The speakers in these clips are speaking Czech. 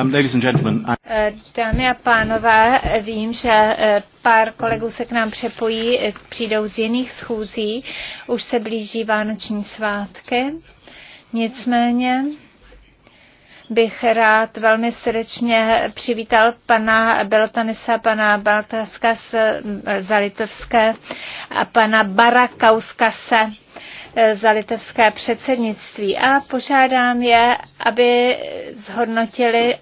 Um, eh, dámy a pánové, vím, že eh, pár kolegů se k nám přepojí, eh, přijdou z jiných schůzí, už se blíží vánoční svátky. Nicméně bych rád velmi srdečně přivítal pana Belotanisa, pana Baltaska za Litovské a pana Barakauskase za litevské předsednictví a požádám je, aby zhodnotili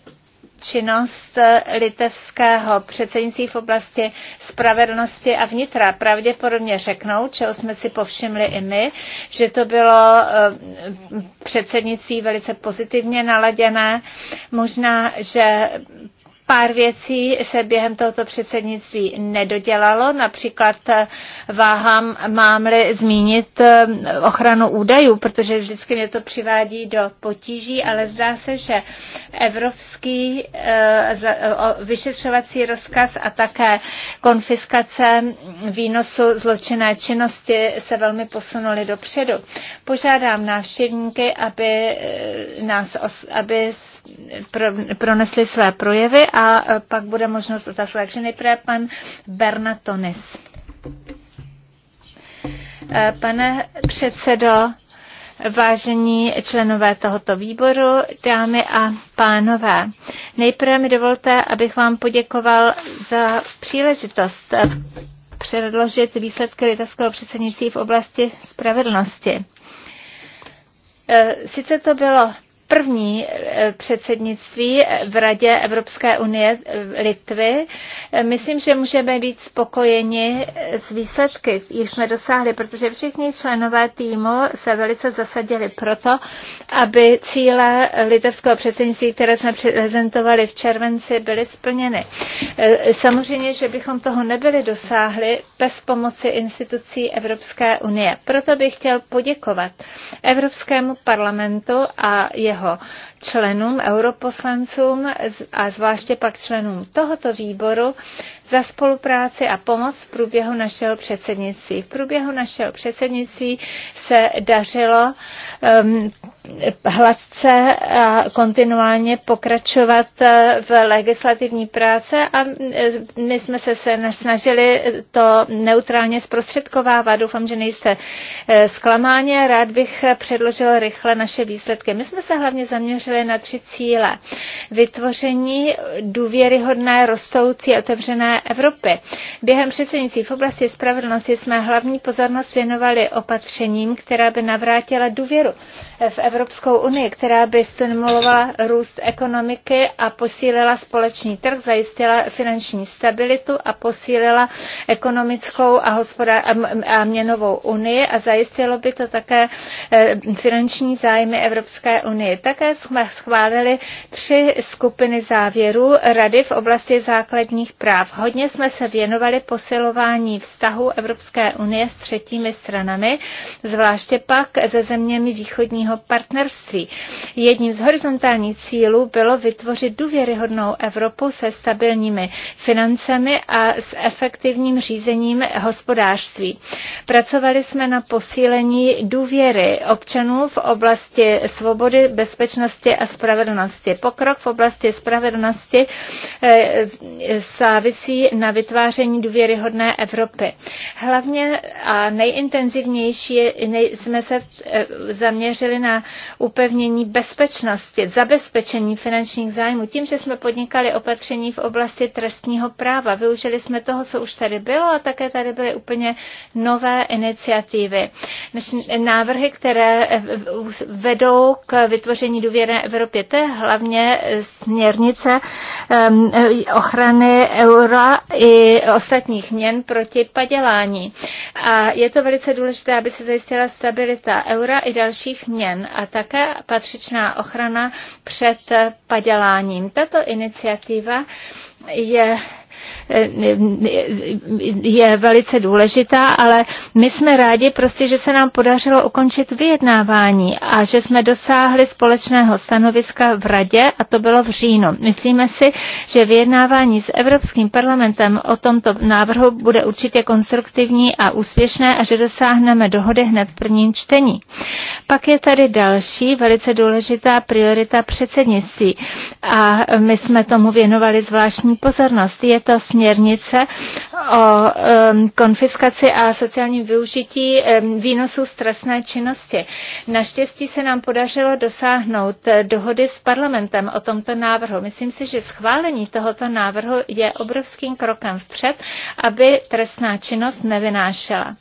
činnost eh, litevského předsednictví v oblasti spravedlnosti a vnitra. Pravděpodobně řeknou, čeho jsme si povšimli i my, že to bylo eh, předsednictví velice pozitivně naladěné. Možná, že Pár věcí se během tohoto předsednictví nedodělalo, například eh, váhám, mám-li zmínit eh, ochranu údajů, protože vždycky mě to přivádí do potíží, ale zdá se, že evropský eh, vyšetřovací rozkaz a také konfiskace výnosu zločinné činnosti se velmi posunuly dopředu. Požádám návštěvníky, aby, nás, aby pronesli své projevy a e, pak bude možnost otázky. Takže nejprve pan Bernatonis. E, pane předsedo, vážení členové tohoto výboru, dámy a pánové. Nejprve mi dovolte, abych vám poděkoval za příležitost e, předložit výsledky litevského předsednictví v oblasti spravedlnosti. Sice to bylo první eh, předsednictví v Radě Evropské unie eh, Litvy. Eh, myslím, že můžeme být spokojeni s výsledky, již jsme dosáhli, protože všichni členové týmu se velice zasadili proto, aby cíle litevského předsednictví, které jsme prezentovali v červenci, byly splněny. Samozřejmě, že bychom toho nebyli dosáhli bez pomoci institucí Evropské unie. Proto bych chtěl poděkovat Evropskému parlamentu a jeho jeho členům, europoslancům a zvláště pak členům tohoto výboru za spolupráci a pomoc v průběhu našeho předsednictví. V průběhu našeho předsednictví se dařilo um, hladce a kontinuálně pokračovat uh, v legislativní práce a uh, my jsme se snažili to neutrálně zprostředkovávat. Doufám, že nejste uh, zklamáni a rád bych předložil rychle naše výsledky. My jsme se hlavně zaměřili zaměřili na tři cíle. Vytvoření důvěryhodné, rostoucí, otevřené Evropy. Během předsednictví v oblasti spravedlnosti jsme hlavní pozornost věnovali opatřením, která by navrátila důvěru v Evropskou unii, která by stimulovala růst ekonomiky a posílila společný trh, zajistila finanční stabilitu a posílila ekonomickou a, hospodář- a měnovou unii a zajistilo by to také eh, finanční zájmy Evropské unie. Také jsme jsme schválili tři skupiny závěrů Rady v oblasti základních práv. Hodně jsme se věnovali posilování vztahu Evropské unie s třetími stranami, zvláště pak se zeměmi východního partnerství. Jedním z horizontálních cílů bylo vytvořit důvěryhodnou Evropu se stabilními financemi a s efektivním řízením hospodářství. Pracovali jsme na posílení důvěry občanů v oblasti svobody, bezpečnosti, oblasti a spravedlnosti. Pokrok v oblasti spravedlnosti eh, závisí na vytváření důvěryhodné Evropy. Hlavně a nejintenzivnější jsme se eh, zaměřili na upevnění bezpečnosti, zabezpečení finančních zájmů. Tím, že jsme podnikali opatření v oblasti trestního práva, využili jsme toho, co už tady bylo a také tady byly úplně nové iniciativy. Návrhy, které eh, vedou k vytvoření důvěry Evropě. To je hlavně směrnice ochrany eura i ostatních měn proti padělání. A je to velice důležité, aby se zajistila stabilita eura i dalších měn a také patřičná ochrana před paděláním. Tato iniciativa je Eh, je velice důležitá, ale my jsme rádi prostě, že se nám podařilo ukončit vyjednávání a že jsme dosáhli společného stanoviska v radě a to bylo v říjnu. Myslíme si, že vyjednávání s Evropským parlamentem o tomto návrhu bude určitě konstruktivní a úspěšné a že dosáhneme dohody hned v prvním čtení. Pak je tady další velice důležitá priorita předsednictví a my jsme tomu věnovali zvláštní pozornost. Je to směrnice o konfiskaci a sociálním využití výnosů z trestné činnosti. Naštěstí se nám podařilo dosáhnout eh, dohody s parlamentem o tomto návrhu. Myslím si, že schválení tohoto návrhu je obrovským krokem vpřed, aby trestná činnost nevynášela.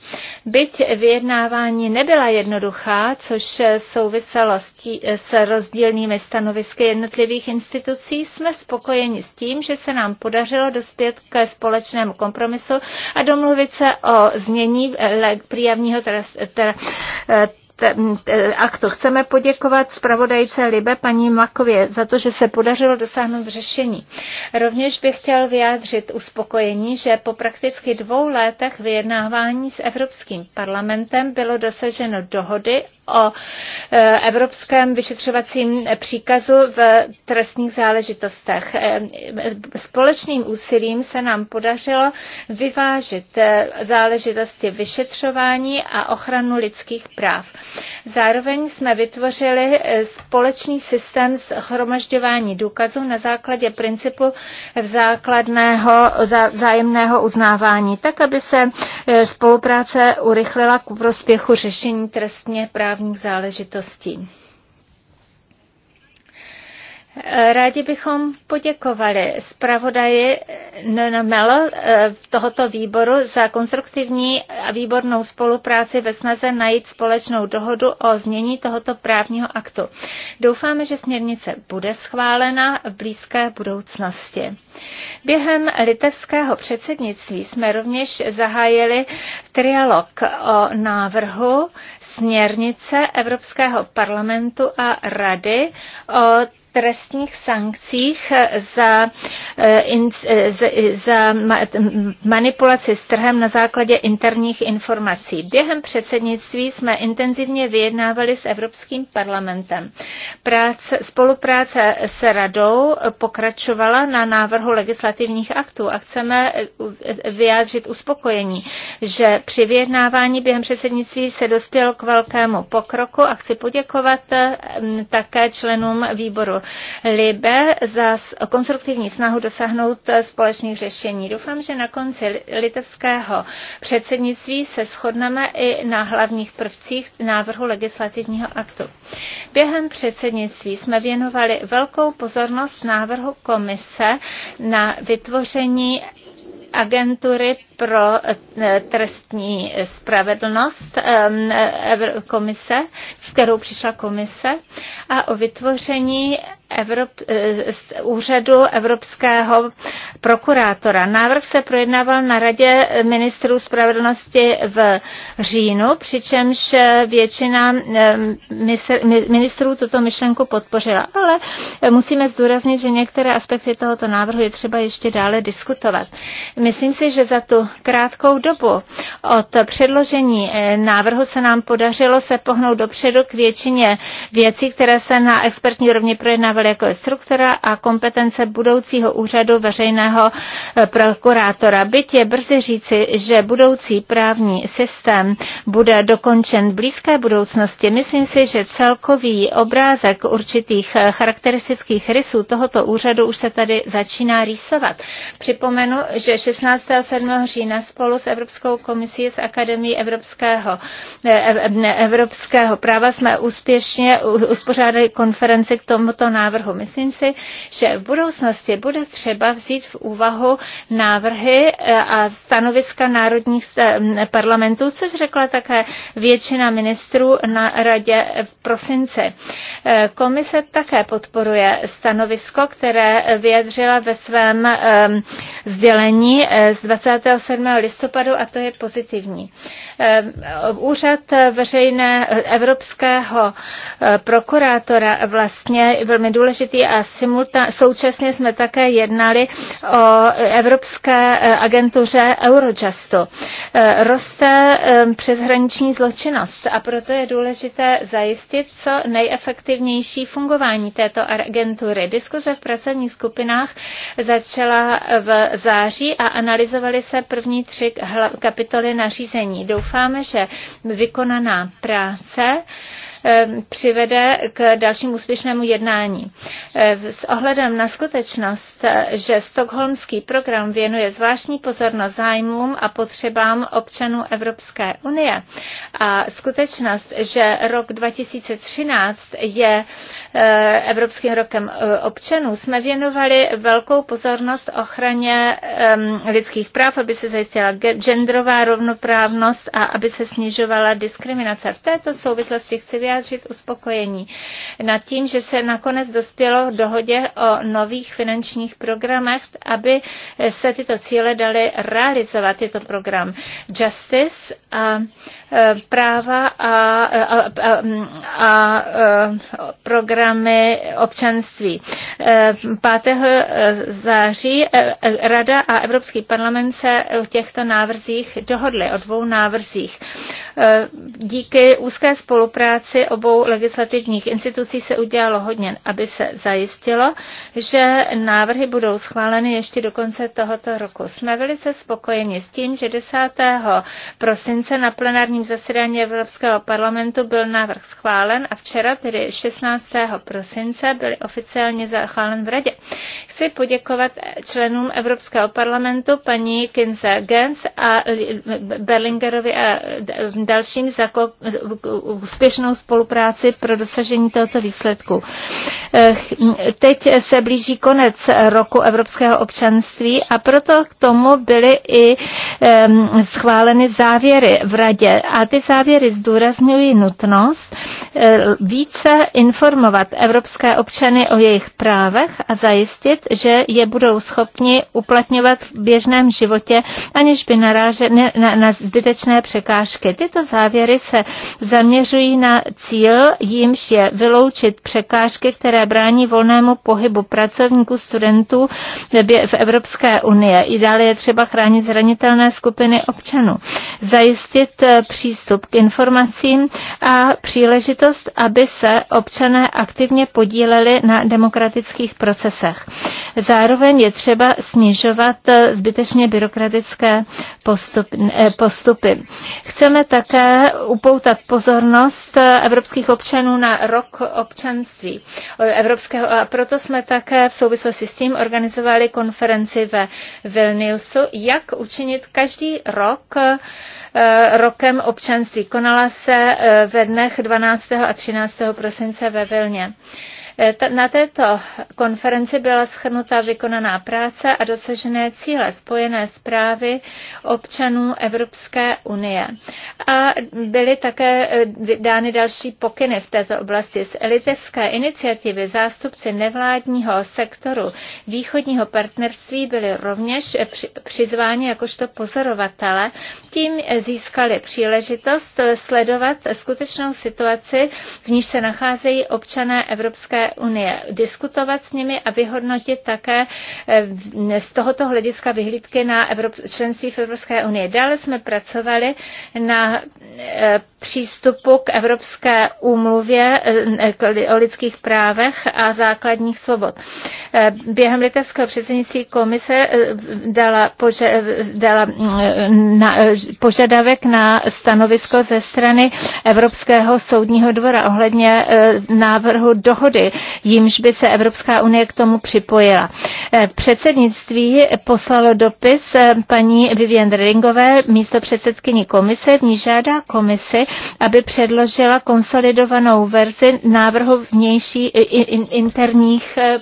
Byť vyjednávání nebyla jednoduchá, což eh, souviselo s, tí, eh, s rozdílnými stanovisky jednotlivých institucí, jsme spokojeni s tím, že se nám podařilo dospět dospět ke společnému kompromisu a domluvit se o změní eh, prijavního eh, aktu. Chceme poděkovat zpravodajce Libe paní Makově za to, že se podařilo dosáhnout řešení. Rovněž bych chtěl vyjádřit uspokojení, že po prakticky dvou letech vyjednávání s Evropským parlamentem bylo dosaženo dohody o e, evropském vyšetřovacím příkazu v trestních záležitostech. E, společným úsilím se nám podařilo vyvážit e, záležitosti vyšetřování a ochranu lidských práv. Zároveň jsme vytvořili společný systém schromažďování důkazů na základě principu základného zájemného uznávání, tak aby se spolupráce urychlila ku prospěchu řešení trestně práv právních záležitostí. Rádi bychom poděkovali zpravodaji NML eh, tohoto výboru za konstruktivní a výbornou spolupráci ve snaze najít společnou dohodu o změní tohoto právního aktu. Doufáme, že směrnice bude schválena v blízké budoucnosti. Během litevského předsednictví jsme rovněž zahájili trialog o návrhu směrnice Evropského parlamentu a Rady o trestních sankcích za, eh, eh, za manipulaci s trhem na základě interních informací. Během předsednictví jsme intenzivně vyjednávali s Evropským parlamentem. Práce, spolupráce s radou pokračovala na návrhu legislativních aktů a chceme vyjádřit uspokojení, že při vyjednávání během předsednictví se dospělo k velkému pokroku a chci poděkovat eh, také členům výboru LIBE za konstruktivní snahu dosáhnout společných řešení. Doufám, že na konci litevského předsednictví se shodneme i na hlavních prvcích návrhu legislativního aktu. Během předsednictví jsme věnovali velkou pozornost návrhu komise na vytvoření agentury pro eh, trestní spravedlnost komise, s kterou přišla komise, a o vytvoření Evrop, eh, z úřadu evropského prokurátora. Návrh se projednával na radě ministrů spravedlnosti v říjnu, přičemž většina eh, ministrů tuto myšlenku podpořila. Ale musíme zdůraznit, že některé aspekty tohoto návrhu je třeba ještě dále diskutovat. Myslím si, že za tu krátkou dobu od předložení eh, návrhu se nám podařilo se pohnout dopředu k většině věcí, které se na expertní rovni projednávaly stanovili, jako je struktura a kompetence budoucího úřadu veřejného eh, prokurátora. Byť je brzy říci, že budoucí právní systém bude dokončen v blízké budoucnosti, myslím si, že celkový obrázek určitých eh, charakteristických rysů tohoto úřadu už se tady začíná rýsovat. Připomenu, že 16. a 7. října spolu s Evropskou komisí z Akademii Evropského, eh, Evropského práva jsme úspěšně uspořádali konferenci k tomuto návrhu návrhu. Myslím si, že v budoucnosti bude třeba vzít v úvahu návrhy e, a stanoviska národních e, parlamentů, což řekla také většina ministrů na radě v prosinci. E, komise také podporuje stanovisko, které vyjadřila ve svém sdělení z 27. listopadu a to je pozitivní. Úřad veřejné evropského prokurátora vlastně velmi důležitý důležitý a simultán, současně jsme také jednali o Evropské eh, agentuře Eurojustu. Eh, roste eh, přeshraniční zločinnost a proto je důležité zajistit co nejefektivnější fungování této agentury. Diskuze v pracovních skupinách začala v září a analyzovaly se první tři kapitoly nařízení. Doufáme, že vykonaná práce Eh, přivede k dalšímu úspěšnému jednání. Eh, s ohledem na skutečnost, eh, že stokholmský program věnuje zvláštní pozornost zájmům a potřebám občanů Evropské unie a skutečnost, že rok 2013 je Evropským rokem občanů jsme věnovali velkou pozornost ochraně lidských práv, aby se zajistila genderová rovnoprávnost a aby se snižovala diskriminace. V této souvislosti chci vyjádřit uspokojení nad tím, že se nakonec dospělo k dohodě o nových finančních programech, aby se tyto cíle daly realizovat. tyto program Justice a práva a, a, a, a program programy občanství. 5. Eh, eh, září eh, Rada a Evropský parlament se o těchto návrzích dohodly o dvou návrzích. Eh, díky úzké spolupráci obou legislativních institucí se udělalo hodně, aby se zajistilo, že návrhy budou schváleny ještě do konce tohoto roku. Jsme velice spokojeni s tím, že 10. prosince na plenárním zasedání Evropského parlamentu byl návrh schválen a včera, tedy 16. prosince, byl oficiálně schválen v Radě chci poděkovat členům Evropského parlamentu, paní Kinze Gens a Berlingerovi a dalším za úspěšnou spolupráci pro dosažení tohoto výsledku. Eh, teď se blíží konec roku Evropského občanství a proto k tomu byly i schváleny závěry v radě. A ty závěry zdůrazňují nutnost eh, více informovat evropské občany o jejich právech a zajistit, že je budou schopni uplatňovat v běžném životě, aniž by naráželi na, na zbytečné překážky. Tyto závěry se zaměřují na cíl, jímž je vyloučit překážky, které brání volnému pohybu pracovníků, studentů v Evropské unie. I dále je třeba chránit zranitelné skupiny občanů, zajistit eh, přístup k informacím a příležitost, aby se občané aktivně podíleli na demokratických procesech. Zároveň je třeba snižovat eh, zbytečně byrokratické eh, postupy. Chceme také upoutat pozornost eh, evropských občanů na rok občanství evropského a proto jsme také v souvislosti s tím organizovali konferenci ve Vilniusu, jak učinit každý rok rokem občanství. Konala se ve dnech 12. a 13. prosince ve Vilně. Eh, na této konferenci byla schrnutá vykonaná práce a dosažené cíle spojené zprávy občanů Evropské unie. A byly také eh, dány další pokyny v této oblasti. Z elitevské iniciativy zástupci nevládního sektoru východního partnerství byli rovněž přizváni jakožto pozorovatele. Tím získali příležitost sledovat skutečnou situaci, v níž se nacházejí občané Evropské unie, diskutovat s nimi a vyhodnotit také eh, z tohoto hlediska vyhlídky na Evrop- členství v Evropské unie. Dále jsme pracovali na eh, přístupu k Evropské úmluvě eh, o lidských právech a základních svobod. Během litevského předsednictví komise dala, poža- dala mm, na, požadavek na stanovisko ze strany Evropského soudního dvora ohledně návrhu dohody jimž by se Evropská unie k tomu připojila. Eh, předsednictví poslalo dopis eh, paní Vivian Redingové, místo předsedkyni komise, v ní žádá komisi, aby předložila konsolidovanou verzi návrhu vnější interních eh,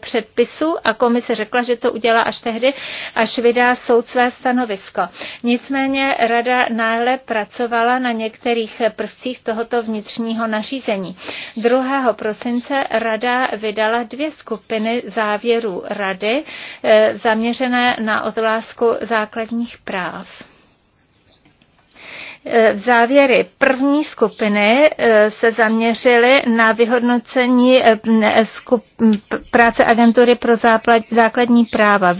předpisů a komise řekla, že to udělá až tehdy, až vydá soud své stanovisko. Nicméně rada náhle pracovala na některých prvcích tohoto vnitřního nařízení. 2. prosince roce Rada vydala dvě skupiny závěrů Rady eh, zaměřené na otázku základních práv eh, v závěry první skupiny eh, se zaměřily na vyhodnocení práce agentury pro základní práva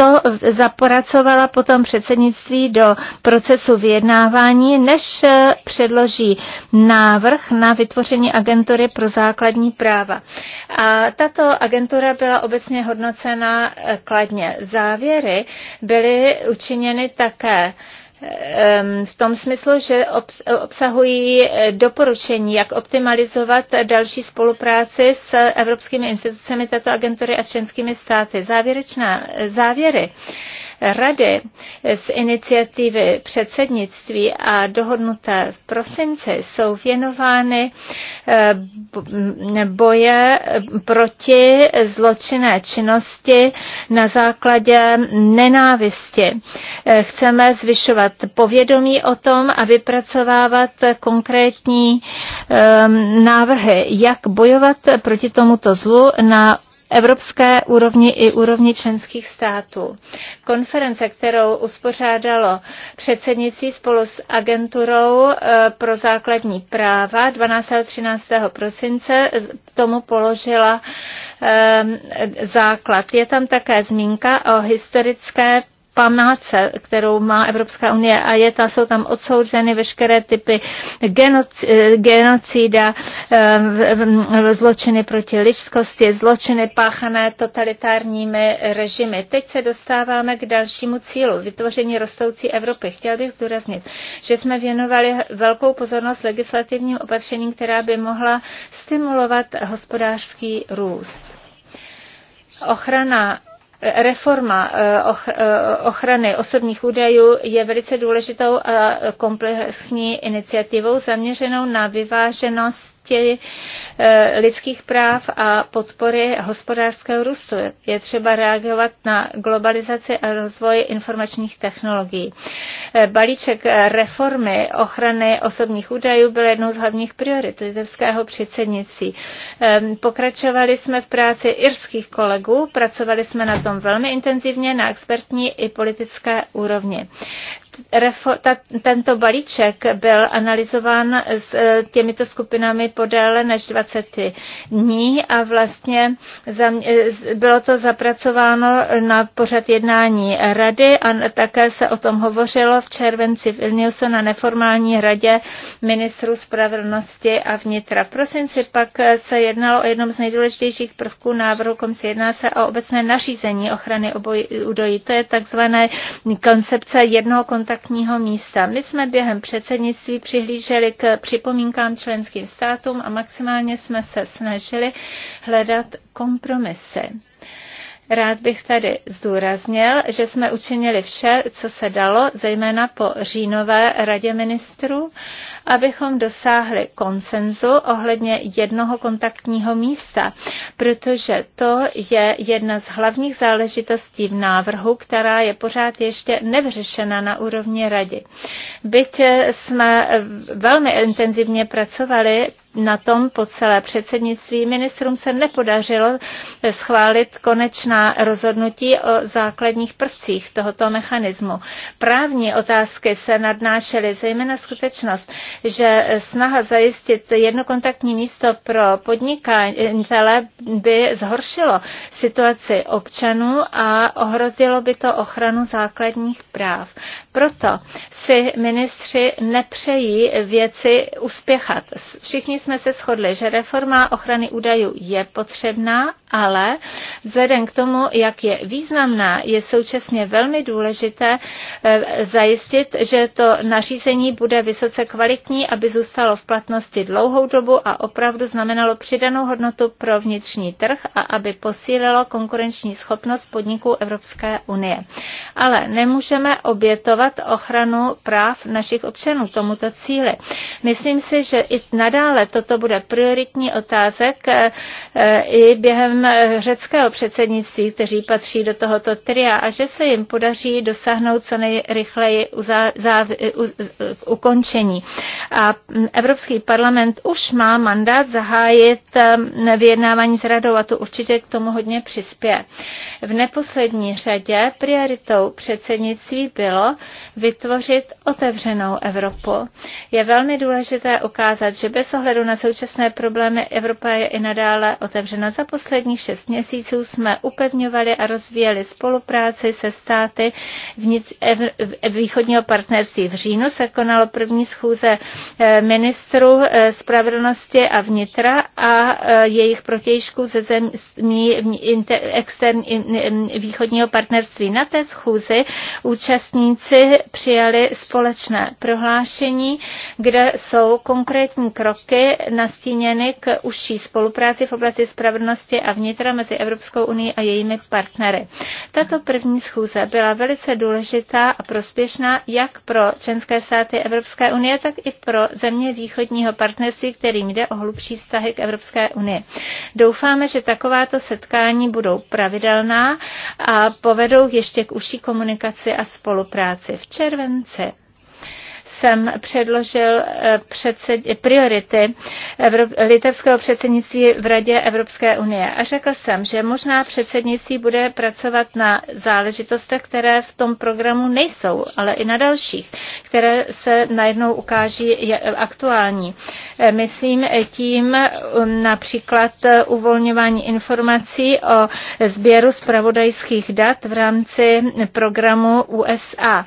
to zaporacovala potom předsednictví do procesu vyjednávání, než eh, předloží návrh na vytvoření agentury pro základní práva. A tato agentura byla obecně hodnocena eh, kladně. Závěry byly učiněny také Ehm, v tom smyslu, že obsahují eh, doporučení, jak optimalizovat další spolupráci s evropskými institucemi této agentury a členskými státy. Závěrečná, eh, závěry rady z iniciativy předsednictví a dohodnuté v prosinci jsou věnovány eh, boje eh, proti zločinné činnosti na základě nenávisti. Eh, chceme zvyšovat povědomí o tom a vypracovávat konkrétní návrhy, jak bojovat proti tomuto zlu na evropské úrovni i úrovni členských států. Konference, kterou uspořádalo předsednictví spolu s agenturou eh, pro základní práva 12. a 13. prosince, tomu položila eh, základ. Je tam také zmínka o historické památce, kterou má Evropská unie a je ta, jsou tam odsouzeny veškeré typy genoc, eh, genocída, eh, zločiny proti lidskosti, zločiny páchané totalitárními režimy. Teď se dostáváme k dalšímu cílu, vytvoření rostoucí Evropy. Chtěl bych zdůraznit, že jsme věnovali velkou pozornost legislativním opatřením, která by mohla stimulovat hospodářský růst. Ochrana Reforma eh, eh, ochrany osobních údajů je velice důležitou a komplexní iniciativou zaměřenou na vyváženost oblasti eh, lidských práv a podpory hospodářského růstu. Je třeba reagovat na globalizaci a rozvoj informačních technologií. Eh, balíček reformy ochrany osobních údajů byl jednou z hlavních priorit litevského předsednicí. Ehm, pokračovali jsme v práci irských kolegů, pracovali jsme na tom velmi intenzivně na expertní i politické úrovni ta, tento balíček byl analyzován s e, těmito skupinami podéle než 20 dní a vlastně e, bylo to zapracováno na pořad jednání rady a také se o tom hovořilo v červenci v Vilniusu na neformální radě ministrů spravedlnosti a vnitra. V prosinci pak se jednalo o jednom z nejdůležitějších prvků návrhu komise. Jedná se o obecné nařízení ochrany obojí údojí. To je takzvané koncepce jednoho kontaktu kontaktního místa. My jsme během předsednictví přihlíželi k připomínkám členským státům a maximálně jsme se snažili hledat kompromisy. Rád bych tady zdůraznil, že jsme učinili vše, co se dalo, zejména po říjnové radě ministrů, abychom dosáhli konsenzu ohledně jednoho kontaktního místa, protože to je jedna z hlavních záležitostí v návrhu, která je pořád ještě nevřešena na úrovni rady. Byť jsme velmi intenzivně pracovali na tom po celé předsednictví. Ministrům se nepodařilo schválit konečná rozhodnutí o základních prvcích tohoto mechanismu. Právní otázky se nadnášely, zejména skutečnost, že snaha zajistit jednokontaktní místo pro podnikatele by zhoršilo situaci občanů a ohrozilo by to ochranu základních práv. Proto si ministři nepřejí věci uspěchat. Všichni jsme se shodli, že reforma ochrany údajů je potřebná, ale vzhledem k tomu, jak je významná, je současně velmi důležité eh, zajistit, že to nařízení bude vysoce kvalitní, aby zůstalo v platnosti dlouhou dobu a opravdu znamenalo přidanou hodnotu pro vnitřní trh a aby posílilo konkurenční schopnost podniků Evropské unie. Ale nemůžeme obětovat ochranu práv našich občanů tomuto cíli. Myslím si, že i nadále toto bude prioritní otázek eh, eh, i během eh, řeckého předsednictví, kteří patří do tohoto tria a že se jim podaří dosáhnout co nejrychleji ukončení. A mm, Evropský parlament už má mandát zahájit vyjednávání s radou a to určitě k tomu hodně přispěje. V neposlední řadě prioritou předsednictví bylo vytvořit otevřenou Evropu. Je velmi důležité ukázat, že bez ohledu ohledu na současné problémy Evropa je i nadále otevřena. Za posledních šest měsíců jsme upevňovali a rozvíjeli spolupráci se státy vnitř, východního partnerství. V říjnu se konalo první schůze eh, ministrů eh, spravedlnosti a vnitra a eh, jejich protějšků ze zemí extern, východního partnerství. Na té schůzi účastníci přijali společné prohlášení, kde jsou konkrétní kroky, nastíněny k užší spolupráci v oblasti spravedlnosti a vnitra mezi Evropskou unii a jejími partnery. Tato první schůze byla velice důležitá a prospěšná jak pro členské státy Evropské unie, tak i pro země východního partnerství, kterým jde o hlubší vztahy k Evropské unii. Doufáme, že takováto setkání budou pravidelná a povedou ještě k užší komunikaci a spolupráci v červenci jsem předložil eh, předsed, priority Evro- litevského předsednictví v Radě Evropské unie. A řekl jsem, že možná předsednictví bude pracovat na záležitostech, které v tom programu nejsou, ale i na dalších, které se najednou ukáží aktuální. Eh, myslím tím um, například eh, uvolňování informací o sběru zpravodajských dat v rámci programu USA.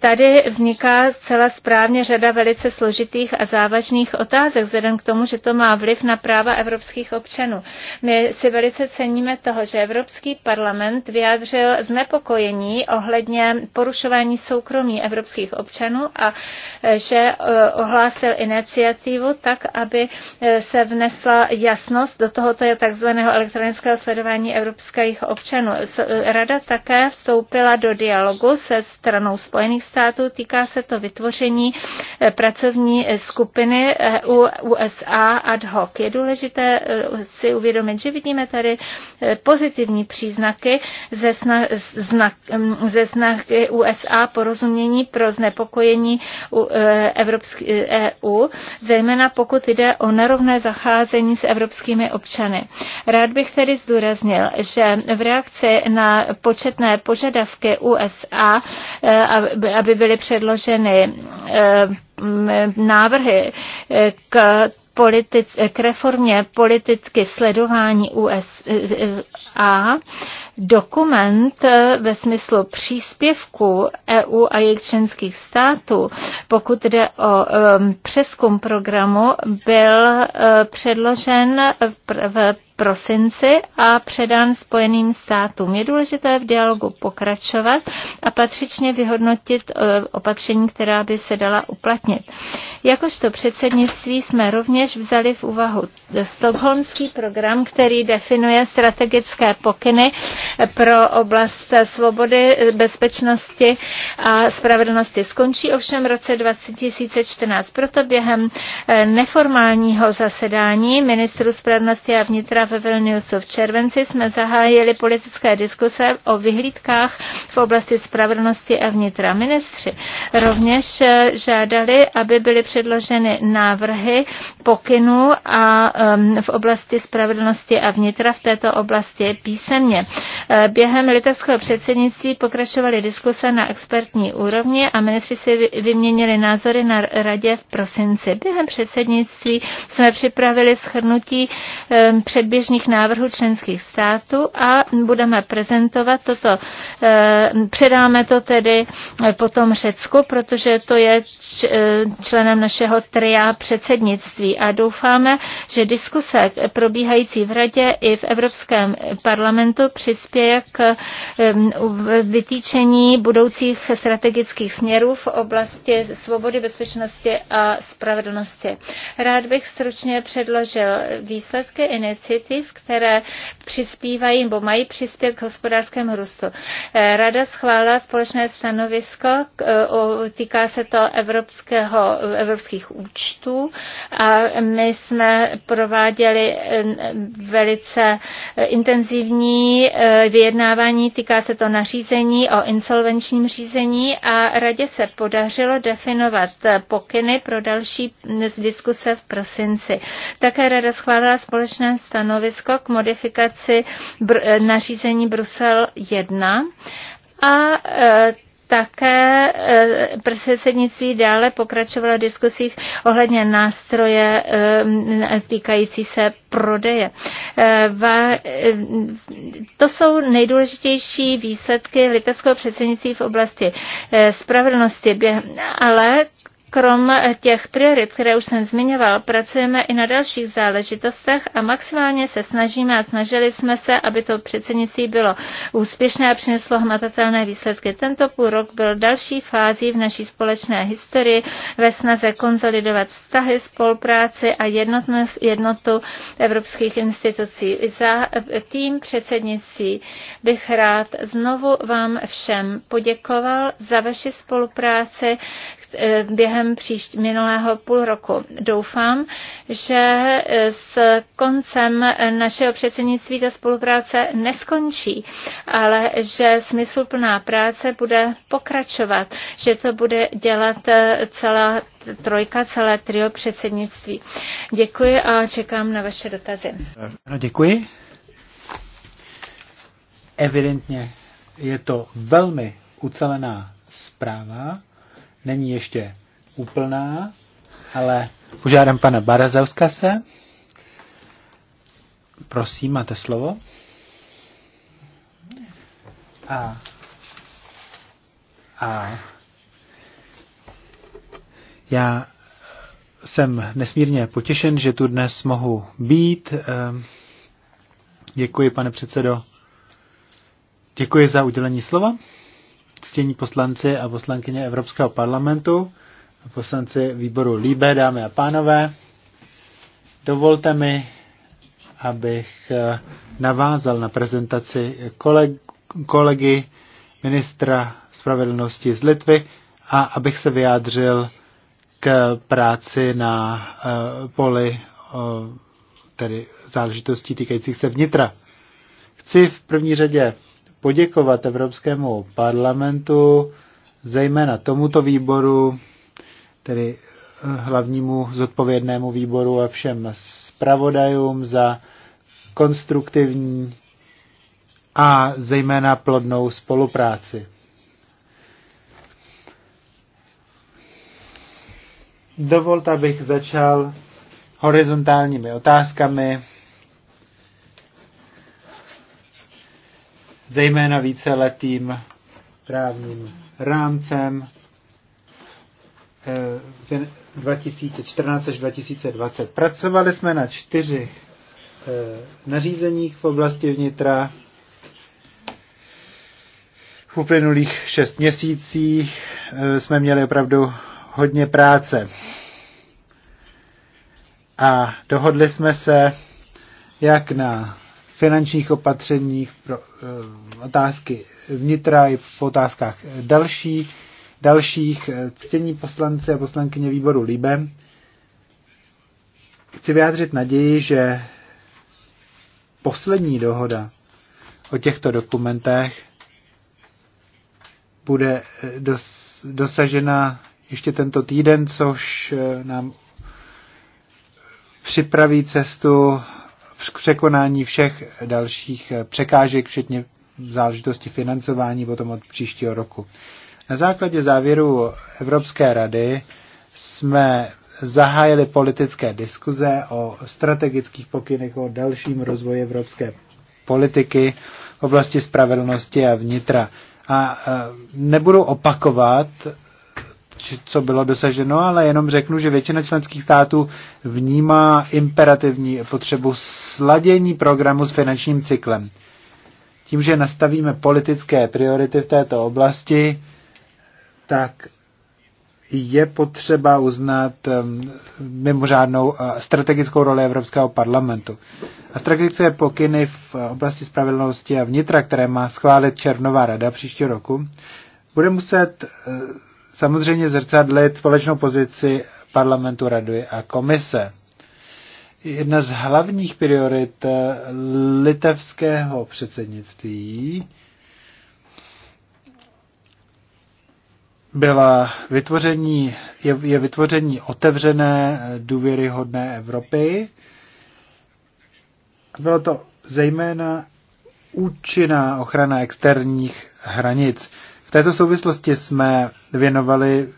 Tady vzniká celá zmiňovala správně řada velice složitých a závažných otázek, vzhledem k tomu, že to má vliv na práva evropských občanů. My si velice ceníme toho, že Evropský parlament vyjádřil znepokojení ohledně porušování soukromí evropských občanů a e, že e, ohlásil iniciativu tak, aby e, se vnesla jasnost do tohoto takzvaného elektronického sledování evropských občanů. Rada také vstoupila do dialogu se stranou Spojených států, týká se to vytvoření vytvoření eh, pracovní eh, skupiny eh, u USA ad hoc. Je důležité si uvědomit, že vidíme tady pozitivní příznaky ze, sna, znak, mm, ze snahy USA porozumění pro znepokojení Evropský, EU, e zejména pokud jde o nerovné zacházení s evropskými občany. Rád bych tedy zdůraznil, že v reakci na početné požadavky USA, aby byly předloženy Eh, návrhy eh, k politic, eh, k reformě politicky sledování USA dokument eh, ve smyslu příspěvku EU a jejich členských států, pokud jde o přeskum programu, byl eh, předložen v prosinci a předán Spojeným státům. Je důležité v dialogu pokračovat a patřičně vyhodnotit eh, opatření, která by se dala uplatnit. Jakožto předsednictví jsme rovněž vzali v úvahu stokholmský program, který definuje strategické pokyny pro oblast svobody, bezpečnosti a spravedlnosti. Skončí ovšem v roce 2014. Proto během eh, neformálního zasedání ministru spravedlnosti a vnitra ve Vilniusu v červenci jsme zahájili politické diskuse o vyhlídkách v oblasti spravedlnosti a vnitra. Ministři rovněž eh, žádali, aby byly předloženy návrhy pokynů a v oblasti spravedlnosti a vnitra v této oblasti písemně. Eh, během litevského předsednictví pokračovaly diskuse na expertní úrovni a ministři si vyměnili názory na radě v prosinci. Během předsednictví jsme připravili schrnutí eh, předběžných návrhů členských států a budeme prezentovat toto. Eh, předáme to tedy potom Řecku, protože to je členem našeho tria předsednictví a doufáme, že diskuse probíhající v radě i v Evropském parlamentu přispěje přispěje k vytýčení budoucích strategických směrů v oblasti svobody, bezpečnosti a spravedlnosti. Rád bych stručně předložil výsledky iniciativ, které přispívají nebo mají přispět k hospodářskému růstu. Eh, Rada schválila společné stanovisko, eh, týká se to evropského, evropských účtů a my jsme prováděli velice eh, intenzivní vyjednávání, týká se to nařízení o insolvenčním řízení a radě se podařilo definovat pokyny pro další diskuse v prosinci. Také rada schválila společné stanovisko k modifikaci br- nařízení Brusel 1 a e, také eh, předsednictví dále pokračovalo v diskusích ohledně nástroje eh, týkající se prodeje. Eh, to jsou nejdůležitější výsledky litevského předsednictví v oblasti spravedlnosti, ale Krom těch priorit, které už jsem zmiňoval, pracujeme i na dalších záležitostech a maximálně se snažíme a snažili jsme se, aby to předsednictví bylo úspěšné a přineslo hmatatelné výsledky. Tento půl rok byl další fází v naší společné historii ve snaze konzolidovat vztahy, spolupráci a jednotnost, jednotu evropských institucí. Za tým předsednictví bych rád znovu vám všem poděkoval za vaši spolupráci, Eh, během příští, minulého půl roku. Doufám, že eh, s koncem eh, našeho předsednictví ta spolupráce neskončí, ale že smysluplná práce bude pokračovat, že to bude dělat celá trojka, celé trio předsednictví. Děkuji a čekám na vaše dotazy. No, děkuji. Evidentně je to velmi ucelená zpráva není ještě úplná, ale požádám pana se. Prosím, máte slovo. A, a já jsem nesmírně potěšen, že tu dnes mohu být. Ehm, děkuji, pane předsedo. Děkuji za udělení slova ctění poslanci a poslankyně Evropského parlamentu, poslanci výboru Líbe, dámy a pánové, dovolte mi, abych eh, navázal na prezentaci koleg, kolegy ministra spravedlnosti z Litvy a abych se vyjádřil k práci na uh, poli uh, tedy záležitostí týkajících se vnitra. Chci v první řadě poděkovat Evropskému parlamentu, zejména tomuto výboru, tedy eh, hlavnímu zodpovědnému výboru a všem zpravodajům za konstruktivní a zejména plodnou spolupráci. Dovolte, abych začal horizontálními otázkami, zejména víceletým právním rámcem 2014 eh, až 2020. Pracovali jsme na čtyřech eh, nařízeních v oblasti vnitra v uplynulých šest měsících eh, jsme měli opravdu hodně práce. A dohodli jsme se, jak na finančních opatřeních, pro eh, otázky vnitra i po otázkách eh, dalších, dalších eh, ctění poslance a poslankyně výboru Líbe. Chci vyjádřit naději, že poslední dohoda o těchto dokumentech bude dosažena ještě tento týden, což nám připraví cestu překonání všech dalších eh, překážek, včetně záležitosti financování potom od příštího roku. Na základě závěru Evropské rady jsme zahájili politické diskuze o strategických pokynech o dalším rozvoji evropské politiky v oblasti spravedlnosti a vnitra. A eh, nebudu opakovat co bylo dosaženo, ale jenom řeknu, že většina členských států vnímá imperativní potřebu sladění programu s finančním cyklem. Tím, že nastavíme politické priority v této oblasti, tak je potřeba uznat um, mimořádnou uh, strategickou roli Evropského parlamentu. A strategické pokyny v uh, oblasti spravedlnosti a vnitra, které má schválit Červnová rada příští roku, bude muset uh, samozřejmě zrcadlit společnou pozici parlamentu, rady a komise. Jedna z hlavních priorit eh, litevského předsednictví byla vytvoření, je, je vytvoření otevřené, eh, důvěryhodné Evropy. Bylo to zejména účinná ochrana externích hranic. V této souvislosti jsme věnovali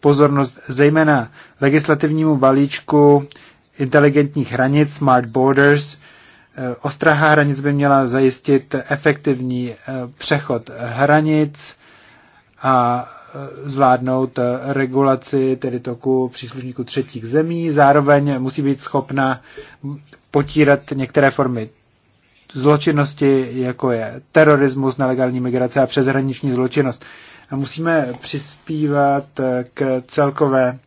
pozornost zejména legislativnímu balíčku inteligentních hranic, smart borders. Eh, Ostraha hranic by měla zajistit efektivní eh, přechod hranic a eh, zvládnout regulaci tedy toku příslušníků třetích zemí. Zároveň musí být schopna potírat některé formy zločinnosti, jako je terorismus, nelegální migrace a přeshraniční zločinnost. A musíme přispívat eh, k celkové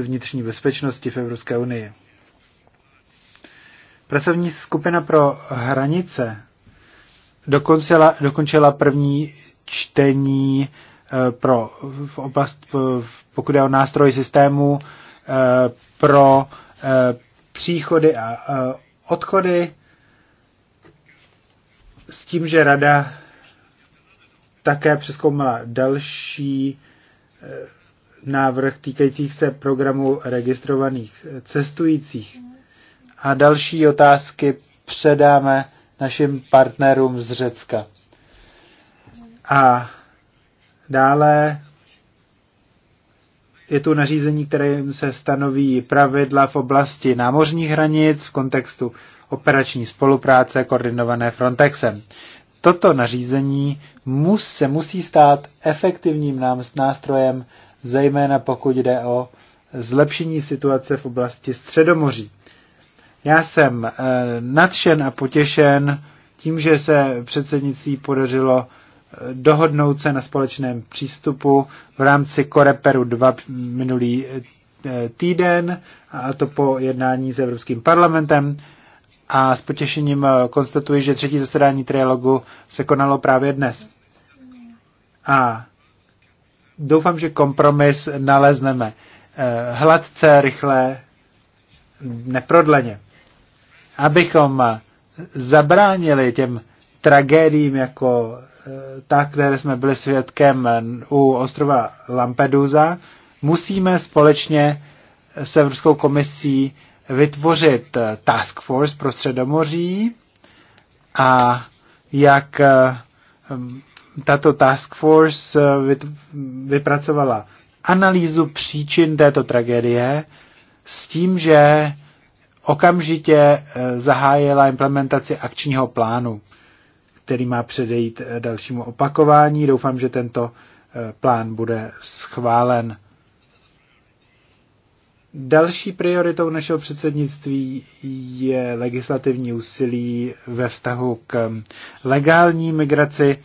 vnitřní bezpečnosti v Evropské unii. Pracovní skupina pro hranice dokončila, dokončila první čtení eh, pro v oblast, eh, pokud je o nástroj systému pro příchody a odchody s tím, že rada také přeskoumala další eh, návrh týkajících se programu registrovaných eh, cestujících. A další otázky předáme našim partnerům z Řecka. A dále je tu nařízení, kterým se stanoví pravidla v oblasti námořních hranic v kontextu operační spolupráce koordinované Frontexem. Toto nařízení mus, se musí stát efektivním nám s nástrojem, zejména pokud jde o zlepšení situace v oblasti Středomoří. Já jsem eh, nadšen a potěšen tím, že se předsednictví podařilo eh, dohodnout se na společném přístupu v rámci Koreperu 2 minulý eh, týden, a to po jednání s Evropským parlamentem a s potěšením eh, konstatuji, že třetí zasedání trialogu se konalo právě dnes. A doufám, že kompromis nalezneme eh, hladce, rychle, neprodleně. Abychom eh, zabránili těm tragédiím, jako ta, které jsme byli svědkem u ostrova Lampedusa, musíme společně s Evropskou komisí vytvořit eh, task force pro Středomoří a jak eh, hm, tato task force eh, vypracovala analýzu příčin této tragédie s tím, že okamžitě zahájila implementaci akčního plánu, který má předejít dalšímu opakování. Doufám, že tento plán bude schválen Další prioritou našeho předsednictví je legislativní úsilí ve vztahu k legální migraci.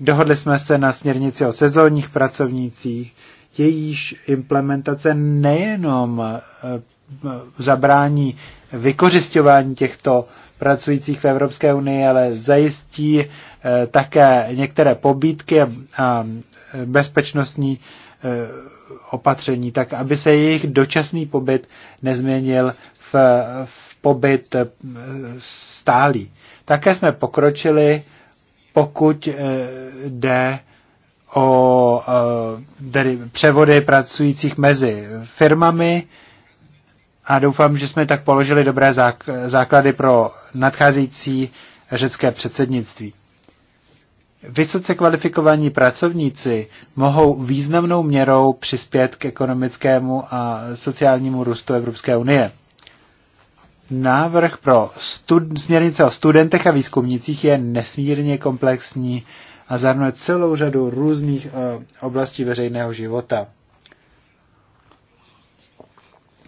Dohodli jsme se na směrnici o sezónních pracovnících, jejíž implementace nejenom eh, eh, zabrání vykořišťování těchto pracujících v Evropské unii, ale zajistí eh, také některé pobídky a bezpečnostní opatření, tak aby se jejich dočasný pobyt nezměnil v, v pobyt eh, stálý. Také jsme pokročili, pokud eh, jde o eh, tedy převody pracujících mezi firmami a doufám, že jsme tak položili dobré základy pro nadcházející řecké předsednictví. Vysoce kvalifikovaní pracovníci mohou významnou měrou přispět k ekonomickému a sociálnímu růstu Evropské unie. Návrh pro stud- směrnice o studentech a výzkumnicích je nesmírně komplexní a zahrnuje celou řadu různých uh, oblastí veřejného života.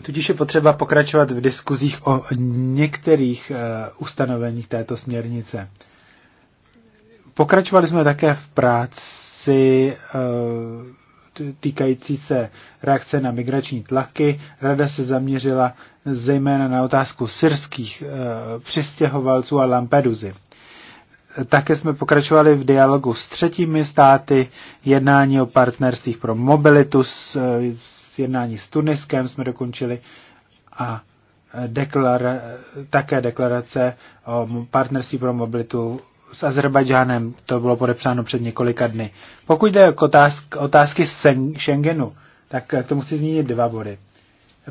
Tudíž je potřeba pokračovat v diskuzích o některých uh, ustanoveních této směrnice. Pokračovali jsme také v práci eh, týkající se reakce na migrační tlaky. Rada se zaměřila zejména na otázku syrských eh, přistěhovalců a Lampeduzy. Také jsme pokračovali v dialogu s třetími státy, jednání o partnerstvích pro mobilitu, jednání s Tuniskem jsme dokončili a deklara, také deklarace o partnerství pro mobilitu s Azerbajdžánem, to bylo podepsáno před několika dny. Pokud jde o otázk, otázky Schengenu, tak k tomu chci zmínit dva body.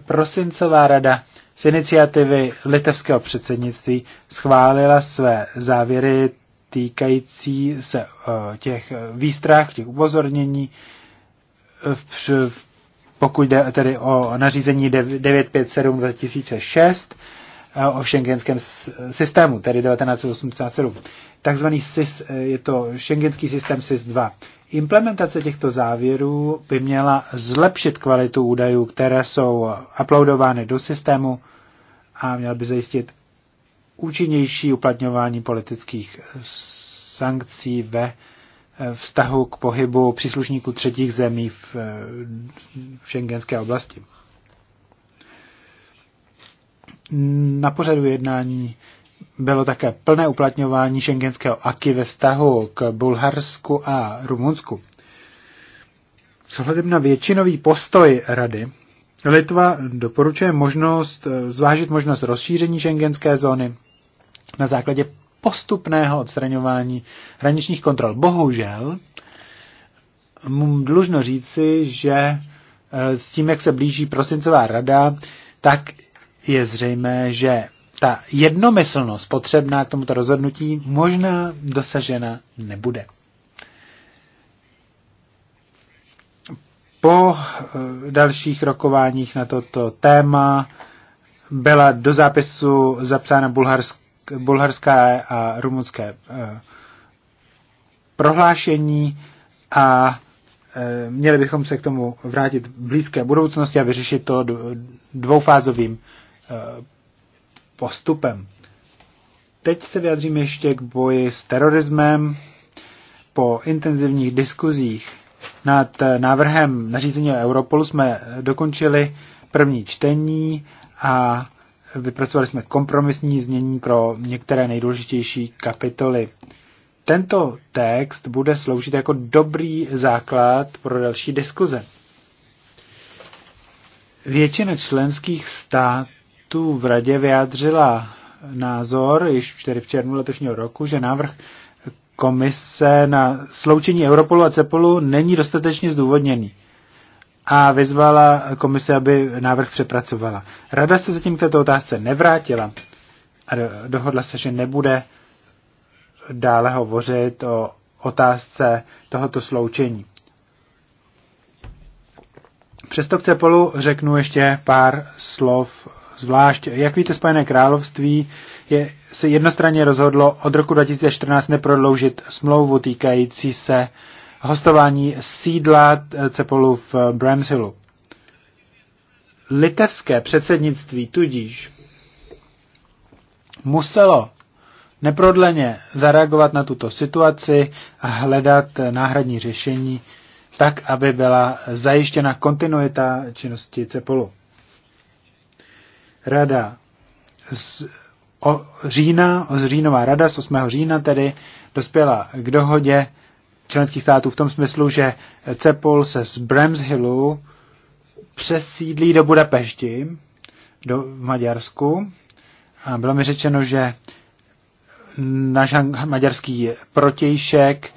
Prosincová rada z iniciativy litevského předsednictví schválila své závěry týkající se eh, těch výstrah, těch upozornění, eh, pokud jde tedy o nařízení 957 2006 o šengenském systému, tedy 1987. Takzvaný SIS, eh, je to šengenský systém SIS 2. Implementace těchto závěrů by měla zlepšit kvalitu údajů, které jsou uploadovány do systému a měla by zajistit účinnější uplatňování politických sankcí ve eh, vztahu k pohybu příslušníků třetích zemí v, eh, v šengenské oblasti na pořadu jednání bylo také plné uplatňování šengenského aky ve vztahu k Bulharsku a Rumunsku. S ohledem na většinový postoj rady, Litva doporučuje možnost, zvážit možnost rozšíření šengenské zóny na základě postupného odstraňování hraničních kontrol. Bohužel, dlužno říci, že eh, s tím, jak se blíží prosincová rada, tak je zřejmé, že ta jednomyslnost potřebná k tomuto rozhodnutí možná dosažena nebude. Po eh, dalších rokováních na toto téma byla do zápisu zapsána bulharsk, bulharská a rumunské eh, prohlášení a eh, měli bychom se k tomu vrátit v blízké budoucnosti a vyřešit to dvoufázovým postupem. Teď se vyjadřím ještě k boji s terorismem. Po intenzivních diskuzích nad návrhem nařízení Europolu jsme dokončili první čtení a vypracovali jsme kompromisní znění pro některé nejdůležitější kapitoly. Tento text bude sloužit jako dobrý základ pro další diskuze. Většina členských států tu v radě vyjádřila názor již v červnu letošního roku, že návrh komise na sloučení Europolu a Cepolu není dostatečně zdůvodněný a vyzvala komise, aby návrh přepracovala. Rada se zatím k této otázce nevrátila a dohodla se, že nebude dále hovořit o otázce tohoto sloučení. Přesto k Cepolu řeknu ještě pár slov zvlášť. Jak víte, Spojené království je, se jednostranně rozhodlo od roku 2014 neprodloužit smlouvu týkající se hostování sídla Cepolu v Bramsilu. Litevské předsednictví tudíž muselo neprodleně zareagovat na tuto situaci a hledat náhradní řešení tak, aby byla zajištěna kontinuita činnosti Cepolu rada z o, října, říjnová rada z 8. října tedy dospěla k dohodě členských států v tom smyslu, že Cepol se z Bremshillu přesídlí do Budapešti, do v Maďarsku. A bylo mi řečeno, že náš maďarský protějšek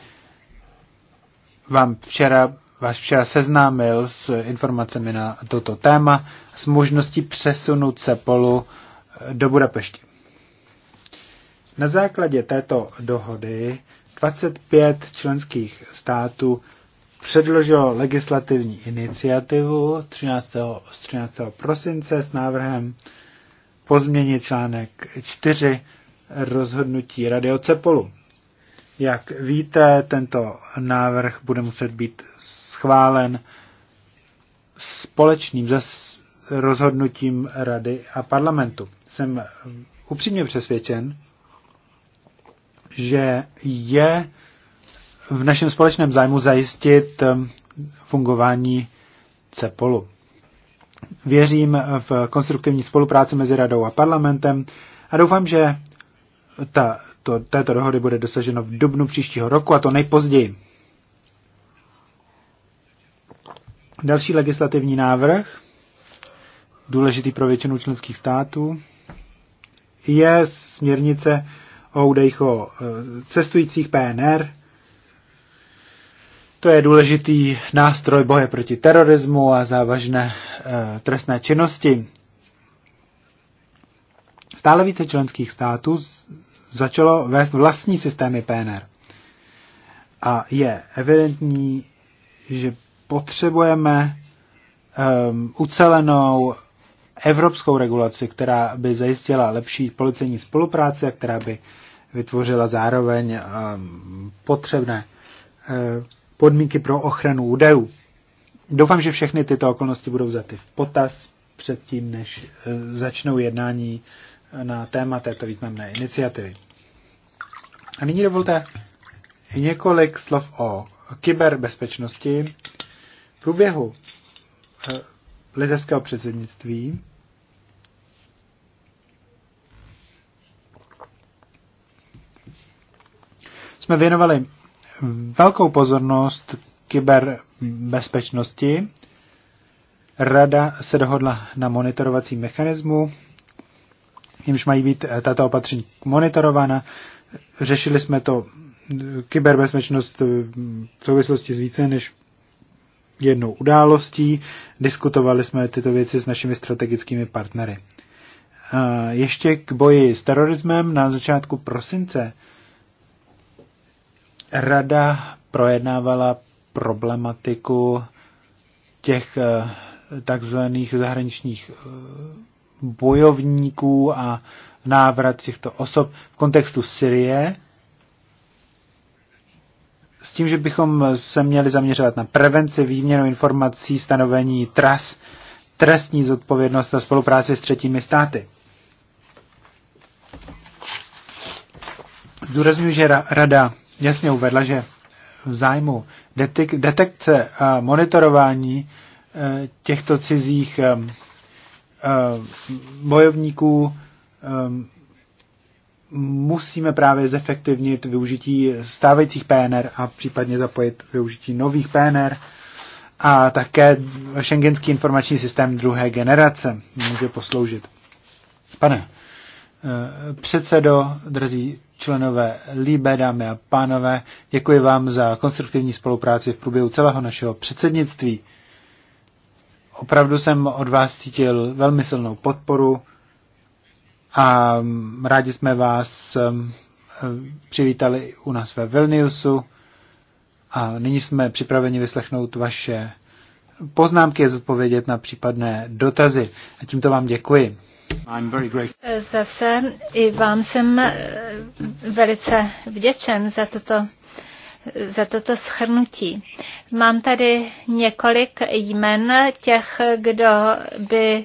vám včera vás včera seznámil s informacemi na toto téma, s možností přesunout Cepolu eh, do Budapešti. Na základě této dohody 25 členských států předložilo legislativní iniciativu 13. 13. prosince s návrhem pozměnit článek 4 rozhodnutí Rady o Cepolu. Jak víte, tento návrh bude muset být schválen společným rozhodnutím Rady a parlamentu. Jsem upřímně přesvědčen, že je v našem společném zájmu zajistit um, fungování CEPOLu. Věřím v konstruktivní spolupráci mezi radou a parlamentem a doufám, že ta to, této dohody bude dosaženo v dubnu příštího roku a to nejpozději. Další legislativní návrh, důležitý pro většinu členských států, je směrnice o údajích o e, cestujících PNR. To je důležitý nástroj boje proti terorismu a závažné e, trestné činnosti. Stále více členských států začalo vést vlastní systémy PNR. A je evidentní, že potřebujeme um, ucelenou evropskou regulaci, která by zajistila lepší policejní spolupráci a která by vytvořila zároveň um, potřebné um, podmínky pro ochranu údajů. Doufám, že všechny tyto okolnosti budou vzaty v potaz předtím, než uh, začnou jednání na téma této významné iniciativy. A nyní dovolte několik slov o kyberbezpečnosti. V průběhu eh, litevského předsednictví jsme věnovali velkou pozornost kyberbezpečnosti. Rada se dohodla na monitorovací mechanismu jimž mají být eh, tato opatření monitorována. Řešili jsme to eh, kyberbezpečnost eh, v souvislosti s více než jednou událostí. Diskutovali jsme tyto věci s našimi strategickými partnery. Ještě k boji s terorismem na začátku prosince Rada projednávala problematiku těch takzvaných zahraničních bojovníků a návrat těchto osob v kontextu Syrie, s tím, že bychom se měli zaměřovat na prevenci, výměnu informací, stanovení tras, trestní zodpovědnost a spolupráci s třetími státy. Zdůraznuju, že Rada jasně uvedla, že v zájmu detekce a monitorování eh, těchto cizích eh, Eh, bojovníků eh, musíme právě zefektivnit využití stávajících PNR a případně zapojit využití nových PNR a také šengenský informační systém druhé generace může posloužit. Pane eh, předsedo, drazí členové Líbe, dámy a pánové, děkuji vám za konstruktivní spolupráci v průběhu celého našeho předsednictví opravdu jsem od vás cítil velmi silnou podporu a rádi jsme vás eh, přivítali u nás ve Vilniusu a nyní jsme připraveni vyslechnout vaše poznámky a zodpovědět na případné dotazy. A tímto vám děkuji. Zase i vám jsem eh, velice vděčen za toto za toto schrnutí. Mám tady několik jmen těch, kdo by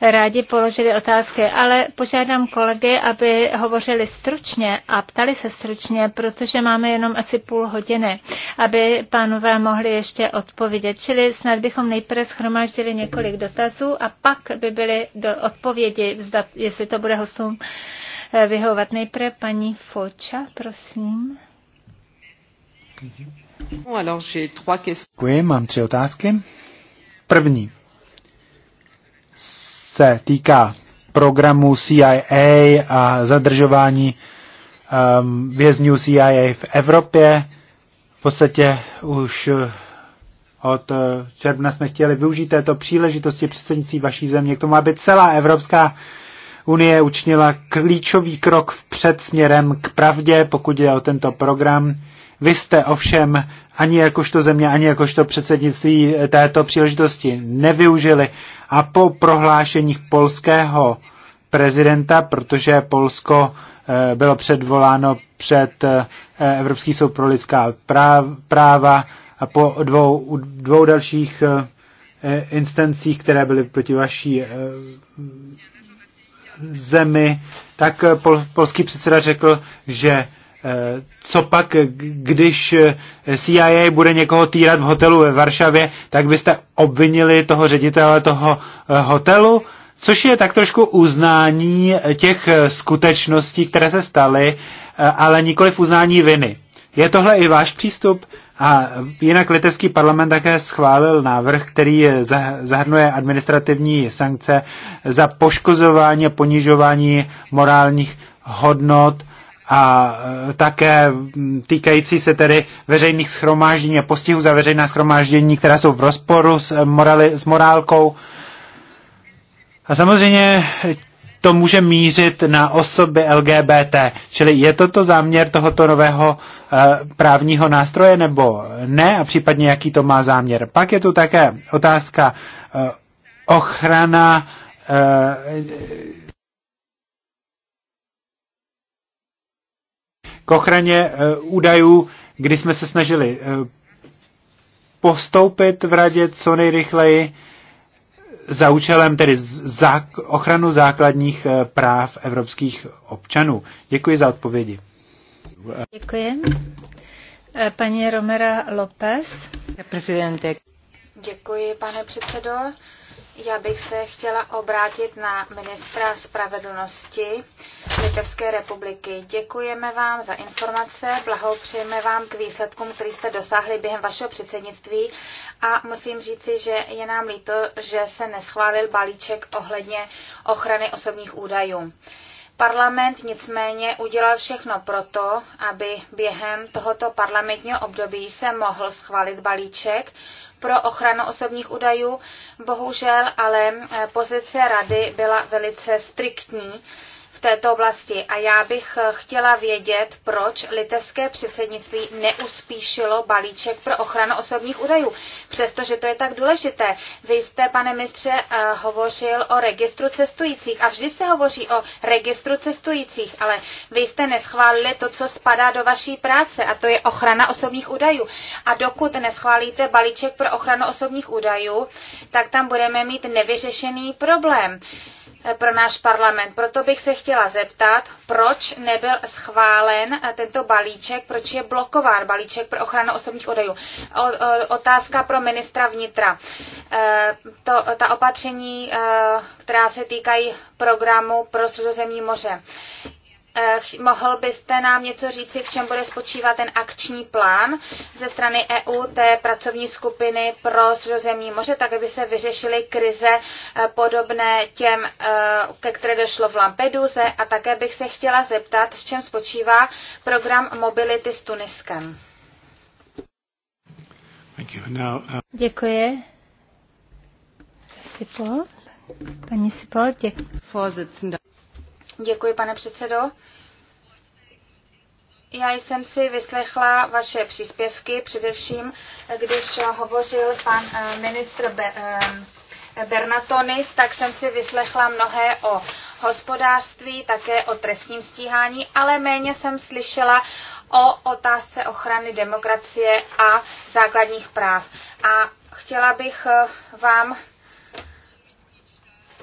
rádi položili otázky, ale požádám kolegy, aby hovořili stručně a ptali se stručně, protože máme jenom asi půl hodiny, aby pánové mohli ještě odpovědět. Čili snad bychom nejprve schromáždili několik dotazů a pak by byly do odpovědi, jestli to bude hostům eh, vyhovovat. Nejprve paní Foča, prosím. Děkuji, mám tři otázky. První se týká programu CIA a zadržování um, vězňů CIA v Evropě. V podstatě už eh, od eh, června jsme chtěli využít této příležitosti předsednicí vaší země k tomu, aby celá Evropská unie učinila klíčový krok vpřed směrem k pravdě, pokud je o tento program vy jste ovšem ani jakožto země, ani jakožto předsednictví této příležitosti nevyužili a po prohlášeních polského prezidenta, protože Polsko eh, bylo předvoláno před eh, Evropský soud pro lidská práva a po dvou, dvou dalších eh, instancích, které byly proti vaší zemi, tak polský předseda řekl, že co pak, když CIA bude někoho týrat v hotelu ve Varšavě, tak byste obvinili toho ředitele toho eh, hotelu, což je tak trošku uznání těch skutečností, které se staly, eh, ale nikoli v uznání viny. Je tohle i váš přístup? A jinak litevský parlament také schválil návrh, který zahrnuje administrativní sankce za poškozování a ponižování morálních hodnot a e, také týkající se tedy veřejných schromáždění a postihu za veřejná schromáždění, která jsou v rozporu s, e, morali, s morálkou. A samozřejmě to může mířit na osoby LGBT. Čili je toto záměr tohoto nového e, právního nástroje nebo ne a případně jaký to má záměr. Pak je tu také otázka ochrana k ochraně eh, údajů, kdy jsme se snažili eh, postoupit v radě co nejrychleji za účelem tedy zák- ochranu základních eh, práv evropských občanů. Děkuji za odpovědi. Děkuji. Paní Romera López. Prezidente. Děkuji, pane předsedo. Já bych se chtěla obrátit na ministra spravedlnosti Litevské republiky. Děkujeme vám za informace, blahopřejeme vám k výsledkům, který jste dosáhli během vašeho předsednictví a musím říci, že je nám líto, že se neschválil balíček ohledně ochrany osobních údajů. Parlament nicméně udělal všechno proto, aby během tohoto parlamentního období se mohl schválit balíček pro ochranu osobních údajů. Bohužel ale eh, pozice rady byla velice striktní v této oblasti a já bych eh, chtěla vědět, proč litevské předsednictví neuspíšilo balíček pro ochranu osobních údajů, přestože to je tak důležité. Vy jste, pane mistře, eh, hovořil o registru cestujících a vždy se hovoří o registru cestujících, ale vy jste neschválili to, co spadá do vaší práce a to je ochrana osobních údajů. A dokud neschválíte balíček pro ochranu osobních údajů, tak tam budeme mít nevyřešený problém pro náš parlament. Proto bych se chtěla zeptat, proč nebyl schválen eh, tento balíček, proč je blokován balíček pro ochranu osobních údajů. otázka pro ministra vnitra. Eh, to, ta opatření, eh, která se týkají programu pro středozemní moře. Eh, mohl byste nám něco říci, v čem bude spočívat ten akční plán ze strany EU, té pracovní skupiny pro Středozemní moře, tak aby se vyřešily krize eh, podobné těm, eh, ke které došlo v Lampeduze. A také bych se chtěla zeptat, v čem spočívá program mobility s Tuniskem. Uh, děkuji. Sipol. Paní Sipol, děkuji. Děkuji, pane předsedo. Já jsem si vyslechla vaše příspěvky, především když hovořil pan eh, ministr eh, Bernatonis, tak jsem si vyslechla mnohé o hospodářství, také o trestním stíhání, ale méně jsem slyšela o otázce ochrany demokracie a základních práv. A chtěla bych eh, vám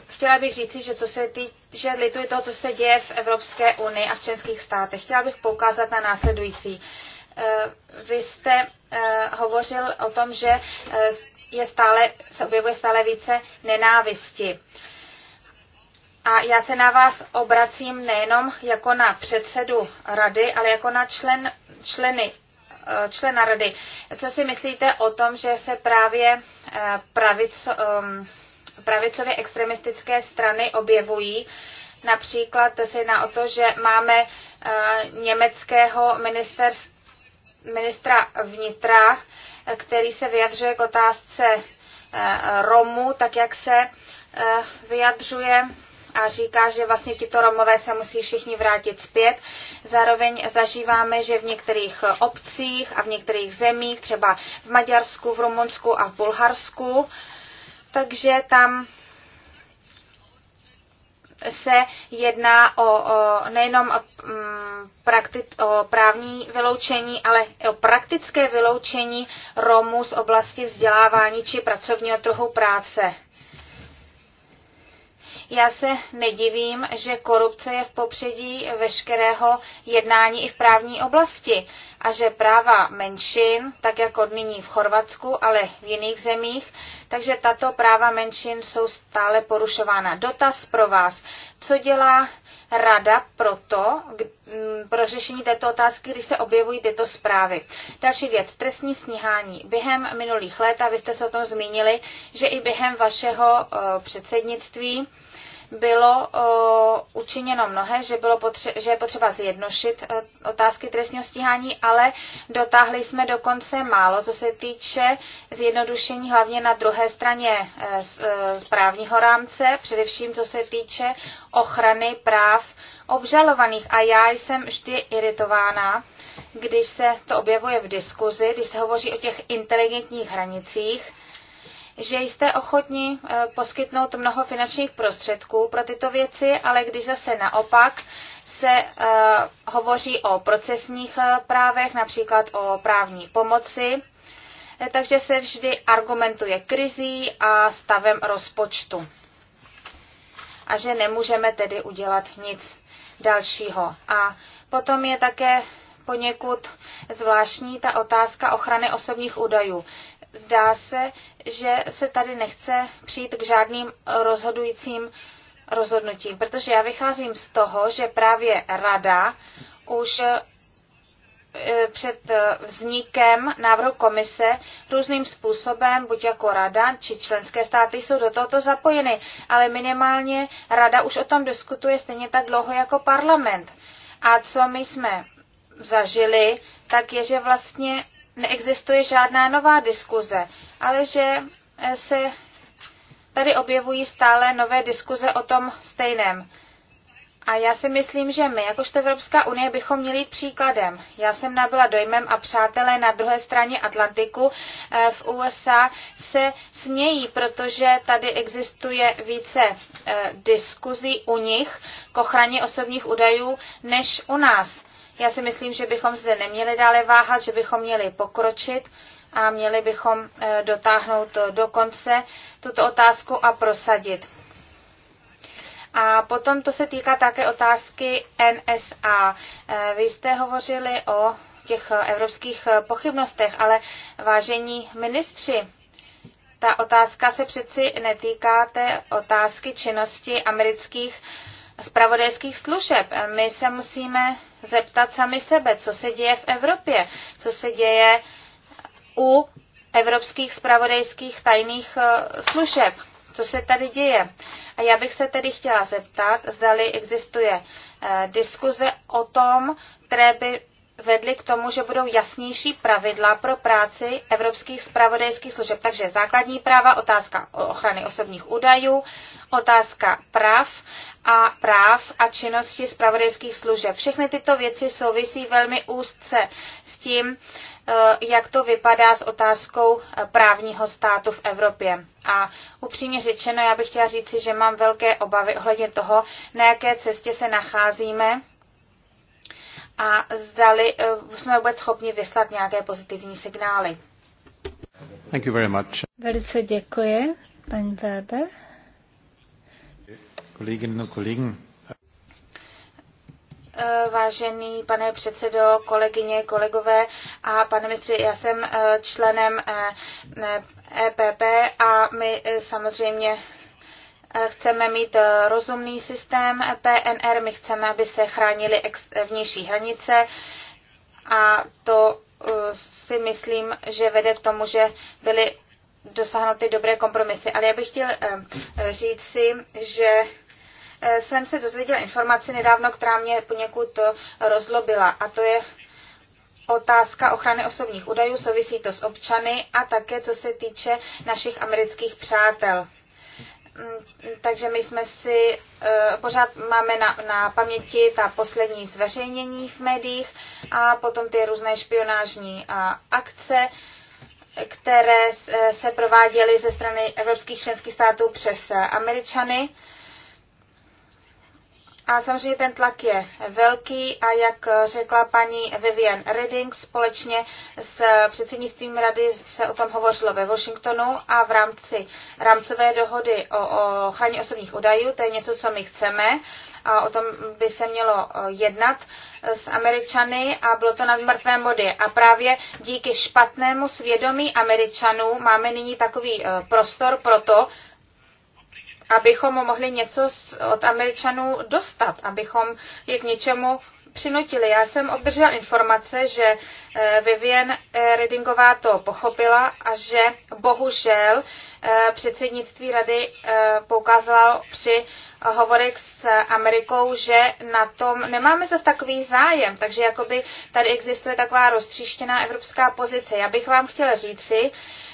chtěla bych říci, že co se týče že lituji toho, co se děje v Evropské unii a v členských státech. Chtěla bych poukázat na následující. Eh, vy jste eh, hovořil o tom, že eh, je stále, se objevuje stále více nenávisti. A já se na vás obracím nejenom jako na předsedu rady, ale jako na člen, členy, člena rady. Co si myslíte o tom, že se právě pravic, ehm, pravicově extremistické strany objevují. Například se jedná o to, že máme eh, německého ministra vnitra, který se vyjadřuje k otázce eh, Romů, tak jak se eh, vyjadřuje a říká, že vlastně tito Romové se musí všichni vrátit zpět. Zároveň zažíváme, že v některých obcích a v některých zemích, třeba v Maďarsku, v Rumunsku a v Bulharsku, takže tam se jedná o, o nejenom o, mm, prakti, o právní vyloučení, ale o praktické vyloučení Romů z oblasti vzdělávání či pracovního trhu práce. Já se nedivím, že korupce je v popředí veškerého jednání i v právní oblasti a že práva menšin, tak jako nyní v Chorvatsku, ale v jiných zemích, takže tato práva menšin jsou stále porušována. Dotaz pro vás. Co dělá rada pro to, mm, pro řešení této otázky, když se objevují tyto zprávy. Další věc, trestní sníhání. Během minulých let, a vy jste se o tom zmínili, že i během vašeho eh, předsednictví, bylo uh, učiněno mnohé, že, bylo potře- že je potřeba zjednošit uh, otázky trestního stíhání, ale dotáhli jsme dokonce málo, co se týče zjednodušení hlavně na druhé straně uh, e, správního e, rámce, především co se týče ochrany práv obžalovaných. A já jsem vždy iritována, když se to objevuje v diskuzi, když se hovoří o těch inteligentních hranicích, že jste ochotni eh, poskytnout mnoho finančních prostředků pro tyto věci, ale když zase naopak se eh, hovoří o procesních eh, právech, například o právní pomoci, takže se vždy argumentuje krizí a stavem rozpočtu. A že nemůžeme tedy udělat nic dalšího. A potom je také poněkud zvláštní ta otázka ochrany osobních údajů zdá se, že se tady nechce přijít k žádným rozhodujícím rozhodnutím, protože já vycházím z toho, že právě rada už e, před vznikem návrhu komise různým způsobem, buď jako rada či členské státy jsou do tohoto zapojeny, ale minimálně rada už o tom diskutuje stejně tak dlouho jako parlament. A co my jsme zažili, tak je, že vlastně neexistuje žádná nová diskuze, ale že eh, se tady objevují stále nové diskuze o tom stejném. A já si myslím, že my, jakožto Evropská unie, bychom měli jít příkladem. Já jsem nabyla dojmem a přátelé na druhé straně Atlantiku eh, v USA se smějí, protože tady existuje více eh, diskuzí u nich k ochraně osobních údajů než u nás. Já si myslím, že bychom zde neměli dále váhat, že bychom měli pokročit a měli bychom eh, dotáhnout eh, do konce tuto otázku a prosadit. A potom to se týká také otázky NSA. Eh, vy jste hovořili o těch evropských pochybnostech, ale vážení ministři, ta otázka se přeci netýká té otázky činnosti amerických spravodajských služeb. My se musíme zeptat sami sebe, co se děje v Evropě, co se děje u evropských spravodajských tajných eh, služeb, co se tady děje. A já bych se tedy chtěla zeptat, zdali existuje eh, diskuze o tom, které by vedly k tomu, že budou jasnější pravidla pro práci evropských spravodajských služeb. Takže základní práva, otázka ochrany osobních údajů, otázka práv a práv a činnosti zpravodajských služeb. Všechny tyto věci souvisí velmi úzce s tím, eh, jak to vypadá s otázkou eh, právního státu v Evropě. A upřímně řečeno, já bych chtěla říci, že mám velké obavy ohledně toho, na jaké cestě se nacházíme a zdali eh, jsme vůbec schopni vyslat nějaké pozitivní signály. Thank you very much. Velice děkuji, paní Weber kolegyně a kolegy. Eh, vážený pane předsedo, kolegyně, kolegové a pane ministře, já jsem eh, členem EPP eh, e a my samozřejmě chceme mít rozumný systém PNR, my chceme, aby se chránily vnější hranice a to si myslím, že vede k tomu, že byly dosáhnuty dobré kompromisy. Ale já bych chtěl říct si, že Eh, jsem se dozvěděla informaci nedávno, která mě poněkud eh, rozlobila. A to je otázka ochrany osobních údajů, souvisí to s občany a také co se týče našich amerických přátel. Mm, takže my jsme si eh, pořád máme na, na paměti ta poslední zveřejnění v médiích a potom ty různé špionážní akce, které se prováděly ze strany evropských členských států přes Američany. A samozřejmě ten tlak je velký a jak řekla paní Vivian Redding, společně s předsednictvím rady se o tom hovořilo ve Washingtonu a v rámci rámcové dohody o, ochraně osobních údajů, to je něco, co my chceme a o tom by se mělo eh, jednat s Američany a bylo to na mrtvém bodě. A právě díky špatnému svědomí Američanů máme nyní takový eh, prostor pro to, abychom mohli něco od Američanů dostat, abychom je k něčemu přinutili. Já jsem obdržel informace, že eh, Vivian eh, Redingová to pochopila a že bohužel eh, předsednictví rady poukázalo při hovorech s Amerikou, že na tom nemáme zase takový zájem, takže jakoby tady existuje taková roztříštěná evropská pozice. Já bych vám chtěla říci,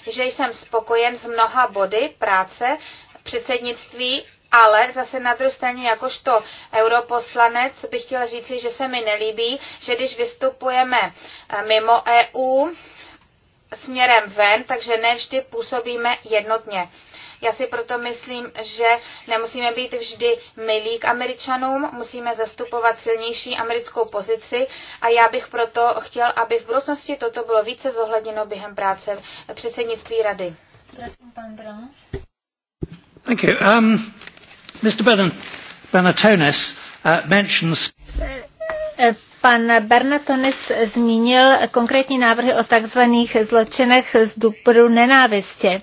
že jsem spokojen s mnoha body práce předsednictví, ale zase na druhé straně, jakožto europoslanec, bych chtěl říci, že se mi nelíbí, že když vystupujeme eh, mimo EU směrem ven, takže ne vždy působíme jednotně. Já si proto myslím, že nemusíme být vždy milí k Američanům, musíme zastupovat silnější americkou pozici a já bych proto chtěl, aby v budoucnosti toto bylo více zohledněno během práce předsednictví rady. Prosím, pan Brons. Thank you. Um, Mr. Ben Benatonis uh, mentions... Pan Bernatonis zmínil konkrétní návrhy o takzvaných zločinech z důvodu nenávistě. Uh,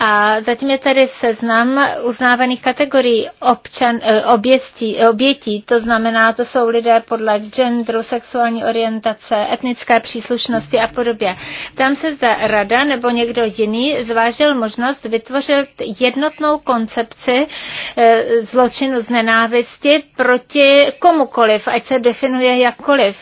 a zatím je tady seznam uznávaných kategorií občan, eh, oběstí, eh, obětí, to znamená, to jsou lidé podle genderu, sexuální orientace, etnické příslušnosti a podobně. Tam se zda rada nebo někdo jiný zvážil možnost vytvořit jednotnou koncepci eh, zločinu z nenávisti proti komukoliv, ať se definuje jakkoliv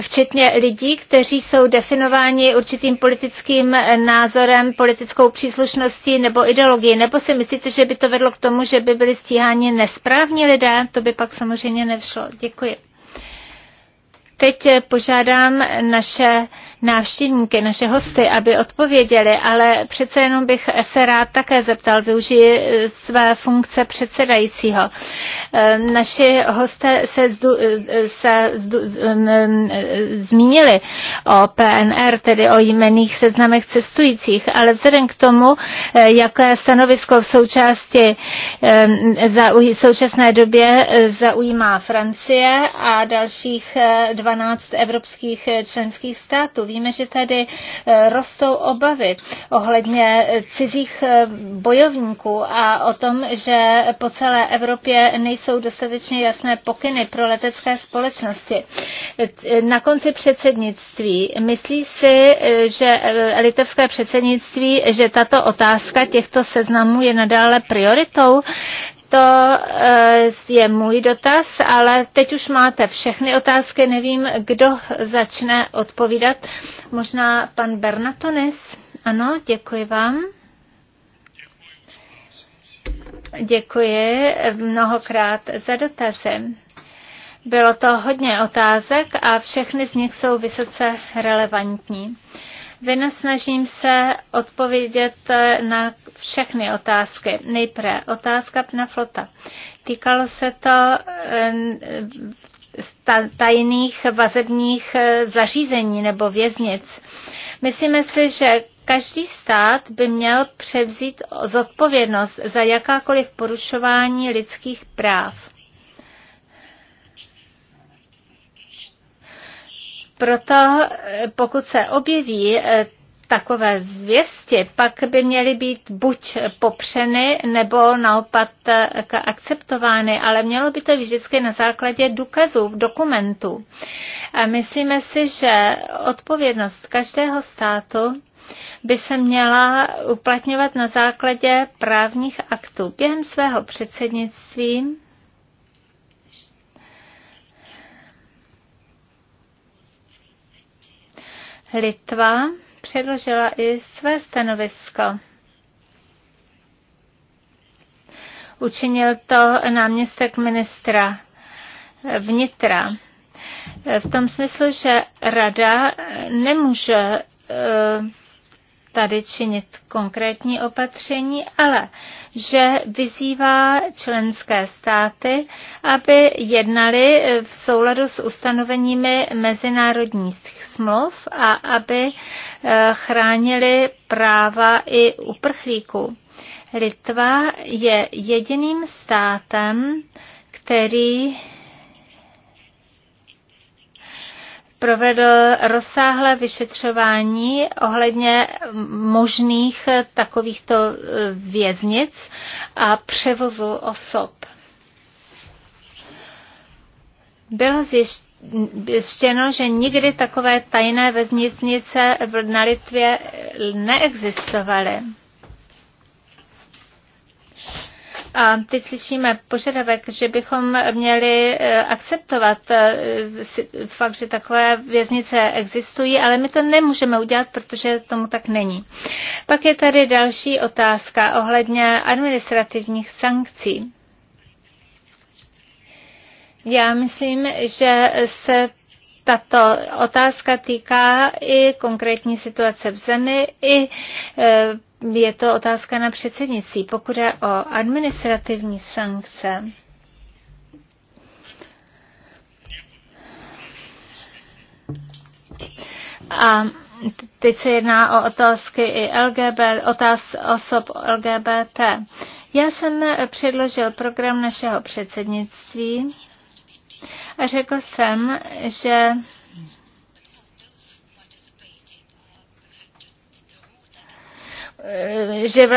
včetně lidí, kteří jsou definováni určitým politickým názorem, politickou příslušností nebo ideologií? Nebo si myslíte, že by to vedlo k tomu, že by byli stíháni nesprávní lidé? To by pak samozřejmě nevšlo. Děkuji. Teď eh, požádám naše návštěvníky, naše hosty, aby odpověděli, ale přece jenom bych se rád také zeptal, využiji eh, své funkce předsedajícího. Eh, naši hosté se, zdu, eh, se zdu, zmínili o PNR, tedy o jmených seznamech cestujících, ale vzhledem k tomu, jaké stanovisko v součásti v současné době zaujímá Francie a dalších 12 evropských členských států. Víme, že tady eh, rostou obavy ohledně cizích eh, bojovníků a o tom, že po celé Evropě nejsou dostatečně jasné pokyny pro letecké společnosti. Na konci předsednictví myslí si, eh, že litevské předsednictví, že tato otázka těchto seznamů je nadále prioritou? to eh, je můj dotaz, ale teď už máte všechny otázky. Nevím, kdo začne odpovídat. Možná pan Bernatonis? Ano, děkuji vám. Děkuji mnohokrát za dotazy. Bylo to hodně otázek a všechny z nich jsou vysoce relevantní. Vynasnažím se odpovědět na všechny otázky. Nejprve otázka na flota. Týkalo se to tajných vazebních eh, zařízení nebo věznic. Myslíme si, že Každý stát by měl převzít zodpovědnost za jakákoliv porušování lidských práv. Proto eh, pokud se objeví eh, takové zvěsti pak by měly být buď popřeny nebo naopak eh, akceptovány, ale mělo by to vždycky na základě důkazů, dokumentů. A myslíme si, že odpovědnost každého státu by se měla uplatňovat na základě právních aktů. Během svého předsednictví Litva předložila i své stanovisko. Učinil to náměstek ministra vnitra. V tom smyslu, že rada nemůže eh, tady činit konkrétní opatření, ale že vyzývá členské státy, aby jednali v souladu s ustanoveními mezinárodních smluv a aby eh, chránili práva i uprchlíků. Litva je jediným státem, který provedl rozsáhlé vyšetřování ohledně možných takovýchto eh, věznic a převozu osob. Bylo zjištěno, že nikdy takové tajné věznice na Litvě neexistovaly. A teď slyšíme požadavek, že bychom měli e, akceptovat e, fakt, že takové věznice existují, ale my to nemůžeme udělat, protože tomu tak není. Pak je tady další otázka ohledně administrativních sankcí. Já myslím, že se tato otázka týká i konkrétní situace v zemi, i e, je to otázka na předsednictví. Pokud je o administrativní sankce, a teď se jedná o otázky i LGBT, otáz osob LGBT. Já jsem předložil program našeho předsednictví a řekl jsem, že že,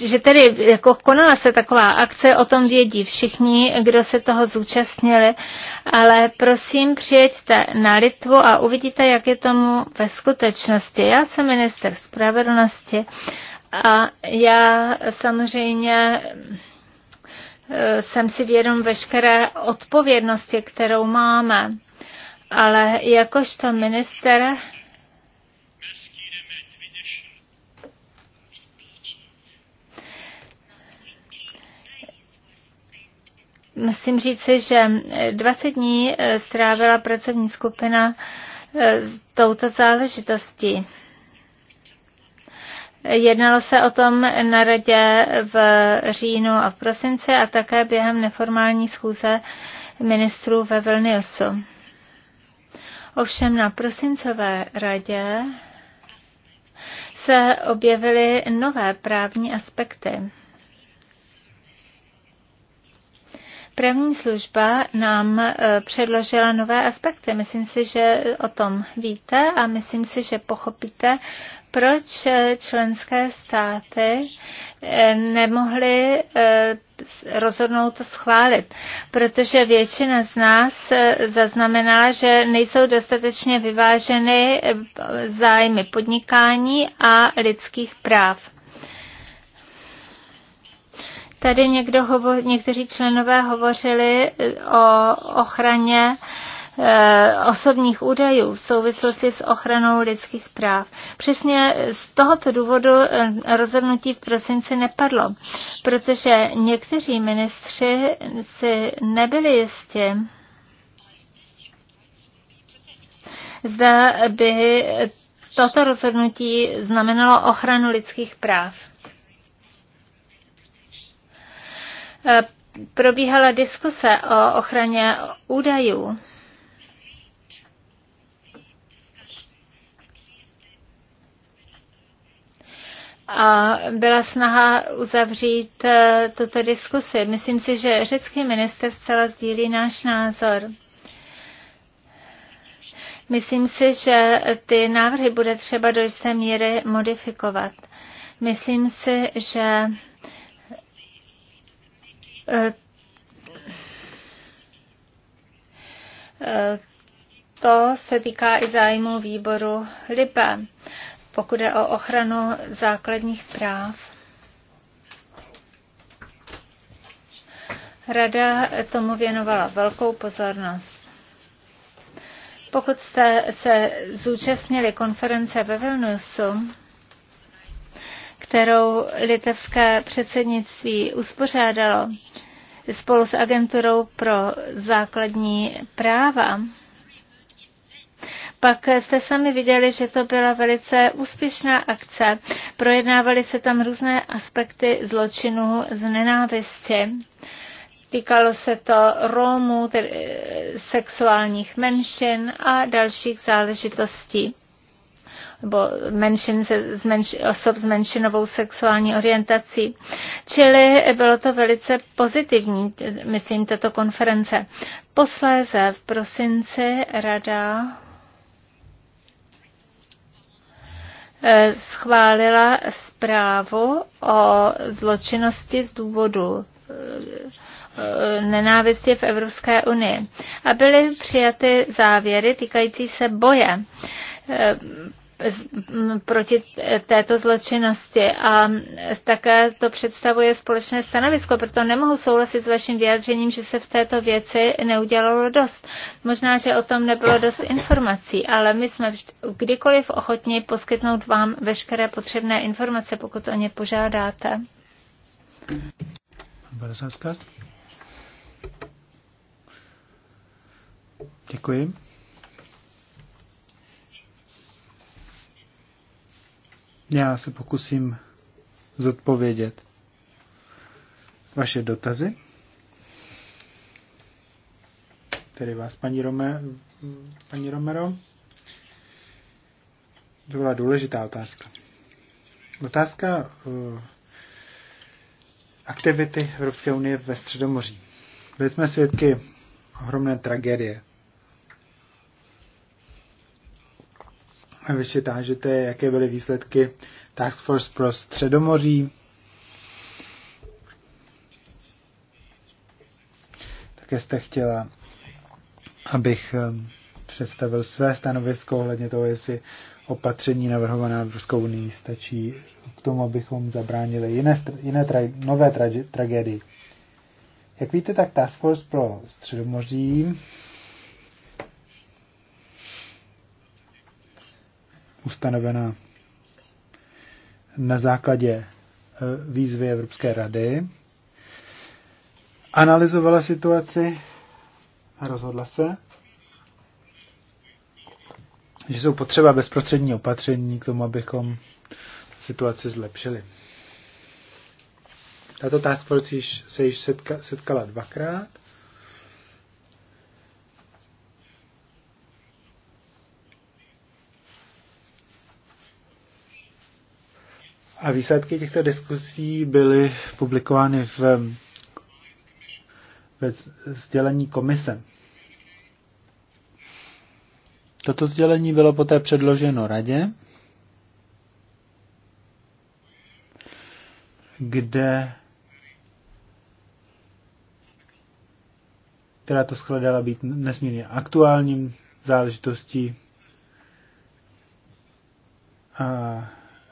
že tedy jako konala se taková akce, o tom vědí všichni, kdo se toho zúčastnili, ale prosím přijeďte na Litvu a uvidíte, jak je tomu ve skutečnosti. Já jsem minister spravedlnosti a já samozřejmě eh, jsem si vědom veškeré odpovědnosti, kterou máme, ale jakožto minister musím říci, že 20 eh, dní eh, strávila pracovní skupina eh, s touto záležitostí. Jednalo se o tom na radě v říjnu a v prosinci a také během neformální schůze ministrů ve Vilniusu. Ovšem na prosincové radě se objevily nové právní aspekty. Právní služba nám e, předložila nové aspekty. Myslím si, že o tom víte a myslím si, že pochopíte, proč e, členské státy e, nemohly rozhodnout schválit, protože většina z nás zaznamenala, že nejsou dostatečně vyváženy zájmy podnikání a lidských práv. Tady někdo hovo- někteří členové hovořili e, o ochraně e, osobních údajů v souvislosti s ochranou lidských práv. Přesně z tohoto důvodu e, rozhodnutí v prosinci nepadlo, protože někteří ministři si nebyli jistí, zda by toto rozhodnutí znamenalo ochranu lidských práv. Eh, probíhala diskuse o ochraně údajů. a byla snaha uzavřít eh, tuto diskusi. Myslím si, že řecký minister zcela sdílí náš názor. Myslím si, že ty návrhy bude třeba do jisté míry modifikovat. Myslím si, že Eh, to se týká i zájmu výboru LIBE, pokud je o ochranu základních práv. Rada tomu věnovala velkou pozornost. Pokud jste se zúčastnili konference ve Vilniusu, kterou litevské předsednictví uspořádalo spolu s agenturou pro základní práva, pak jste sami viděli, že to byla velice úspěšná akce. Projednávaly se tam různé aspekty zločinů z nenávisti. Týkalo se to romů, sexuálních menšin a dalších záležitostí nebo menšin se, z menš, osob s menšinovou sexuální orientací. Čili bylo to velice pozitivní, myslím, tato konference. Posléze v prosinci rada eh, schválila zprávu o zločinnosti z důvodu eh, eh, nenávisti v Evropské unii. A byly přijaty závěry týkající se boje proti této zločinnosti a také to představuje společné stanovisko, proto nemohu souhlasit s vaším vyjádřením, že se v této věci neudělalo dost. Možná, že o tom nebylo dost informací, ale my jsme kdykoliv ochotni poskytnout vám veškeré potřebné informace, pokud o ně požádáte. Děkuji. Já se pokusím zodpovědět vaše dotazy. Tedy vás, paní, Rome, paní Romero. To byla důležitá otázka. Otázka uh, aktivity Evropské unie ve Středomoří. Byli jsme svědky ohromné tragédie vy si jaké byly výsledky Task Force pro Středomoří. Také jste chtěla, abych eh, představil své stanovisko ohledně toho, jestli opatření navrhovaná Evropskou unii stačí k tomu, abychom zabránili jiné, jiné tra, nové tra, tragédii. Jak víte, tak Task Force pro Středomoří ustanovena na základě e, výzvy Evropské rady, analyzovala situaci a rozhodla se, že jsou potřeba bezprostřední opatření k tomu, abychom situaci zlepšili. Tato task force se již setka, setkala dvakrát A výsledky těchto diskusí byly publikovány v, v sdělení komise. Toto sdělení bylo poté předloženo radě, kde která to shledala být nesmírně aktuálním záležitostí. A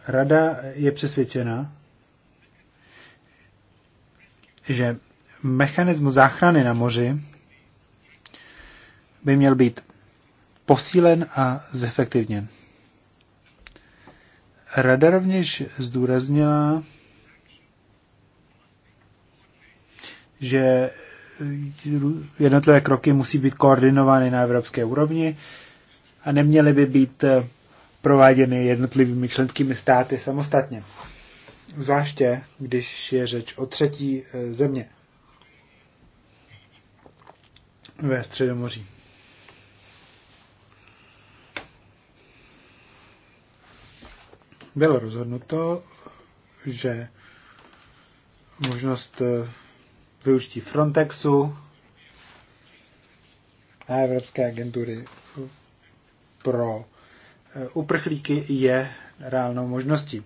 Rada je přesvědčena, že mechanismus záchrany na moři by měl být posílen a zefektivněn. Rada rovněž zdůraznila, že jednotlivé kroky musí být koordinovány na evropské úrovni a neměly by být prováděny jednotlivými členskými státy samostatně. Zvláště, když je řeč o třetí e, země ve Středomoří. Bylo rozhodnuto, že možnost e, využití Frontexu a Evropské agentury pro Eh, uprchlíky je reálnou možností.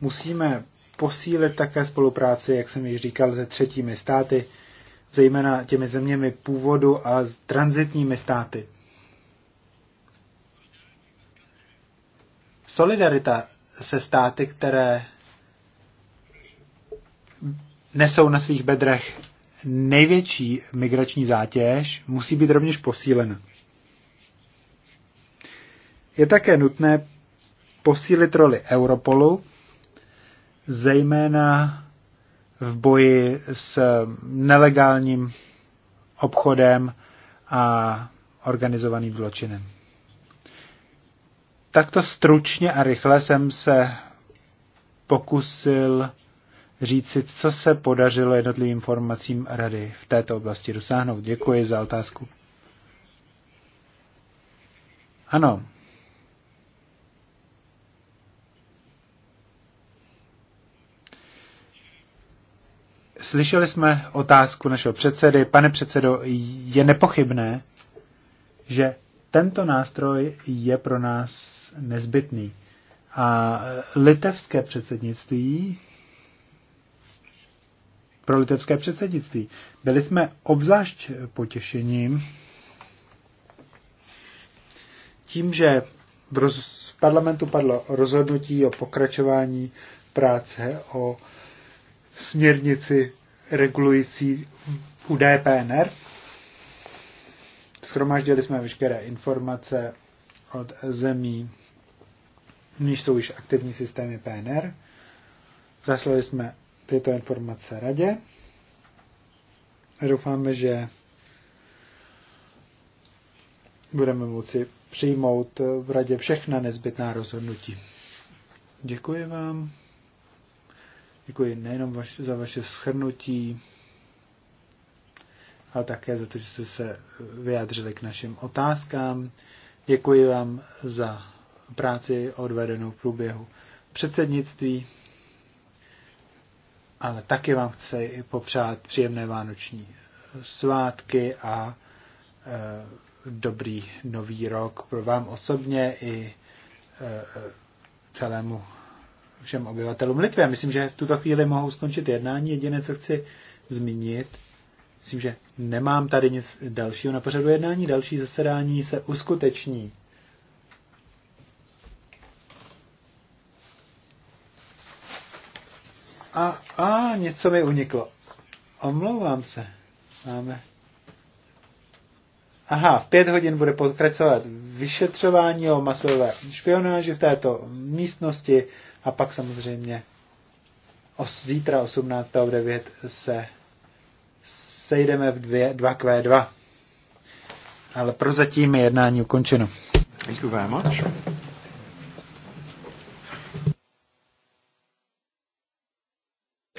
Musíme posílit také spolupráci, jak jsem již říkal, se třetími státy, zejména těmi zeměmi původu a transitními státy. Solidarita se státy, které nesou na svých bedrech největší migrační zátěž, musí být rovněž posílena. Je také nutné posílit roli Europolu, zejména v boji s nelegálním obchodem a organizovaným zločinem. Takto stručně a rychle jsem se pokusil říci, co se podařilo jednotlivým informacím rady v této oblasti dosáhnout. Děkuji za otázku. Ano, Slyšeli jsme otázku našeho předsedy. Pane předsedo, je nepochybné, že tento nástroj je pro nás nezbytný. A litevské předsednictví pro litevské předsednictví. Byli jsme obzvlášť potěšením tím, že v, roz, v parlamentu padlo rozhodnutí o pokračování práce, o směrnici regulující UDPNR. Schromáždili jsme veškeré informace od zemí, níž jsou již aktivní systémy PNR. Zaslali jsme tyto informace radě. Doufáme, že budeme moci přijmout v radě všechna nezbytná rozhodnutí. Děkuji vám. Děkuji nejenom vaš, za vaše schrnutí, ale také za to, že jste se vyjádřili k našim otázkám. Děkuji vám za práci odvedenou v průběhu předsednictví, ale taky vám chci popřát příjemné vánoční svátky a e, dobrý nový rok pro vám osobně i e, e celému všem obyvatelům Litvy. Já myslím, že v tuto chvíli mohou skončit jednání. Jediné, co chci zmínit, myslím, že nemám tady nic dalšího na pořadu jednání. Další zasedání se uskuteční. A, a něco mi uniklo. Omlouvám se. Máme Aha, v pět hodin bude pokračovat vyšetřování o masové špionáži v této místnosti a pak samozřejmě os, zítra 18.09 se sejdeme v 2Q2. Ale prozatím je jednání ukončeno. Thank you very much.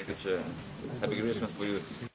Have a good Christmas for you.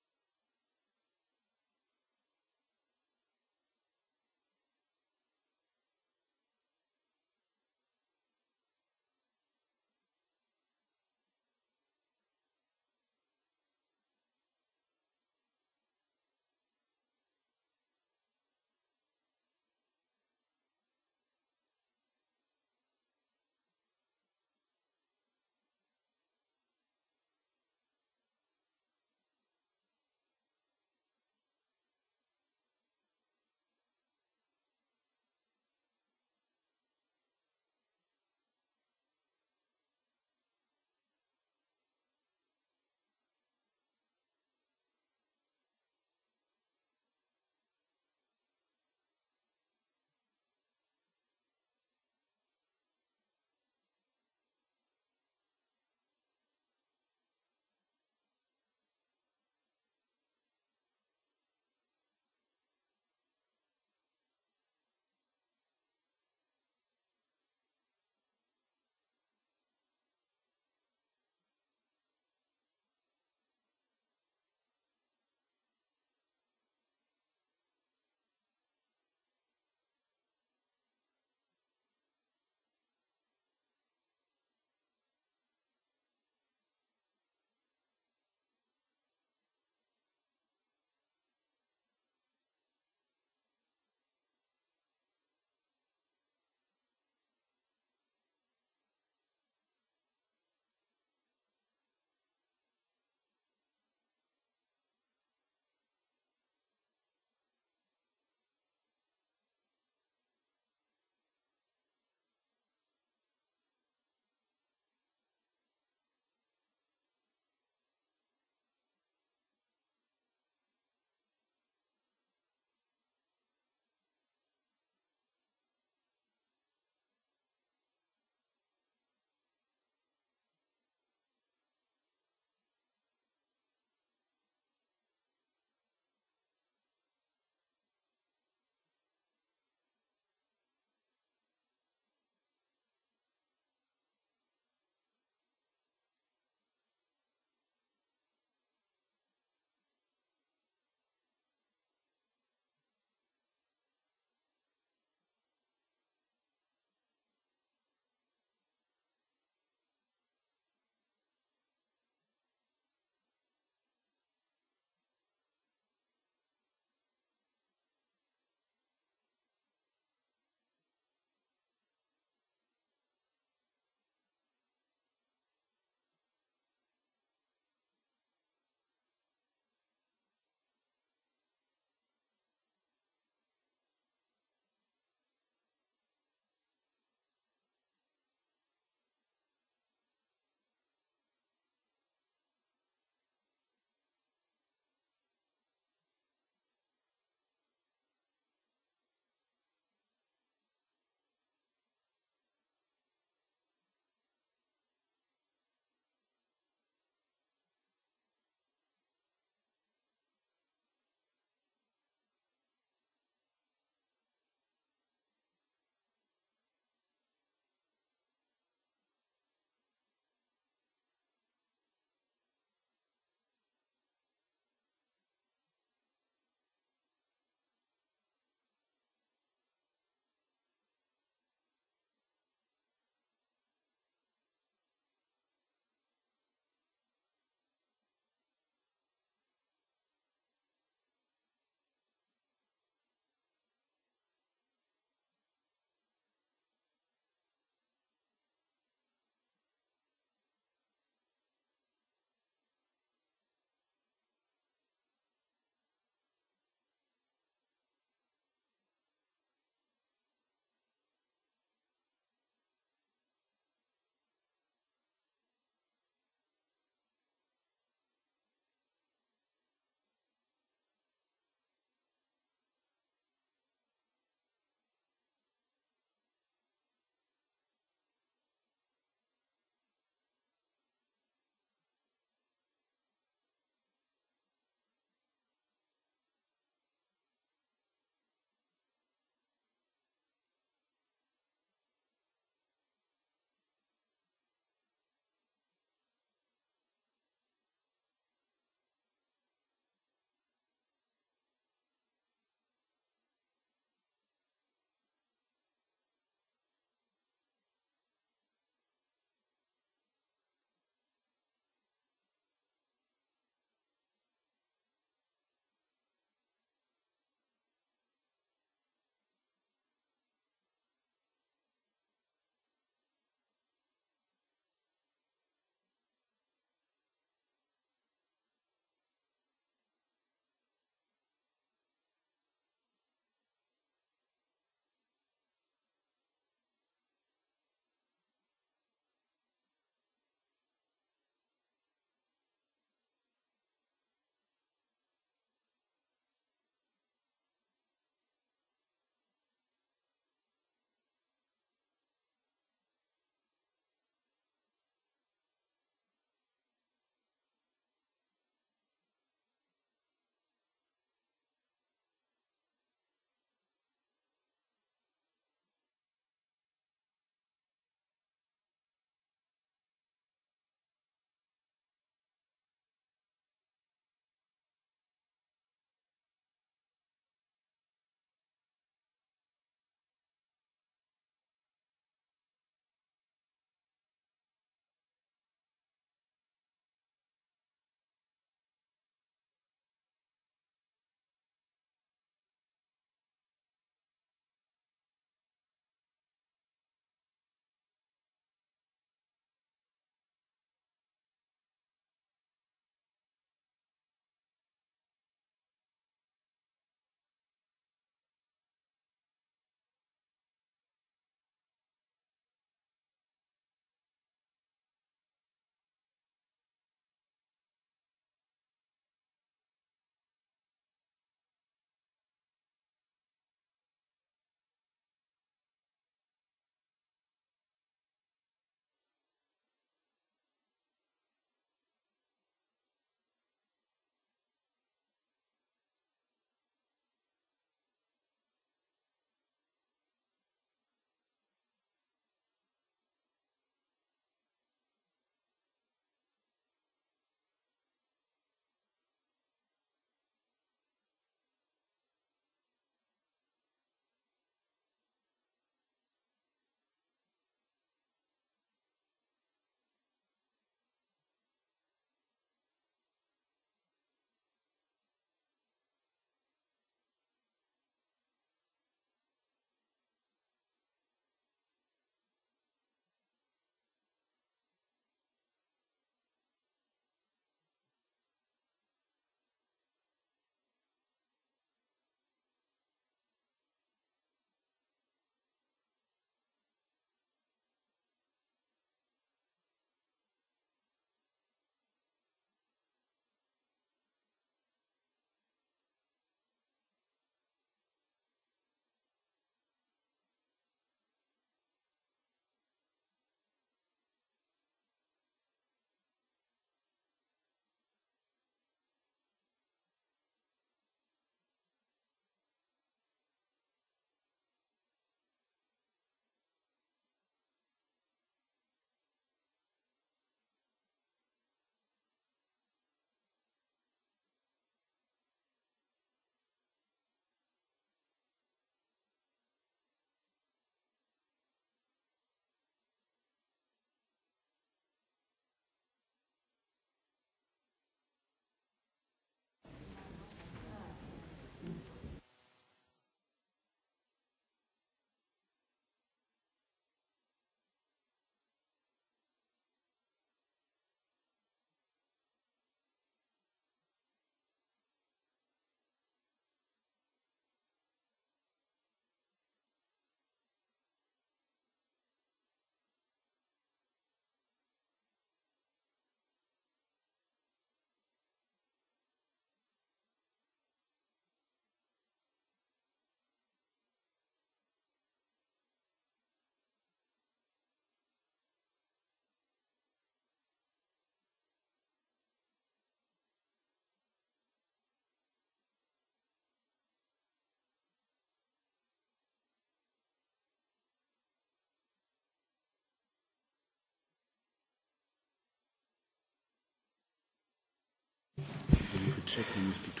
check and you speak to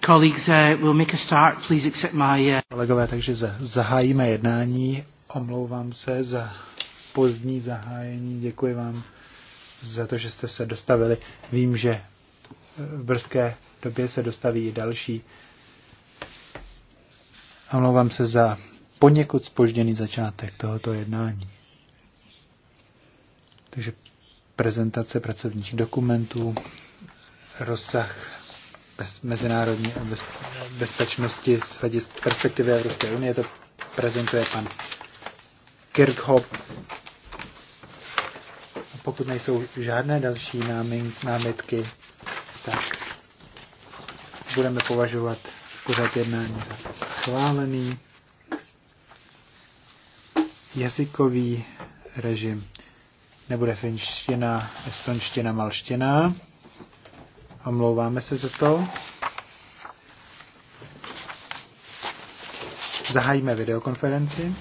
Colleagues, uh, we'll make a start. Please accept my... Uh... Kolegové, takže zahájíme jednání. Omlouvám se za pozdní zahájení. Děkuji vám za to, že jste se dostavili. Vím, že eh, v brzké době se dostaví i další. Omlouvám se za poněkud spožděný začátek tohoto jednání. Takže prezentace pracovních dokumentů, rozsah bez, mezinárodní bez, bezpečnosti z hlediska perspektivy Evropské unie. To prezentuje pan Kirchhoff. Pokud nejsou žádné další námitky, tak budeme považovat pořád jednání za schválený jazykový režim nebude finština, estonština, malština. Omlouváme se za to. Zahájíme videokonferenci.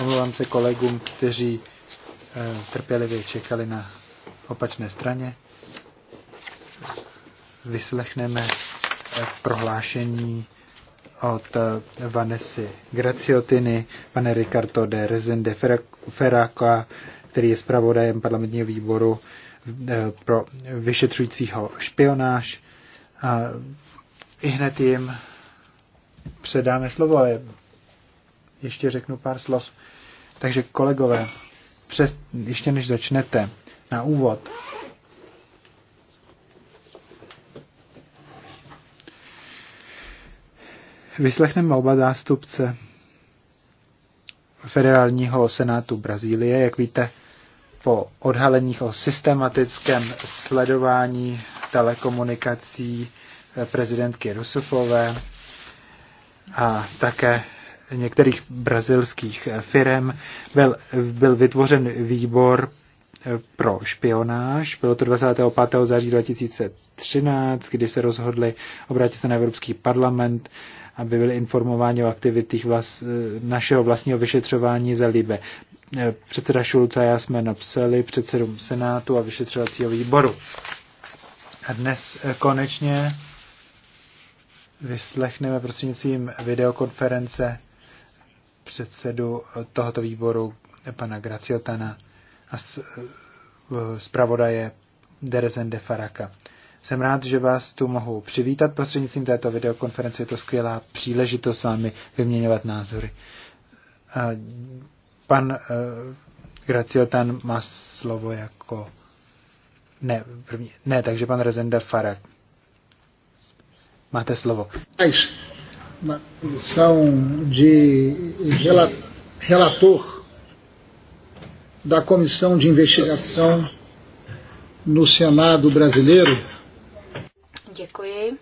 Omlouvám se kolegům, kteří e, trpělivě čekali na opačné straně. Vyslechneme eh, prohlášení od eh, Vanessy Graciotiny, pane Ricardo de Rezende Ferraca, který je zpravodajem parlamentního výboru eh, pro vyšetřujícího špionáž. A I hned jim předáme slovo, ale ještě řeknu pár slov. Takže kolegové, přes, ještě než začnete na úvod, vyslechneme oba zástupce federálního senátu Brazílie. Jak víte, po odhaleních o systematickém sledování telekomunikací eh, prezidentky Rusufové a také některých brazilských eh, firm byl, byl vytvořen výbor eh, pro špionáž. Bylo to 25. září 2013, kdy se rozhodli obrátit se na Evropský parlament, aby byli informováni o aktivitách vlas, našeho vlastního vyšetřování za Libe. Eh, předseda Šulc a já jsme napsali předsedům Senátu a vyšetřovacího výboru. A dnes eh, konečně vyslechneme prostřednictvím videokonference předsedu eh, tohoto výboru, pana Graciotana a zpravodaje Derezen de Faraka. Jsem rád, že vás tu mohu přivítat prostřednictvím této videokonference. Je to skvělá příležitost s vámi vyměňovat názory. Pan uh, eh, Graciotan má slovo jako... Ne, první, ne, takže pan Rezender Farag. Máte slovo. São de relator da Comissão de Investigação no Senado Brasileiro. Děkuji.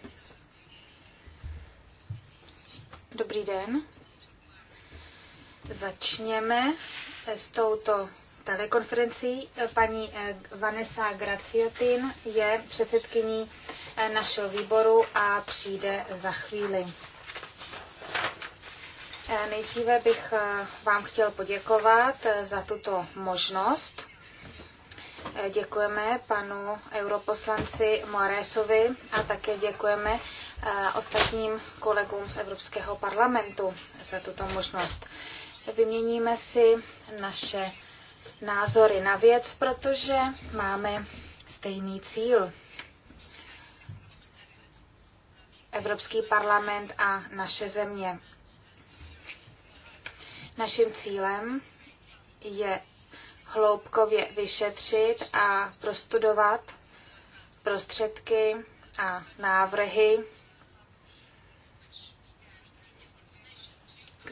Dobrý den. Začněme s touto telekonferencí. Paní eh, Vanessa Graciotin je předsedkyní eh, našeho výboru a přijde za chvíli. Eh, nejdříve bych vám chtěl poděkovat za tuto možnost. Děkujeme panu europoslanci Moaresovi a také děkujeme ostatním kolegům z Evropského parlamentu za tuto možnost vyměníme si naše názory na věc, protože máme stejný cíl. Evropský parlament a naše země. Naším cílem je hloubkově vyšetřit a prostudovat prostředky a návrhy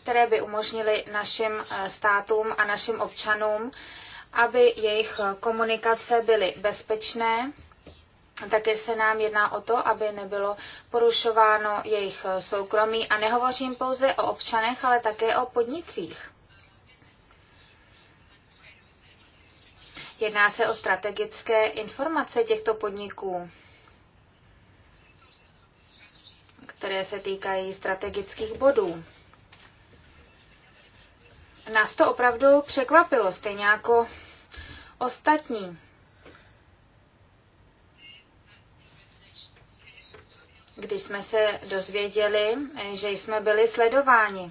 které by umožnily našim eh, státům a našim občanům, aby jejich komunikace byly bezpečné. Také se nám jedná o to, aby nebylo porušováno jejich soukromí. A nehovořím pouze o občanech, ale také o podnicích. Jedná se o strategické informace těchto podniků, které se týkají strategických bodů nás to opravdu překvapilo, stejně jako ostatní. Když jsme se dozvěděli, že jsme byli sledováni.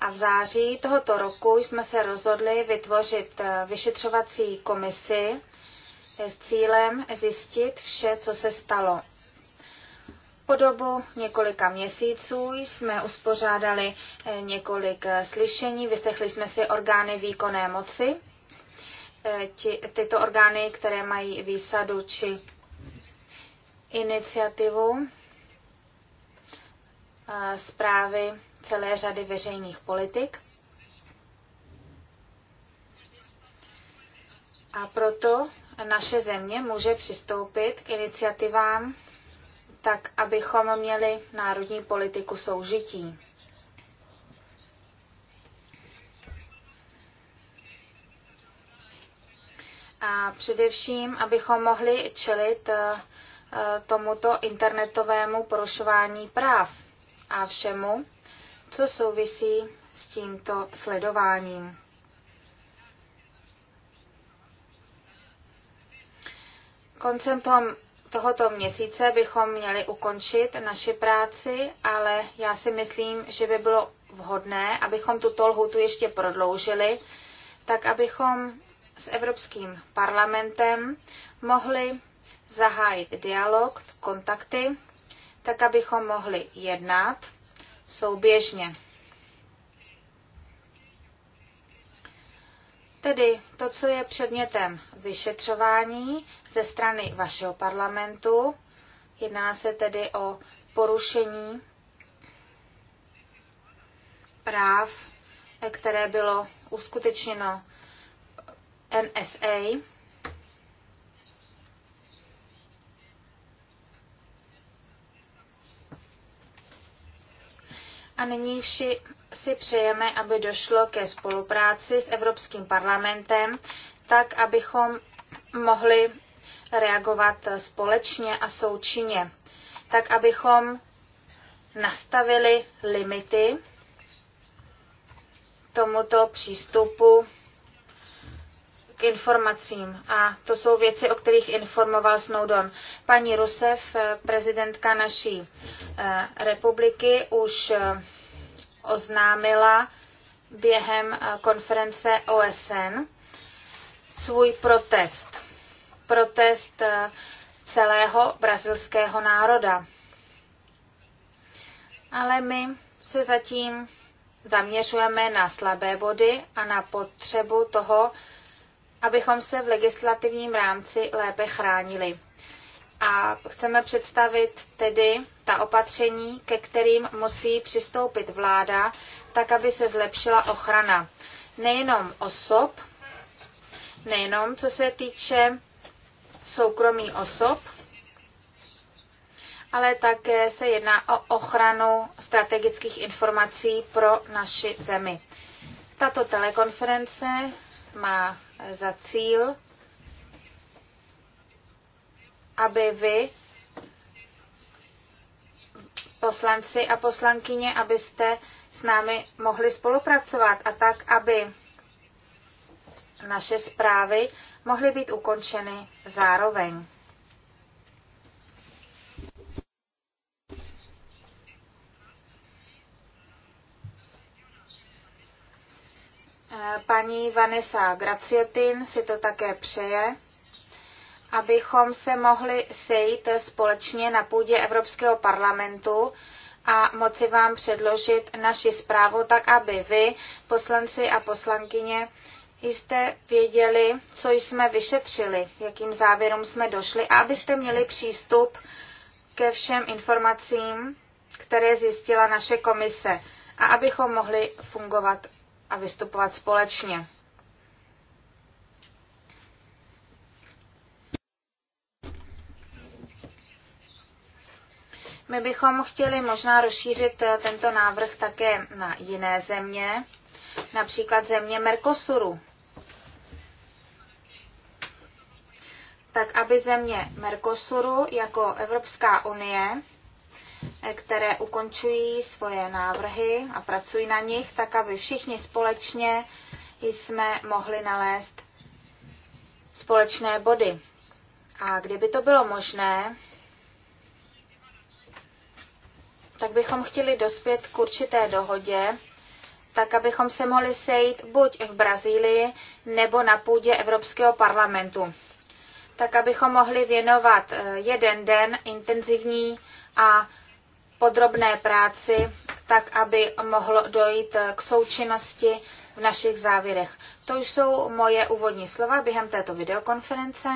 A v září tohoto roku jsme se rozhodli vytvořit eh, vyšetřovací komisi s cílem zjistit vše, co se stalo. Po dobu několika měsíců jsme uspořádali eh, několik eh, slyšení, vyslechli jsme si orgány výkonné moci, eh, ti, tyto orgány, které mají výsadu či iniciativu zprávy celé řady veřejných politik. A proto naše země může přistoupit k iniciativám tak abychom měli národní politiku soužití. A především, abychom mohli čelit eh, tomuto internetovému porušování práv a všemu, co souvisí s tímto sledováním. Koncem toho tohoto měsíce bychom měli ukončit naši práci, ale já si myslím, že by bylo vhodné, abychom tuto lhutu ještě prodloužili, tak abychom s Evropským parlamentem mohli zahájit dialog, kontakty, tak abychom mohli jednat souběžně. Tedy to, co je předmětem vyšetřování ze strany vašeho parlamentu, jedná se tedy o porušení práv, které bylo uskutečněno NSA. A nyní vši si přejeme, aby došlo ke spolupráci s Evropským parlamentem, tak abychom mohli reagovat společně a součinně, tak abychom nastavili limity tomuto přístupu k informacím. A to jsou věci, o kterých informoval Snowden. Paní Rusev, prezidentka naší eh, republiky, už eh, oznámila během eh, konference OSN svůj protest. Protest eh, celého brazilského národa. Ale my se zatím zaměřujeme na slabé body a na potřebu toho, abychom se v legislativním rámci lépe chránili a chceme představit tedy ta opatření, ke kterým musí přistoupit vláda, tak aby se zlepšila ochrana nejenom osob, nejenom co se týče soukromí osob, ale také se jedná o ochranu strategických informací pro naši zemi. Tato telekonference má za cíl aby vy, poslanci a poslankyně, abyste s námi mohli spolupracovat a tak, aby naše zprávy mohly být ukončeny zároveň. Paní Vanessa Graciotin si to také přeje abychom se mohli sejít společně na půdě Evropského parlamentu a moci vám předložit naši zprávu tak, aby vy, poslanci a poslankyně, jste věděli, co jsme vyšetřili, jakým závěrům jsme došli a abyste měli přístup ke všem informacím, které zjistila naše komise a abychom mohli fungovat a vystupovat společně. My bychom chtěli možná rozšířit eh, tento návrh také na jiné země, například země Mercosuru. Tak aby země Mercosuru jako Evropská unie, eh, které ukončují svoje návrhy a pracují na nich, tak aby všichni společně jsme mohli nalézt společné body. A kdyby to bylo možné, tak bychom chtěli dospět k určité dohodě, tak abychom se mohli sejít buď v Brazílii nebo na půdě Evropského parlamentu. Tak abychom mohli věnovat eh, jeden den intenzivní a podrobné práci, tak aby mohlo dojít eh, k součinnosti v našich závěrech. To jsou moje úvodní slova během této videokonference.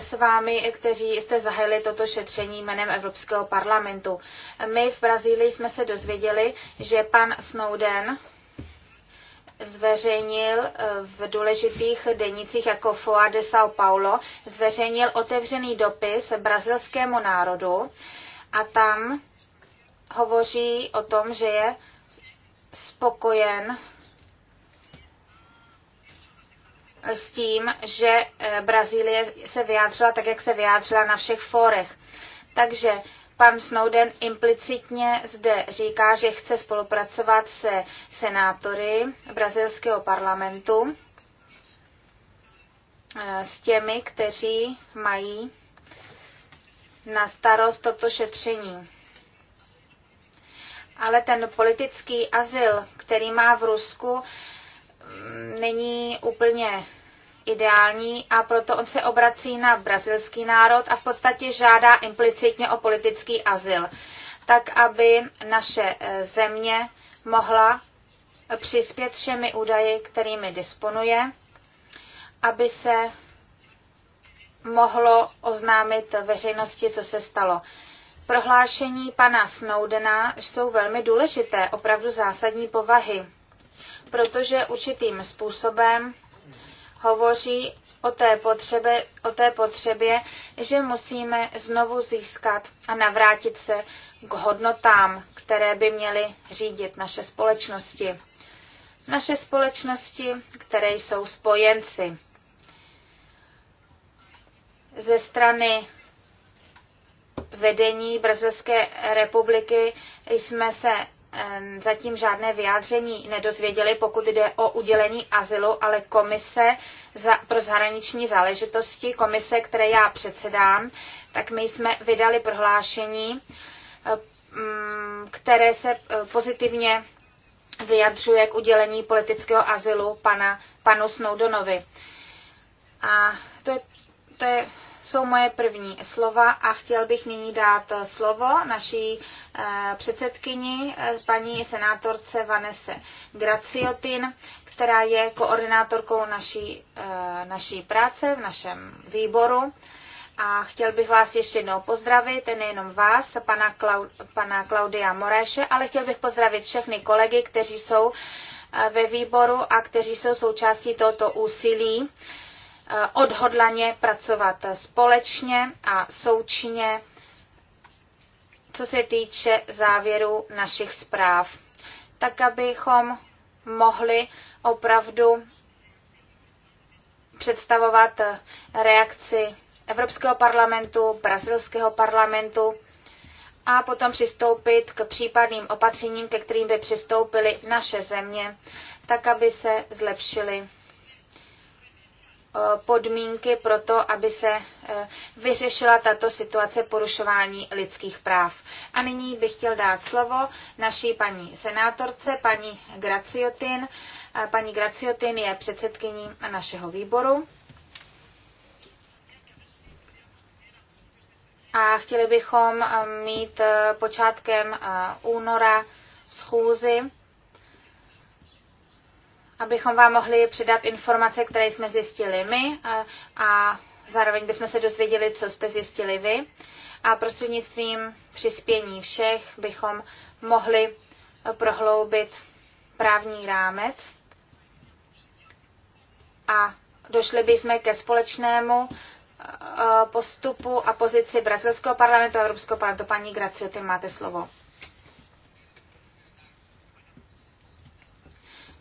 s vámi, kteří jste zahajili toto šetření jménem Evropského parlamentu. My v Brazílii jsme se dozvěděli, že pan Snowden zveřejnil eh, v důležitých denicích jako Foa de São Paulo, zveřejnil otevřený dopis brazilskému národu a tam hovoří o tom, že je spokojen s tím, že eh, Brazílie se vyjádřila tak, jak se vyjádřila na všech fórech. Takže pan Snowden implicitně zde říká, že chce spolupracovat se senátory brazilského parlamentu, eh, s těmi, kteří mají na starost toto šetření. Ale ten politický azyl, který má v Rusku, není úplně ideální a proto on se obrací na brazilský národ a v podstatě žádá implicitně o politický azyl, tak aby naše eh, země mohla přispět všemi údaji, kterými disponuje, aby se mohlo oznámit veřejnosti, co se stalo. Prohlášení pana Snowdena jsou velmi důležité, opravdu zásadní povahy protože určitým způsobem hovoří o té, potřebě, o té potřebě, že musíme znovu získat a navrátit se k hodnotám, které by měly řídit naše společnosti. Naše společnosti, které jsou spojenci. Ze strany vedení Brzeské republiky jsme se zatím žádné vyjádření nedozvěděli, pokud jde o udělení azylu, ale komise za, pro zahraniční záležitosti, komise, které já předsedám, tak my jsme vydali prohlášení, eh, mm, které se eh, pozitivně vyjadřuje k udělení politického azylu pana, panu Snowdonovi. A to je, to je jsou moje první slova a chtěl bych nyní dát eh, slovo naší eh, předsedkyni, eh, paní senátorce Vanese Graciotin, která je koordinátorkou naší, naší práce v našem výboru. A chtěl bych vás ještě jednou pozdravit, nejenom vás, pana, Klau, pana Klaudia Moreše, ale chtěl bych pozdravit všechny kolegy, kteří jsou ve výboru a kteří jsou součástí tohoto úsilí Eh, odhodlaně pracovat společně a součinně, co se týče závěru našich zpráv, tak abychom mohli opravdu představovat reakci Evropského parlamentu, brazilského parlamentu a potom přistoupit k případným opatřením, ke kterým by přistoupily naše země, tak aby se zlepšily podmínky pro to, aby se eh, vyřešila tato situace porušování lidských práv. A nyní bych chtěl dát slovo naší paní senátorce, paní Graciotin. Eh, paní Graciotin je předsedkyní našeho výboru. A chtěli bychom eh, mít počátkem února schůzi abychom vám mohli předat informace, které jsme zjistili my a, a zároveň bychom se dozvěděli, co jste zjistili vy. A prostřednictvím přispění všech bychom mohli prohloubit právní rámec a došli bychom ke společnému postupu a pozici brazilského parlamentu a Evropského parlamentu. Paní Gracio, ty máte slovo.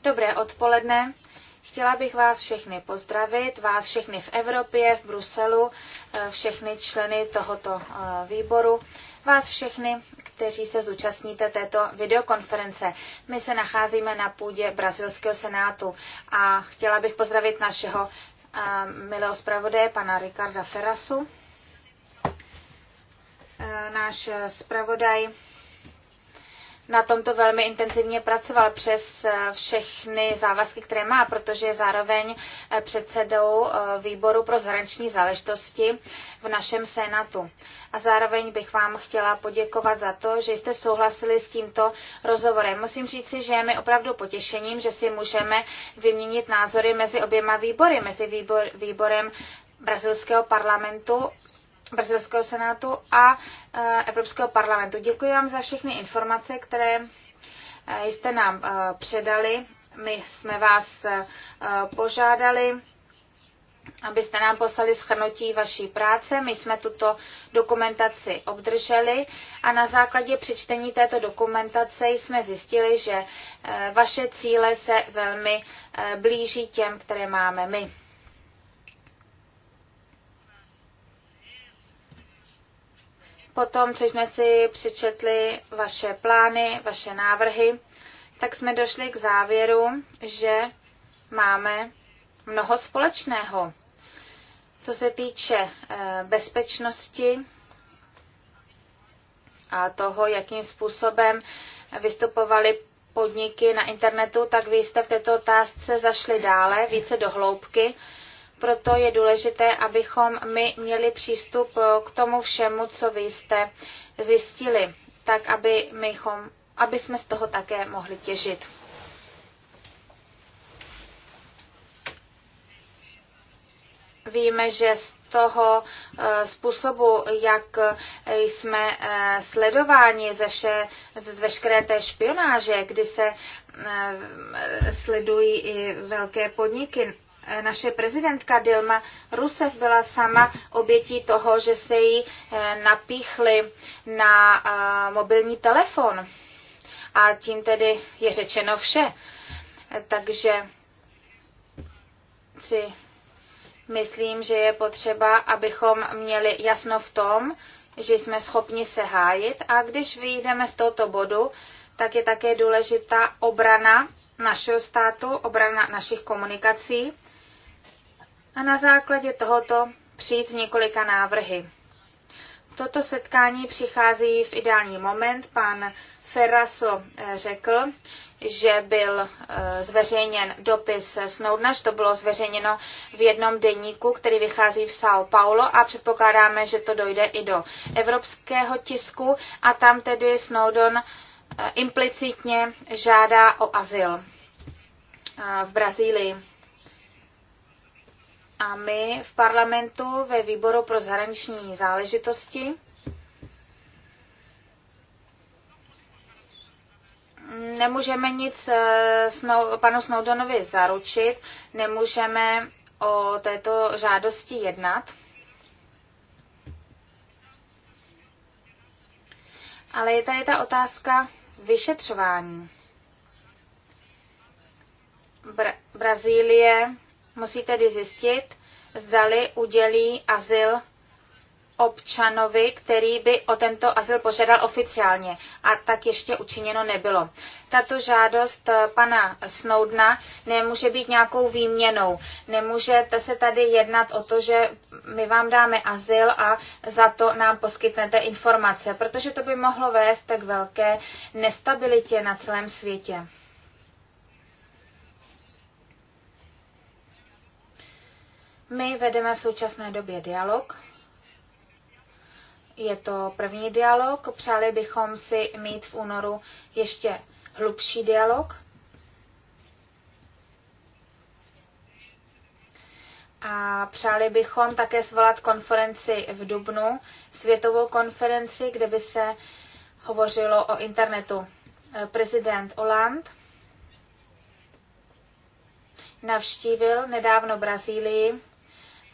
Dobré odpoledne. Chtěla bych vás všechny pozdravit, vás všechny v Evropě, v Bruselu, eh, všechny členy tohoto eh, výboru, vás všechny, kteří se zúčastníte této videokonference. My se nacházíme na půdě Brazilského senátu a chtěla bych pozdravit našeho eh, milého zpravodaje, pana Ricarda Ferrasu. Náš zpravodaj na tomto velmi intenzivně pracoval přes eh, všechny závazky, které má, protože je zároveň eh, předsedou eh, výboru pro zahraniční záležitosti v našem Senátu. A zároveň bych vám chtěla poděkovat za to, že jste souhlasili s tímto rozhovorem. Musím říci, že je mi opravdu potěšením, že si můžeme vyměnit názory mezi oběma výbory, mezi výbor, výborem brazilského parlamentu Brazilského senátu a e, Evropského parlamentu. Děkuji vám za všechny informace, které e, jste nám e, předali. My jsme vás požádali, abyste nám poslali schrnutí vaší práce. My jsme tuto dokumentaci obdrželi a na základě přečtení této dokumentace jsme zjistili, že vaše cíle se velmi blíží těm, které máme my. Potom, co jsme si přečetli vaše plány, vaše návrhy, tak jsme došli k závěru, že máme mnoho společného. Co se týče eh, bezpečnosti a toho, jakým způsobem vystupovali podniky na internetu, tak vy jste v této otázce zašli dále, více do hloubky proto je důležité, abychom my měli přístup eh, k tomu všemu, co vy jste zjistili, tak aby, mychom, aby jsme z toho také mohli těžit. Víme, že z toho eh, způsobu, jak eh, jsme sledováni ze, vše, ze veškeré té špionáže, kdy se sledují i velké podniky Eh, naše prezidentka Dilma Rousseff byla sama obětí toho, že se jí eh, napíchli na eh, mobilní telefon. A tím tedy je řečeno vše. Takže si myslím, že je potřeba, abychom měli jasno v tom, že jsme schopni se hájit a když vyjdeme z tohoto bodu, tak je také důležitá obrana našeho státu, obrana našich komunikací a na základě tohoto přijít s několika návrhy. Toto setkání přichází v ideální moment. Pan Ferraso eh, řekl, že byl eh, zveřejněn dopis Snowdena, že to bylo zveřejněno v jednom denníku, který vychází v São Paulo a předpokládáme, že to dojde i do evropského tisku a tam tedy Snowden eh, implicitně žádá o azyl v Brazílii a my v parlamentu ve výboru pro zahraniční záležitosti nemůžeme nic eh, panu Snowdonovi zaručit, nemůžeme o této žádosti jednat. Ale je tady ta otázka vyšetřování. Br- Brazílie Musí tedy zjistit, zdali udělí azyl občanovi, který by o tento azyl požádal oficiálně. A tak ještě učiněno nebylo. Tato žádost eh, pana Snowdna nemůže být nějakou výměnou. Nemůže se tady jednat o to, že my vám dáme azyl a za to nám poskytnete informace, protože to by mohlo vést k velké nestabilitě na celém světě. My vedeme v současné době dialog. Je to první dialog. Přáli bychom si mít v únoru ještě hlubší dialog. A přáli bychom také svolat konferenci v Dubnu, světovou konferenci, kde by se hovořilo o internetu. Prezident Hollande navštívil nedávno Brazílii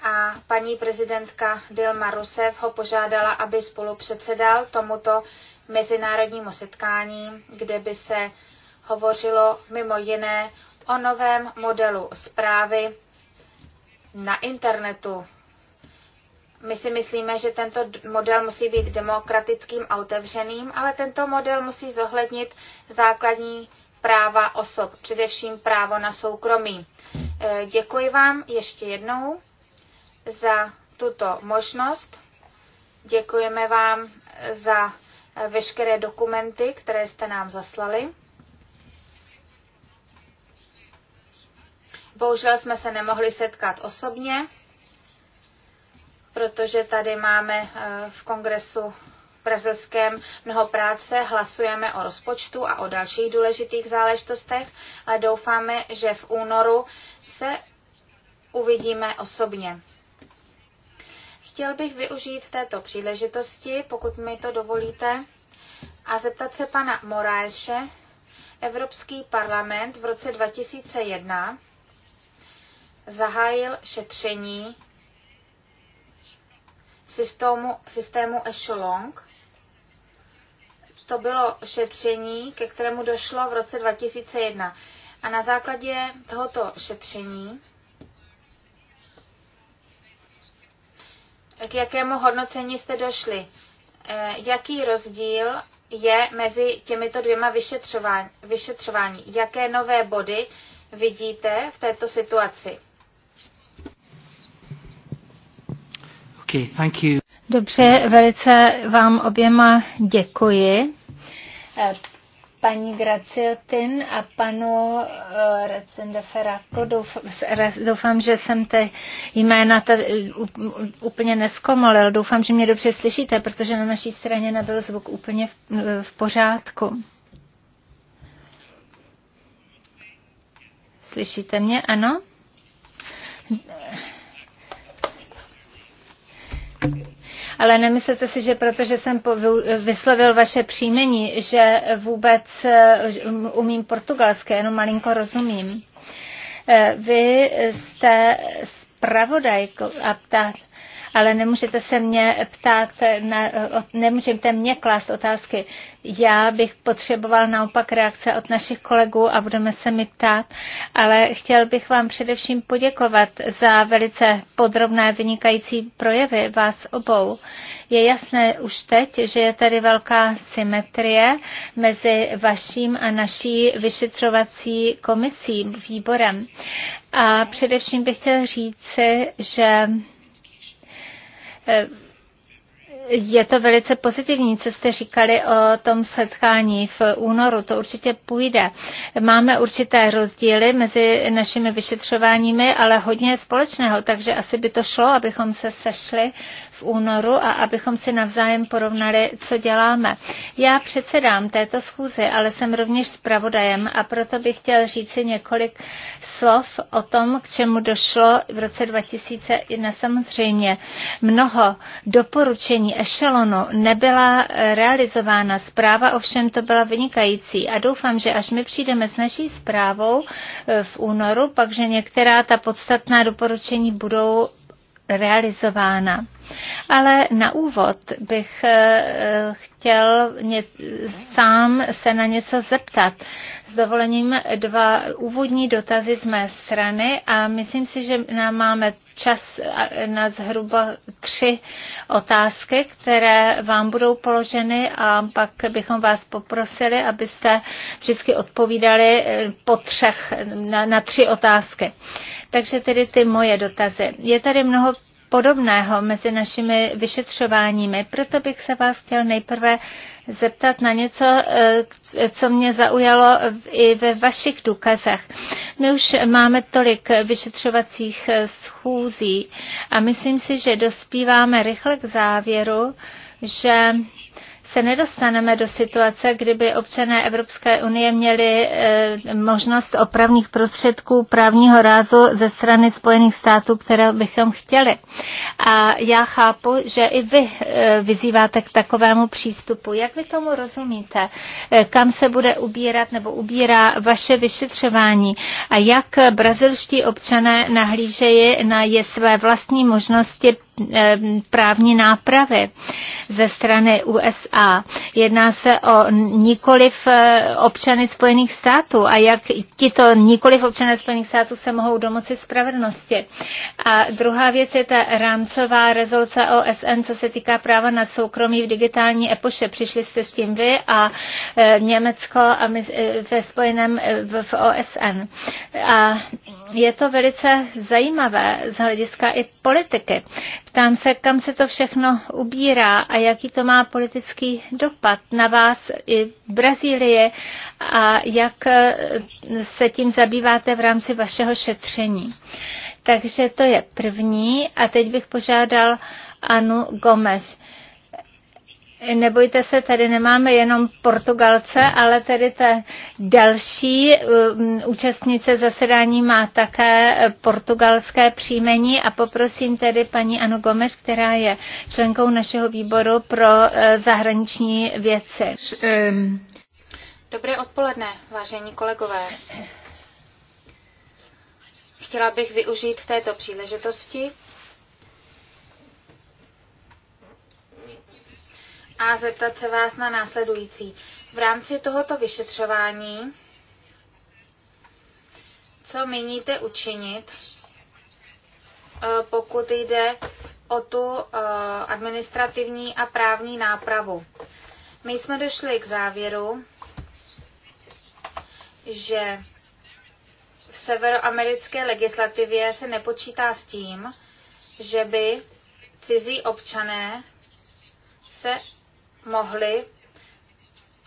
a paní prezidentka Dilma Rousseff ho požádala, aby spolupředsedal tomuto mezinárodnímu setkání, kde by se hovořilo mimo jiné o novém modelu zprávy na internetu. My si myslíme, že tento model musí být demokratickým a otevřeným, ale tento model musí zohlednit základní práva osob, především právo na soukromí. E, děkuji vám ještě jednou za tuto možnost. Děkujeme vám za veškeré dokumenty, které jste nám zaslali. Bohužel jsme se nemohli setkat osobně, protože tady máme eh, v kongresu brazilském mnoho práce, hlasujeme o rozpočtu a o dalších důležitých záležitostech, ale doufáme, že v únoru se uvidíme osobně. Chtěl bych využít této příležitosti, pokud mi to dovolíte, a zeptat se pana Moráše. Evropský parlament v roce 2001 zahájil šetření systému, systému Echelon. To bylo šetření, ke kterému došlo v roce 2001. A na základě tohoto šetření k jakému hodnocení jste došli? Eh, jaký rozdíl je mezi těmito dvěma vyšetřování, vyšetřování? Jaké nové body vidíte v této situaci? Okay, thank you. Dobře, velice vám oběma děkuji. Eh, paní Graciotin a panu eh, Recende Ferrako. Doufám, že jsem ty jména ta, eh, úplně neskomolil. Doufám, že mě dobře slyšíte, protože na naší straně nebyl zvuk úplně v, eh, v pořádku. Slyšíte mě? Ano? ale nemyslete si, že protože jsem vyslovil vaše příjmení, že vůbec eh, umím portugalské, jenom malinko rozumím. Eh, vy jste zpravodajkou a ptát ale nemůžete se mě ptát, na, nemůžete mě klást otázky. Já bych potřeboval naopak reakce od našich kolegů a budeme se mi ptát, ale chtěl bych vám především poděkovat za velice podrobné vynikající projevy vás obou. Je jasné už teď, že je tady velká symetrie mezi vaším a naší vyšetřovací komisí, výborem. A především bych chtěl říci, že Eh, je to velice pozitivní, co jste říkali o tom setkání v únoru. To určitě půjde. Máme určité rozdíly mezi našimi vyšetřováními, ale hodně společného, takže asi by to šlo, abychom se sešli v únoru a abychom si navzájem porovnali, co děláme. Já předsedám této schůzi, ale jsem rovněž zpravodajem a proto bych chtěl říci několik slov o tom, k čemu došlo v roce 2001. Samozřejmě mnoho doporučení ešelonu nebyla realizována. Zpráva ovšem to byla vynikající a doufám, že až my přijdeme s naší zprávou eh, v únoru, pak že některá ta podstatná doporučení budou realizována. Ale na úvod bych eh, chtěl ně, sám se na něco zeptat. S dovolením dva úvodní dotazy z mé strany a myslím si, že nám máme čas na zhruba tři otázky, které vám budou položeny a pak bychom vás poprosili, abyste vždycky odpovídali po třech, na, na tři otázky. Uh, takže tedy ty moje dotazy. Je tady mnoho podobného mezi našimi vyšetřováními, proto bych se vás chtěl nejprve zeptat na něco, eh, co mě zaujalo i ve vašich důkazech. My už máme tolik vyšetřovacích eh, schůzí a myslím si, že dospíváme rychle k závěru, že se nedostaneme do situace, kdyby občané Evropské unie měli e, možnost opravných prostředků právního rázu ze strany Spojených států, které bychom chtěli. A já chápu, že i vy e, vyzýváte k takovému přístupu. Jak vy tomu rozumíte? E, kam se bude ubírat nebo ubírá vaše vyšetřování? A jak brazilští občané nahlížejí na je své vlastní možnosti Eh, právní nápravy ze strany USA. Jedná se o nikoliv eh, občany Spojených států a jak tito nikoliv občané Spojených států se mohou domoci spravedlnosti. A druhá věc je ta rámcová rezoluce OSN, co se týká práva na soukromí v digitální epoše. Přišli jste s tím vy a eh, Německo a my ve Spojeném v OSN. A je to velice zajímavé z hlediska i politiky. Ptám se, kam se to všechno ubírá a jaký to má politický dopad na vás i Brazílie a jak eh, se tím zabýváte v rámci vašeho šetření. Takže to je první a teď bych požádal Anu Gomez nebojte se, tady nemáme jenom Portugalce, ale tady ta další um, účastnice zasedání má také portugalské příjmení a poprosím tedy paní Anu Gomes, která je členkou našeho výboru pro uh, zahraniční věci. Dobré odpoledne, vážení kolegové. Chtěla bych využít této příležitosti a zeptat se vás na následující. V rámci tohoto vyšetřování, co měníte učinit, eh, pokud jde o tu eh, administrativní a právní nápravu? My jsme došli k závěru, že v severoamerické legislativě se nepočítá s tím, že by cizí občané se mohli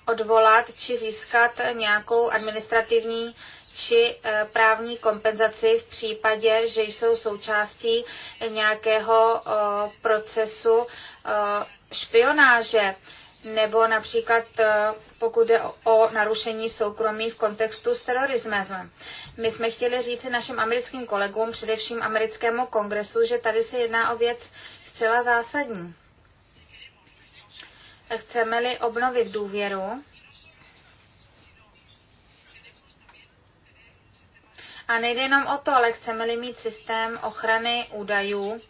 odvolat či získat nějakou administrativní či eh, právní kompenzaci v případě, že jsou součástí nějakého eh, procesu eh, špionáže nebo například pokud jde o narušení soukromí v kontextu s terorismem. My jsme chtěli říci našim americkým kolegům, především americkému kongresu, že tady se jedná o věc zcela zásadní. Chceme-li obnovit důvěru, A nejde jenom o to, ale chceme-li mít systém ochrany údajů,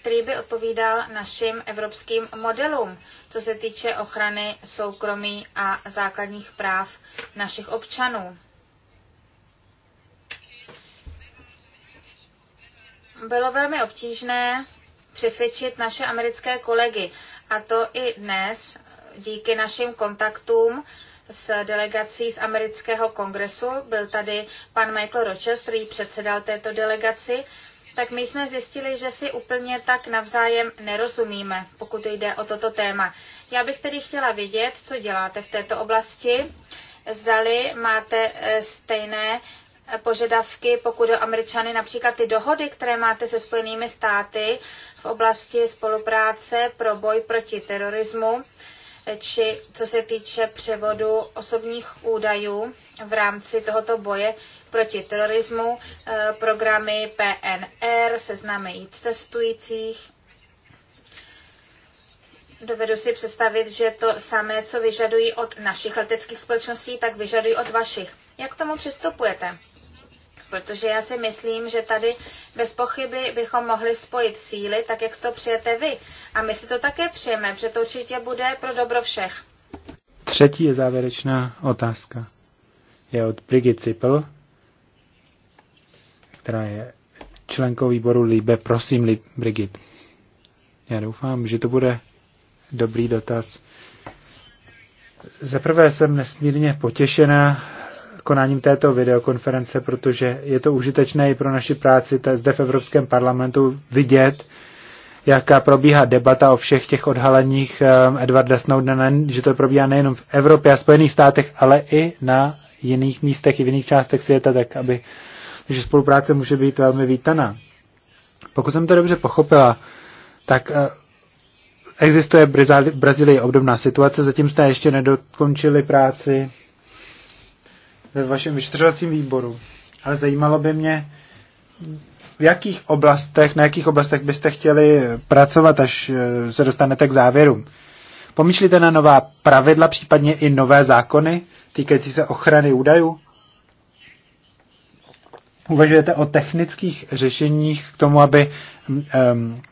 který by odpovídal našim evropským modelům, co se týče ochrany soukromí a základních práv našich občanů. Bylo velmi obtížné přesvědčit naše americké kolegy. A to i dnes díky našim kontaktům s delegací z amerického kongresu. Byl tady pan Michael Rochester, který předsedal této delegaci. Tak my jsme zjistili, že si úplně tak navzájem nerozumíme, pokud jde o toto téma. Já bych tedy chtěla vědět, co děláte v této oblasti. Zdali máte eh, stejné požadavky, pokud o američany, například ty dohody, které máte se Spojenými státy v oblasti spolupráce pro boj proti terorismu, či co se týče převodu osobních údajů v rámci tohoto boje proti terorismu, eh, programy PNR, seznamy jít cestujících. Dovedu si představit, že to samé, co vyžadují od našich leteckých společností, tak vyžadují od vašich. Jak k tomu přistupujete? protože já si myslím, že tady bez pochyby bychom mohli spojit síly, tak jak to přijete vy. A my si to také přijeme, protože to určitě bude pro dobro všech. Třetí je závěrečná otázka. Je od Brigit Cipel, která je členkou výboru Líbe. Prosím, Líbe, Brigit. Já doufám, že to bude dobrý dotaz. Zaprvé jsem nesmírně potěšená konáním této videokonference, protože je to užitečné i pro naši práci zde v Evropském parlamentu vidět, jaká probíhá debata o všech těch odhaleních eh, Edwarda Snowdena, že to probíhá nejenom v Evropě a Spojených státech, ale i na jiných místech i v jiných částech světa, tak aby že spolupráce může být velmi vítaná. Pokud jsem to dobře pochopila, tak eh, existuje v Brazílii obdobná situace, zatím jste ještě nedokončili práci ve vašem vyšetřovacím výboru. Ale zajímalo by mě, v jakých oblastech, na jakých oblastech byste chtěli pracovat, až eh, se dostanete k závěru. Pomýšlíte na nová pravidla, případně i nové zákony týkající se ochrany údajů? Uvažujete o technických řešeních k tomu, aby um,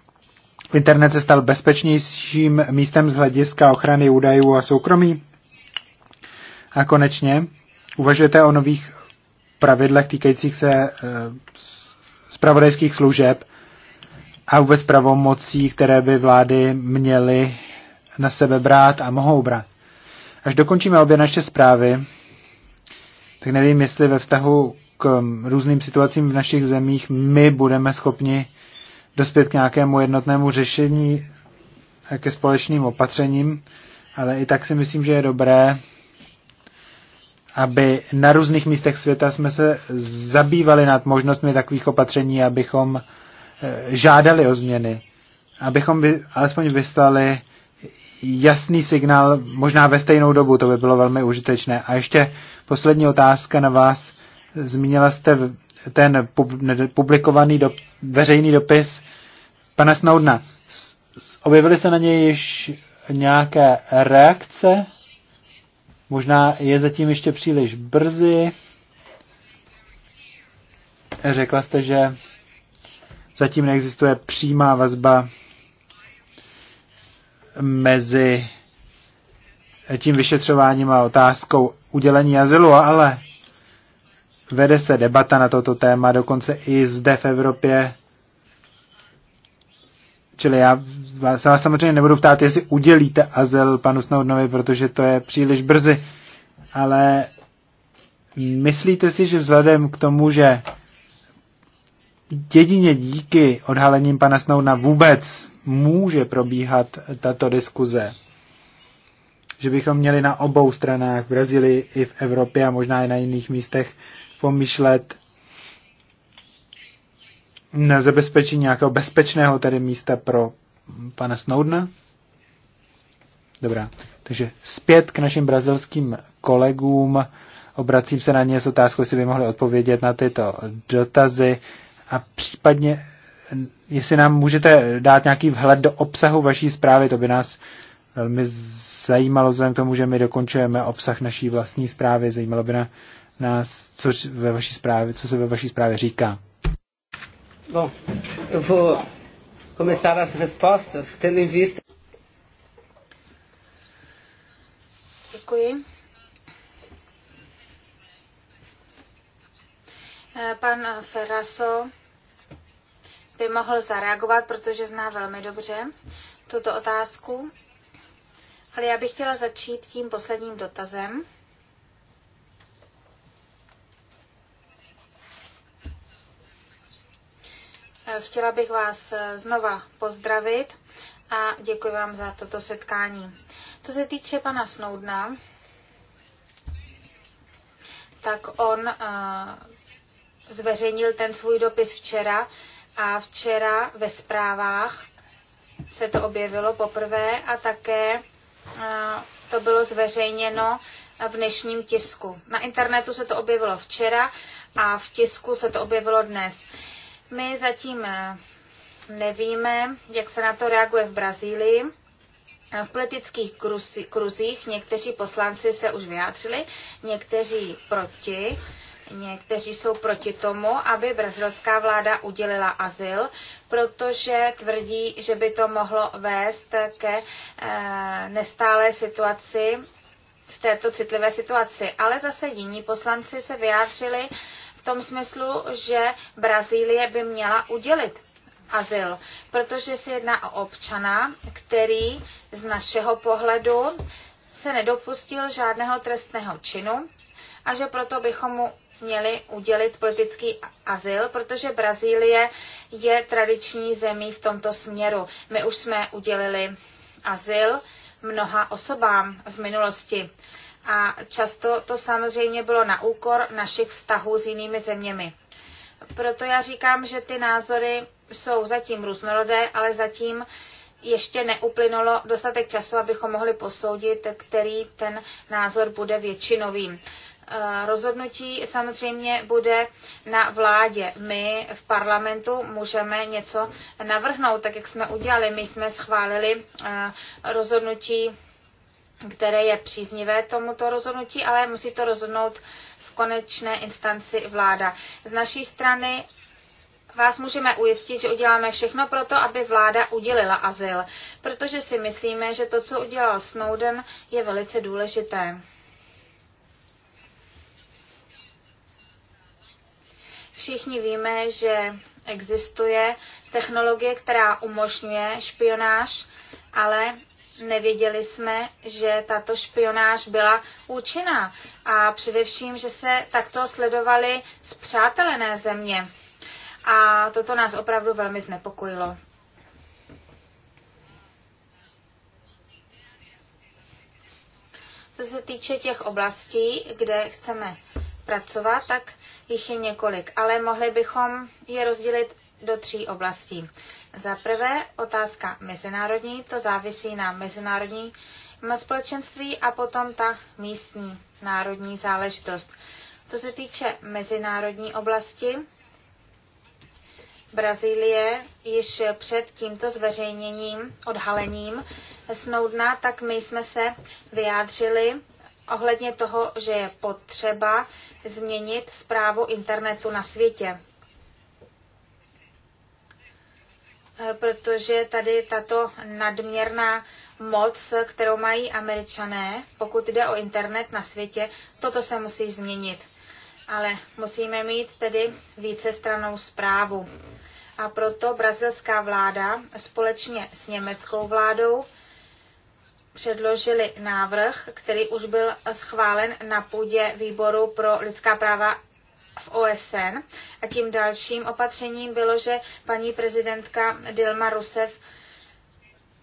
internet se stal bezpečnějším místem z hlediska ochrany údajů a soukromí? A konečně, Uvažujete o nových pravidlech týkajících se eh, spravodajských služeb a vůbec pravomocí, které by vlády měly na sebe brát a mohou brát. Až dokončíme obě naše zprávy, tak nevím, jestli ve vztahu k mm, různým situacím v našich zemích my budeme schopni dospět k nějakému jednotnému řešení, eh, ke společným opatřením, ale i tak si myslím, že je dobré aby na různých místech světa jsme se zabývali nad možnostmi takových opatření, abychom eh, žádali o změny, abychom by, alespoň vyslali jasný signál, možná ve stejnou dobu, to by bylo velmi užitečné. A ještě poslední otázka na vás. Zmínila jste ten publikovaný do, veřejný dopis pana Snowdena. Objevily se na něj již nějaké reakce? Možná je zatím ještě příliš brzy. Řekla jste, že zatím neexistuje přímá vazba mezi tím vyšetřováním a otázkou udělení azylu, ale vede se debata na toto téma, dokonce i zde v Evropě Čili já vás, vás samozřejmě nebudu ptát, jestli udělíte azyl panu Snowdenovi, protože to je příliš brzy, ale myslíte si, že vzhledem k tomu, že jedině díky odhalením pana Snowdena vůbec může probíhat tato diskuze, že bychom měli na obou stranách v Brazílii i v Evropě a možná i na jiných místech pomyšlet na zabezpečení nějakého bezpečného tedy místa pro pana Snowdena. Dobrá, takže zpět k našim brazilským kolegům. Obracím se na ně s otázkou, jestli by mohli odpovědět na tyto dotazy a případně, jestli nám můžete dát nějaký vhled do obsahu vaší zprávy, to by nás velmi zajímalo, vzhledem k tomu, že my dokončujeme obsah naší vlastní zprávy, zajímalo by nás, co, ve vaší zprávě, co se ve vaší zprávě říká. Bom, eu vou começar as respostas tendo em vista. Děkuji. Eh, pan Ferraso by mohl zareagovat, protože zná velmi dobře tuto otázku. Ale já bych chtěla začít tím posledním dotazem. Chtěla bych vás eh, znova pozdravit a děkuji vám za toto setkání. Co se týče pana Snoudna, tak on eh, zveřejnil ten svůj dopis včera a včera ve zprávách se to objevilo poprvé a také eh, to bylo zveřejněno v dnešním tisku. Na internetu se to objevilo včera a v tisku se to objevilo dnes. My zatím eh, nevíme, jak se na to reaguje v Brazílii. Eh, v politických kruzích někteří poslanci se už vyjádřili, někteří proti, někteří jsou proti tomu, aby brazilská vláda udělila azyl, protože tvrdí, že by to mohlo vést ke eh, nestálé situaci v této citlivé situaci. Ale zase jiní poslanci se vyjádřili, v tom smyslu, že Brazílie by měla udělit azyl, protože se jedná o občana, který z našeho pohledu se nedopustil žádného trestného činu a že proto bychom mu měli udělit politický azyl, protože Brazílie je tradiční zemí v tomto směru. My už jsme udělili azyl mnoha osobám v minulosti a často to samozřejmě bylo na úkor našich vztahů s jinými zeměmi. Proto já říkám, že ty názory jsou zatím různorodé, ale zatím ještě neuplynulo dostatek času, abychom mohli posoudit, který ten názor bude většinovým. E, rozhodnutí samozřejmě bude na vládě. My v parlamentu můžeme něco navrhnout, tak jak jsme udělali. My jsme schválili e, rozhodnutí které je příznivé tomuto rozhodnutí, ale musí to rozhodnout v konečné instanci vláda. Z naší strany vás můžeme ujistit, že uděláme všechno pro to, aby vláda udělila azyl, protože si myslíme, že to, co udělal Snowden, je velice důležité. Všichni víme, že existuje technologie, která umožňuje špionáž, ale Nevěděli jsme, že tato špionáž byla účinná a především, že se takto z přátelené země. A toto nás opravdu velmi znepokojilo. Co se týče těch oblastí, kde chceme pracovat, tak jich je několik, ale mohli bychom je rozdělit do tří oblastí. Za prvé otázka mezinárodní, to závisí na mezinárodní společenství a potom ta místní národní záležitost. Co se týče mezinárodní oblasti, Brazílie již před tímto zveřejněním, odhalením Snoudna, tak my jsme se vyjádřili ohledně toho, že je potřeba změnit zprávu internetu na světě. Eh, protože tady tato nadměrná moc, kterou mají američané, pokud jde o internet na světě, toto se musí změnit. Ale musíme mít tedy vícestranou zprávu. A proto brazilská vláda společně s německou vládou předložili návrh, který už byl schválen na půdě výboru pro lidská práva v OSN. A tím dalším opatřením bylo, že paní prezidentka Dilma Rousseff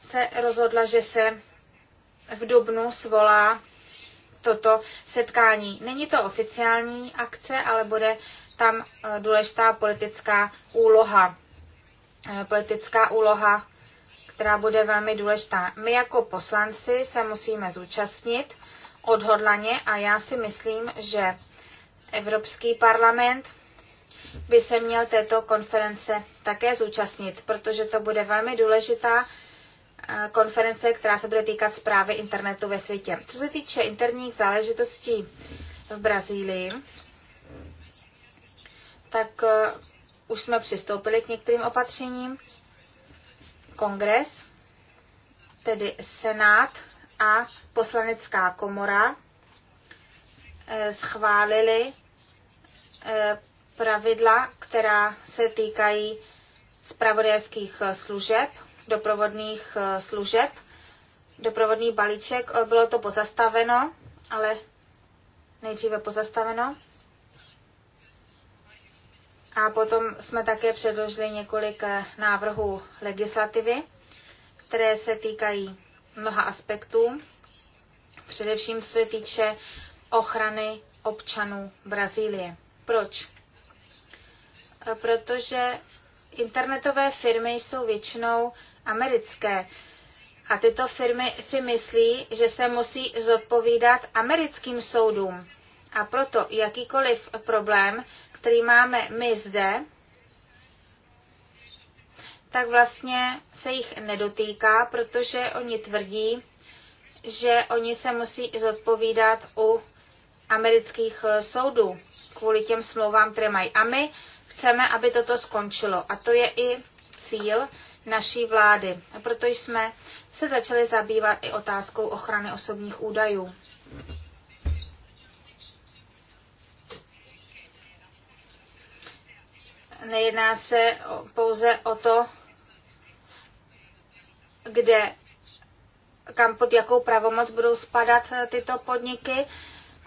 se rozhodla, že se v Dubnu svolá toto setkání. Není to oficiální akce, ale bude tam eh, důležitá politická úloha. Eh, politická úloha, která bude velmi důležitá. My jako poslanci se musíme zúčastnit odhodlaně a já si myslím, že Evropský parlament by se měl této konference také zúčastnit, protože to bude velmi důležitá eh, konference, která se bude týkat zprávy internetu ve světě. Co se týče interních záležitostí v Brazílii, tak eh, už jsme přistoupili k některým opatřením. Kongres, tedy Senát a poslanecká komora Eh, schválili eh, pravidla, která se týkají spravodajských eh, služeb, doprovodných služeb. Doprovodný balíček, bylo to pozastaveno, ale nejdříve pozastaveno. A potom jsme také předložili několik návrhů legislativy, které se týkají mnoha aspektů. Především se týče ochrany občanů Brazílie. Proč? E, protože internetové firmy jsou většinou americké. A tyto firmy si myslí, že se musí zodpovídat americkým soudům. A proto jakýkoliv problém, který máme my zde, tak vlastně se jich nedotýká, protože oni tvrdí, že oni se musí zodpovídat u amerických eh, soudů kvůli těm smlouvám, které mají. A my chceme, aby toto skončilo. A to je i cíl naší vlády. A proto jsme se začali zabývat i otázkou ochrany osobních údajů. Nejedná se pouze o to, kde, kam pod jakou pravomoc budou spadat tyto podniky,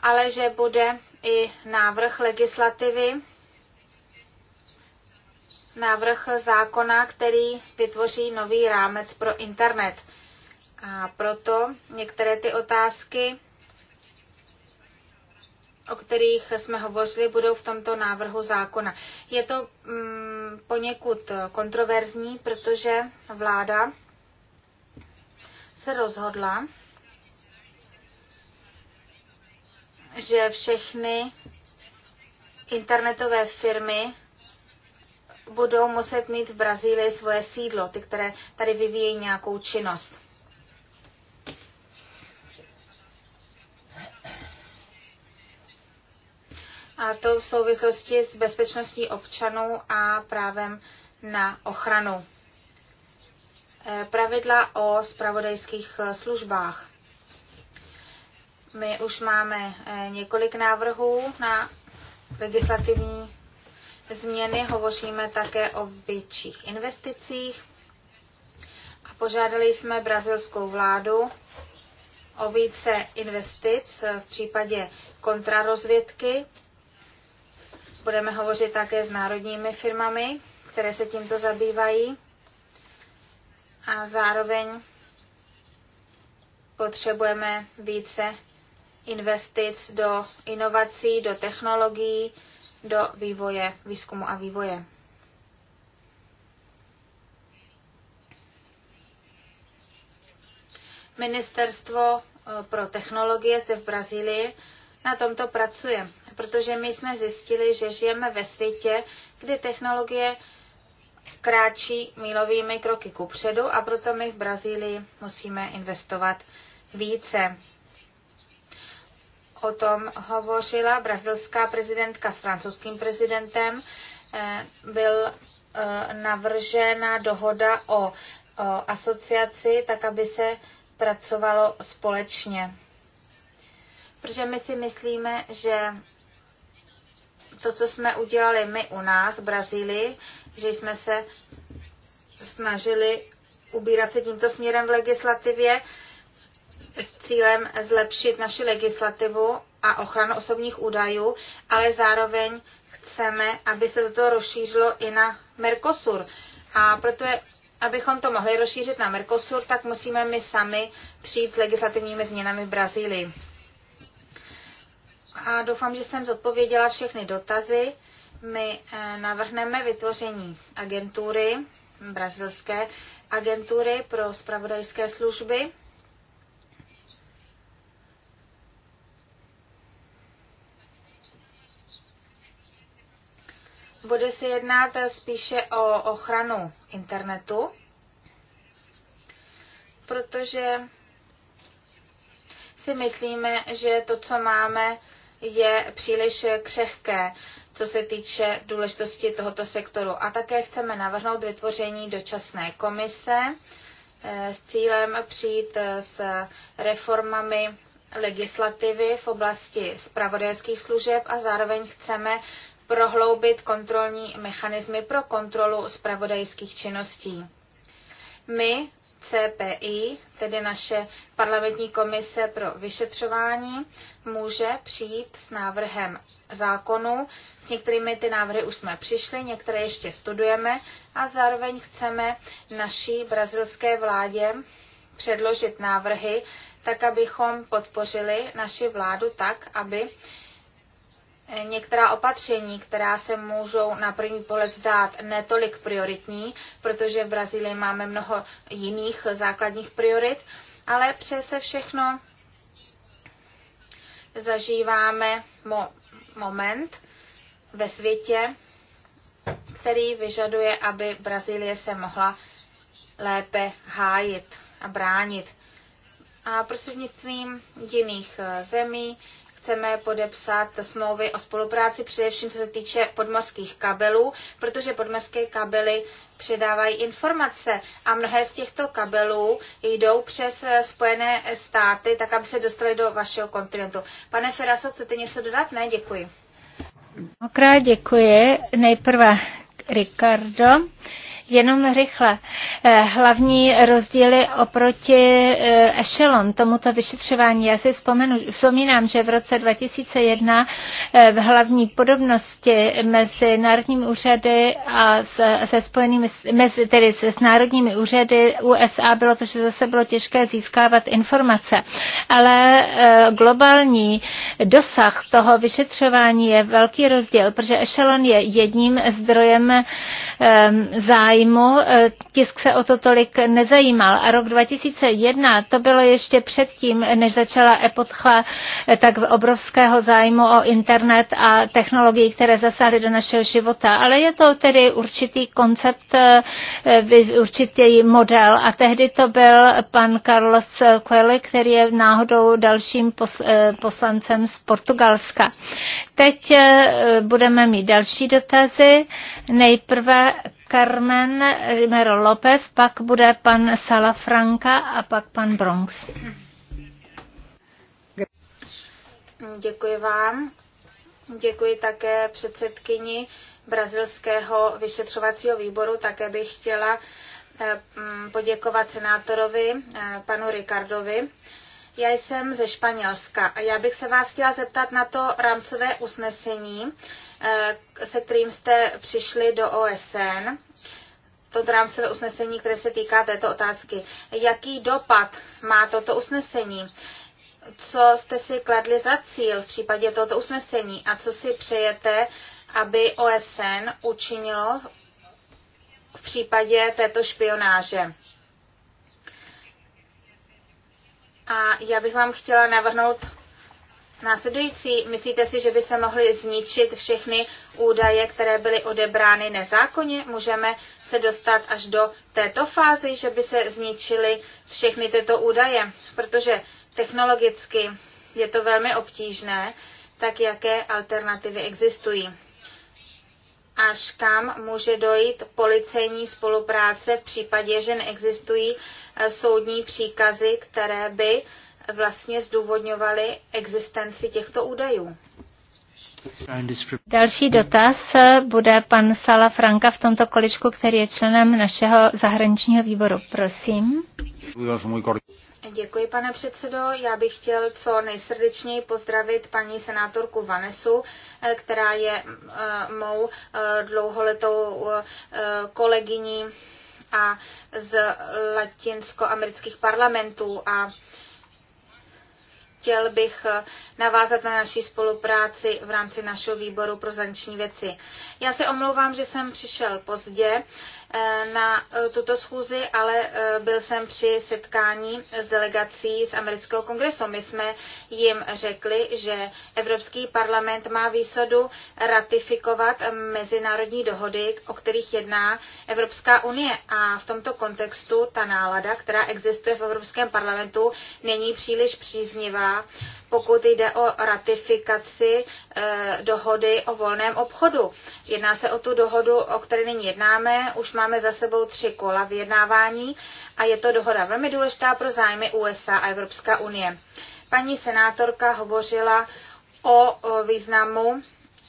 ale že bude i návrh legislativy, návrh zákona, který vytvoří nový rámec pro internet. A proto některé ty otázky, o kterých jsme hovořili, budou v tomto návrhu zákona. Je to mm, poněkud kontroverzní, protože vláda se rozhodla, že všechny internetové firmy budou muset mít v Brazílii svoje sídlo, ty, které tady vyvíjí nějakou činnost. A to v souvislosti s bezpečností občanů a právem na ochranu. Eh, pravidla o spravodajských eh, službách. My už máme eh, několik návrhů na legislativní změny. Hovoříme také o větších investicích. A požádali jsme brazilskou vládu o více investic eh, v případě kontrarozvědky. Budeme hovořit také s národními firmami, které se tímto zabývají. A zároveň potřebujeme více investic do inovací, do technologií, do vývoje, výzkumu a vývoje. Ministerstvo eh, pro technologie zde v Brazílii na tomto pracuje, protože my jsme zjistili, že žijeme ve světě, kdy technologie kráčí mílovými kroky kupředu a proto my v Brazílii musíme investovat více o tom hovořila brazilská prezidentka s francouzským prezidentem. Eh, byl eh, navržena dohoda o, o asociaci, tak aby se pracovalo společně. Protože my si myslíme, že to, co jsme udělali my u nás v Brazílii, že jsme se snažili ubírat se tímto směrem v legislativě, s cílem zlepšit naši legislativu a ochranu osobních údajů, ale zároveň chceme, aby se toto rozšířilo i na Mercosur. A proto je abychom to mohli rozšířit na Mercosur, tak musíme my sami přijít s legislativními změnami v Brazílii. A doufám, že jsem zodpověděla všechny dotazy. My eh, navrhneme vytvoření agentury, brazilské agentury pro spravodajské služby Bude se jednat spíše o ochranu internetu, protože si myslíme, že to, co máme, je příliš křehké, co se týče důležitosti tohoto sektoru. A také chceme navrhnout vytvoření dočasné komise eh, s cílem přijít s reformami legislativy v oblasti spravodajských služeb a zároveň chceme prohloubit kontrolní mechanismy pro kontrolu spravodajských činností. My, CPI, tedy naše parlamentní komise pro vyšetřování, může přijít s návrhem zákonu. S některými ty návrhy už jsme přišli, některé ještě studujeme a zároveň chceme naší brazilské vládě předložit návrhy, tak abychom podpořili naši vládu tak, aby některá opatření, která se můžou na první pohled zdát netolik prioritní, protože v Brazílii máme mnoho jiných základních priorit, ale přese všechno zažíváme mo- moment ve světě, který vyžaduje, aby Brazílie se mohla lépe hájit a bránit. A prostřednictvím jiných eh, zemí, chceme podepsat smlouvy o spolupráci, především co se týče podmorských kabelů, protože podmorské kabely předávají informace a mnohé z těchto kabelů jdou přes Spojené státy, tak aby se dostaly do vašeho kontinentu. Pane Feraso, chcete něco dodat? Ne, děkuji. Mnohokrát děkuji. Nejprve Ricardo. Jenom rychle. Eh, hlavní rozdíly oproti Echelon, tomuto vyšetřování. Já si vzpomenu, vzpomínám, že v roce 2001 eh, v hlavní podobnosti mezi národními úřady a se spojenými, mezi, tedy s národními úřady USA bylo to, že zase bylo těžké získávat informace. Ale eh, globální dosah toho vyšetřování je velký rozdíl, protože Echelon je jedním zdrojem zájmu zájmu, eh, tisk se o to tolik nezajímal. A rok 2001, to bylo ještě předtím, než začala epocha eh, tak obrovského zájmu o internet a technologii, které zasáhly do našeho života. Ale je to tedy určitý koncept, eh, určitý model. A tehdy to byl pan Carlos Coelho, který je náhodou dalším poslancem z Portugalska. Teď budeme mít další dotazy. Nejprve Carmen eh, Mero López, pak bude pan Salafranca a pak pan Bronx. Děkuji vám. Děkuji také předsedkyni brazilského vyšetřovacího výboru. Také bych chtěla eh, mm, poděkovat senátorovi, eh, panu Ricardovi. Já jsem ze Španělska a já bych se vás chtěla zeptat na to rámcové usnesení, Eh, se kterým jste přišli do OSN, to rámcové usnesení, které se týká této otázky. Jaký dopad má toto usnesení? Co jste si kladli za cíl v případě tohoto usnesení a co si přejete, aby OSN učinilo v případě této špionáže? A já bych vám chtěla navrhnout Následující, myslíte si, že by se mohly zničit všechny údaje, které byly odebrány nezákonně? Můžeme se dostat až do této fázy, že by se zničily všechny tyto údaje? Protože technologicky je to velmi obtížné, tak jaké alternativy existují? Až kam může dojít policejní spolupráce v případě, že neexistují eh, soudní příkazy, které by vlastně zdůvodňovali existenci těchto údajů. Další dotaz bude pan Sala Franka v tomto količku, který je členem našeho zahraničního výboru. Prosím. Děkuji, pane předsedo. Já bych chtěl co nejsrdečněji pozdravit paní senátorku Vanesu, eh, která je eh, mou eh, dlouholetou kolegyní a z latinskoamerických parlamentů a chtěl bych eh, navázat na naší spolupráci v rámci našeho výboru pro zahraniční věci. Já se omlouvám, že jsem přišel pozdě. Eh, na eh, tuto schůzi, ale eh, byl jsem při setkání s delegací z amerického kongresu. My jsme jim řekli, že Evropský parlament má výsadu ratifikovat mezinárodní dohody, o kterých jedná Evropská unie. A v tomto kontextu ta nálada, která existuje v Evropském parlamentu, není příliš příznivá pokud jde o ratifikaci e, dohody o volném obchodu. Jedná se o tu dohodu, o které nyní jednáme. Už máme za sebou tři kola vyjednávání a je to dohoda velmi důležitá pro zájmy USA a Evropská unie. Paní senátorka hovořila o významu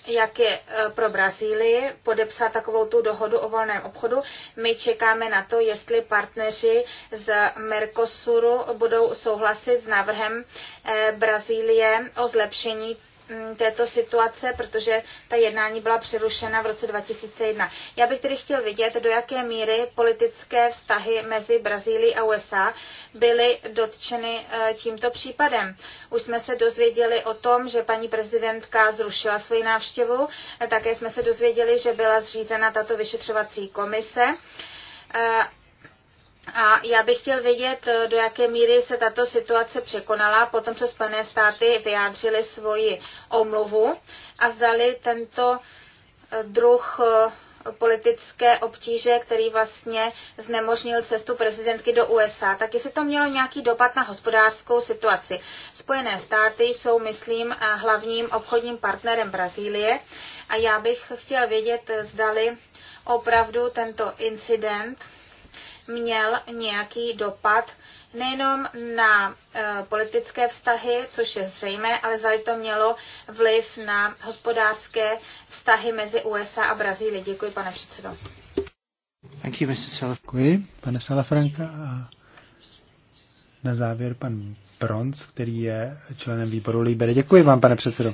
jak je e, pro Brazílii podepsat takovou tu dohodu o volném obchodu. My čekáme na to, jestli partneři z Mercosuru budou souhlasit s návrhem e, Brazílie o zlepšení Eh, této situace, protože ta jednání byla přerušena v roce 2001. Já bych tedy chtěl vidět, do jaké míry politické vztahy mezi Brazílií a USA byly dotčeny eh, tímto případem. Už jsme se dozvěděli o tom, že paní prezidentka zrušila svoji návštěvu, eh, také jsme se dozvěděli, že byla zřízena tato vyšetřovací komise a já bych chtěl vědět, eh, do jaké míry se tato situace překonala, potom co Spojené státy vyjádřili svoji omluvu a zdali tento eh, druh eh, politické obtíže, který vlastně znemožnil cestu prezidentky do USA, tak jestli to mělo nějaký dopad na hospodářskou situaci. Spojené státy jsou, myslím, hlavním obchodním partnerem Brazílie a já bych chtěl vědět, zdali opravdu tento incident měl nějaký dopad nejenom na e, politické vztahy, což je zřejmé, ale zali to mělo vliv na hospodářské vztahy mezi USA a Brazílií. Děkuji, pane předsedo. Thank you, Mr. Děkuji, pane Salafranka. A na závěr pan Bronz, který je členem výboru Libere. Děkuji vám, pane předsedo.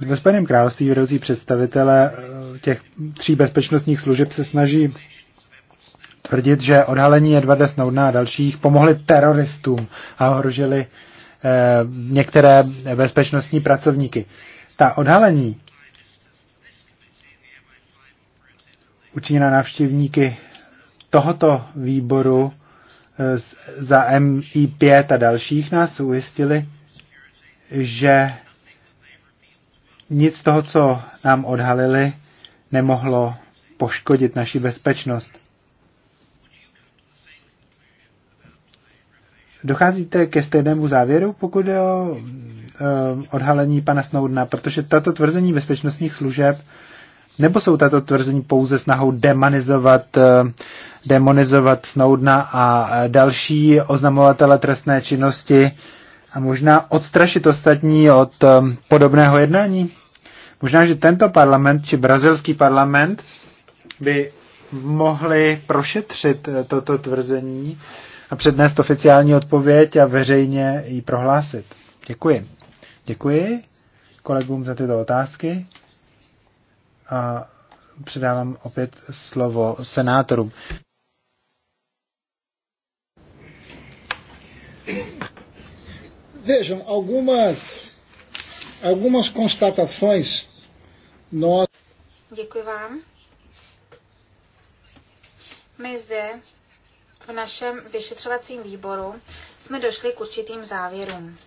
Ve Spojeném království vedoucí představitele e, těch tří bezpečnostních služeb se snaží tvrdit, že odhalení Edwarda Snowdena a dalších pomohli teroristům a ohrožili eh, některé bezpečnostní pracovníky. Ta odhalení učiněna návštěvníky tohoto výboru eh, za MI5 a dalších nás ujistili, že nic z toho, co nám odhalili, nemohlo poškodit naši bezpečnost. Docházíte ke stejnému závěru, pokud je o uh, odhalení pana Snowdena, protože tato tvrzení bezpečnostních služeb, nebo jsou tato tvrzení pouze snahou demonizovat, uh, demonizovat Snowdena a eh, další oznamovatele trestné činnosti a možná odstrašit ostatní od um, podobného jednání? Možná, že tento parlament či brazilský parlament by mohli prošetřit toto tvrzení a přednést oficiální odpověď a veřejně ji prohlásit. Děkuji. Děkuji kolegům za tyto otázky a předávám opět slovo senátorům. Vejam, algumas, algumas constatações nós. Děkuji vám. My zde v našem vyšetřovacím výboru jsme došli k určitým závěrům.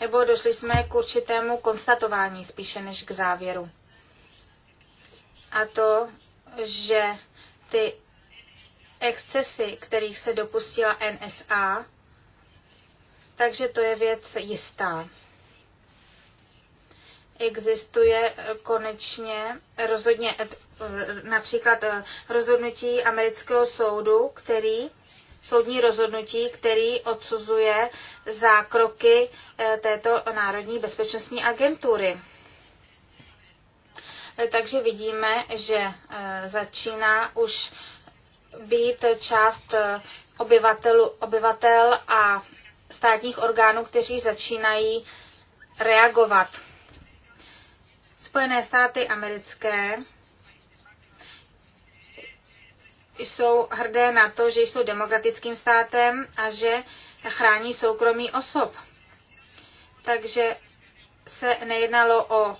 Nebo došli jsme k určitému konstatování spíše než k závěru. A to, že ty excesy, kterých se dopustila NSA, takže to je věc jistá existuje eh, konečně rozhodně eh, eh, například rozhodnutí amerického soudu, který soudní rozhodnutí, který odsuzuje zákroky této Národní bezpečnostní agentury. Takže vidíme, že začíná už být část obyvatelů, obyvatel a státních orgánů, kteří začínají reagovat. Spojené státy americké jsou hrdé na to, že jsou demokratickým státem a že chrání soukromí osob. Takže se nejednalo o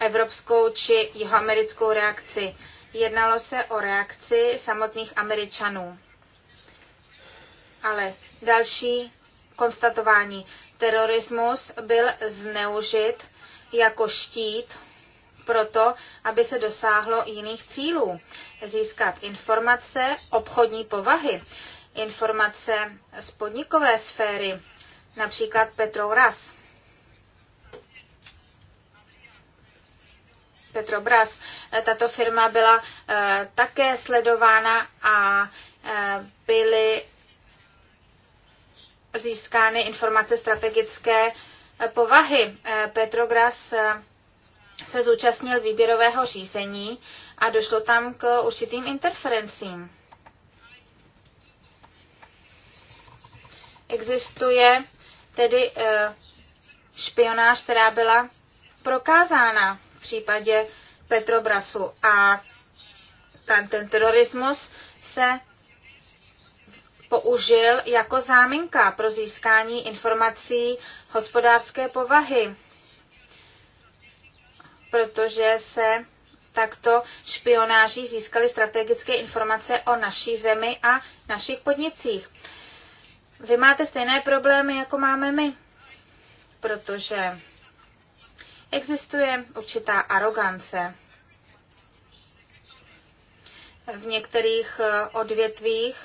evropskou či jihoamerickou reakci. Jednalo se o reakci samotných američanů. Ale další konstatování. Terorismus byl zneužit jako štít pro to, aby se dosáhlo jiných cílů. Získat informace obchodní povahy, informace z podnikové sféry, například Petrobras. Petrobras. Tato firma byla eh, také sledována a eh, byly získány informace strategické povahy eh, Petrogras eh, se zúčastnil výběrového řízení a došlo tam k určitým interferencím. Existuje tedy eh, špionáž, která byla prokázána v případě Petrobrasu a ten, ten terorismus se použil jako záminka pro získání informací hospodářské povahy, protože se takto špionáři získali strategické informace o naší zemi a našich podnicích. Vy máte stejné problémy, jako máme my, protože existuje určitá arogance v některých eh, odvětvích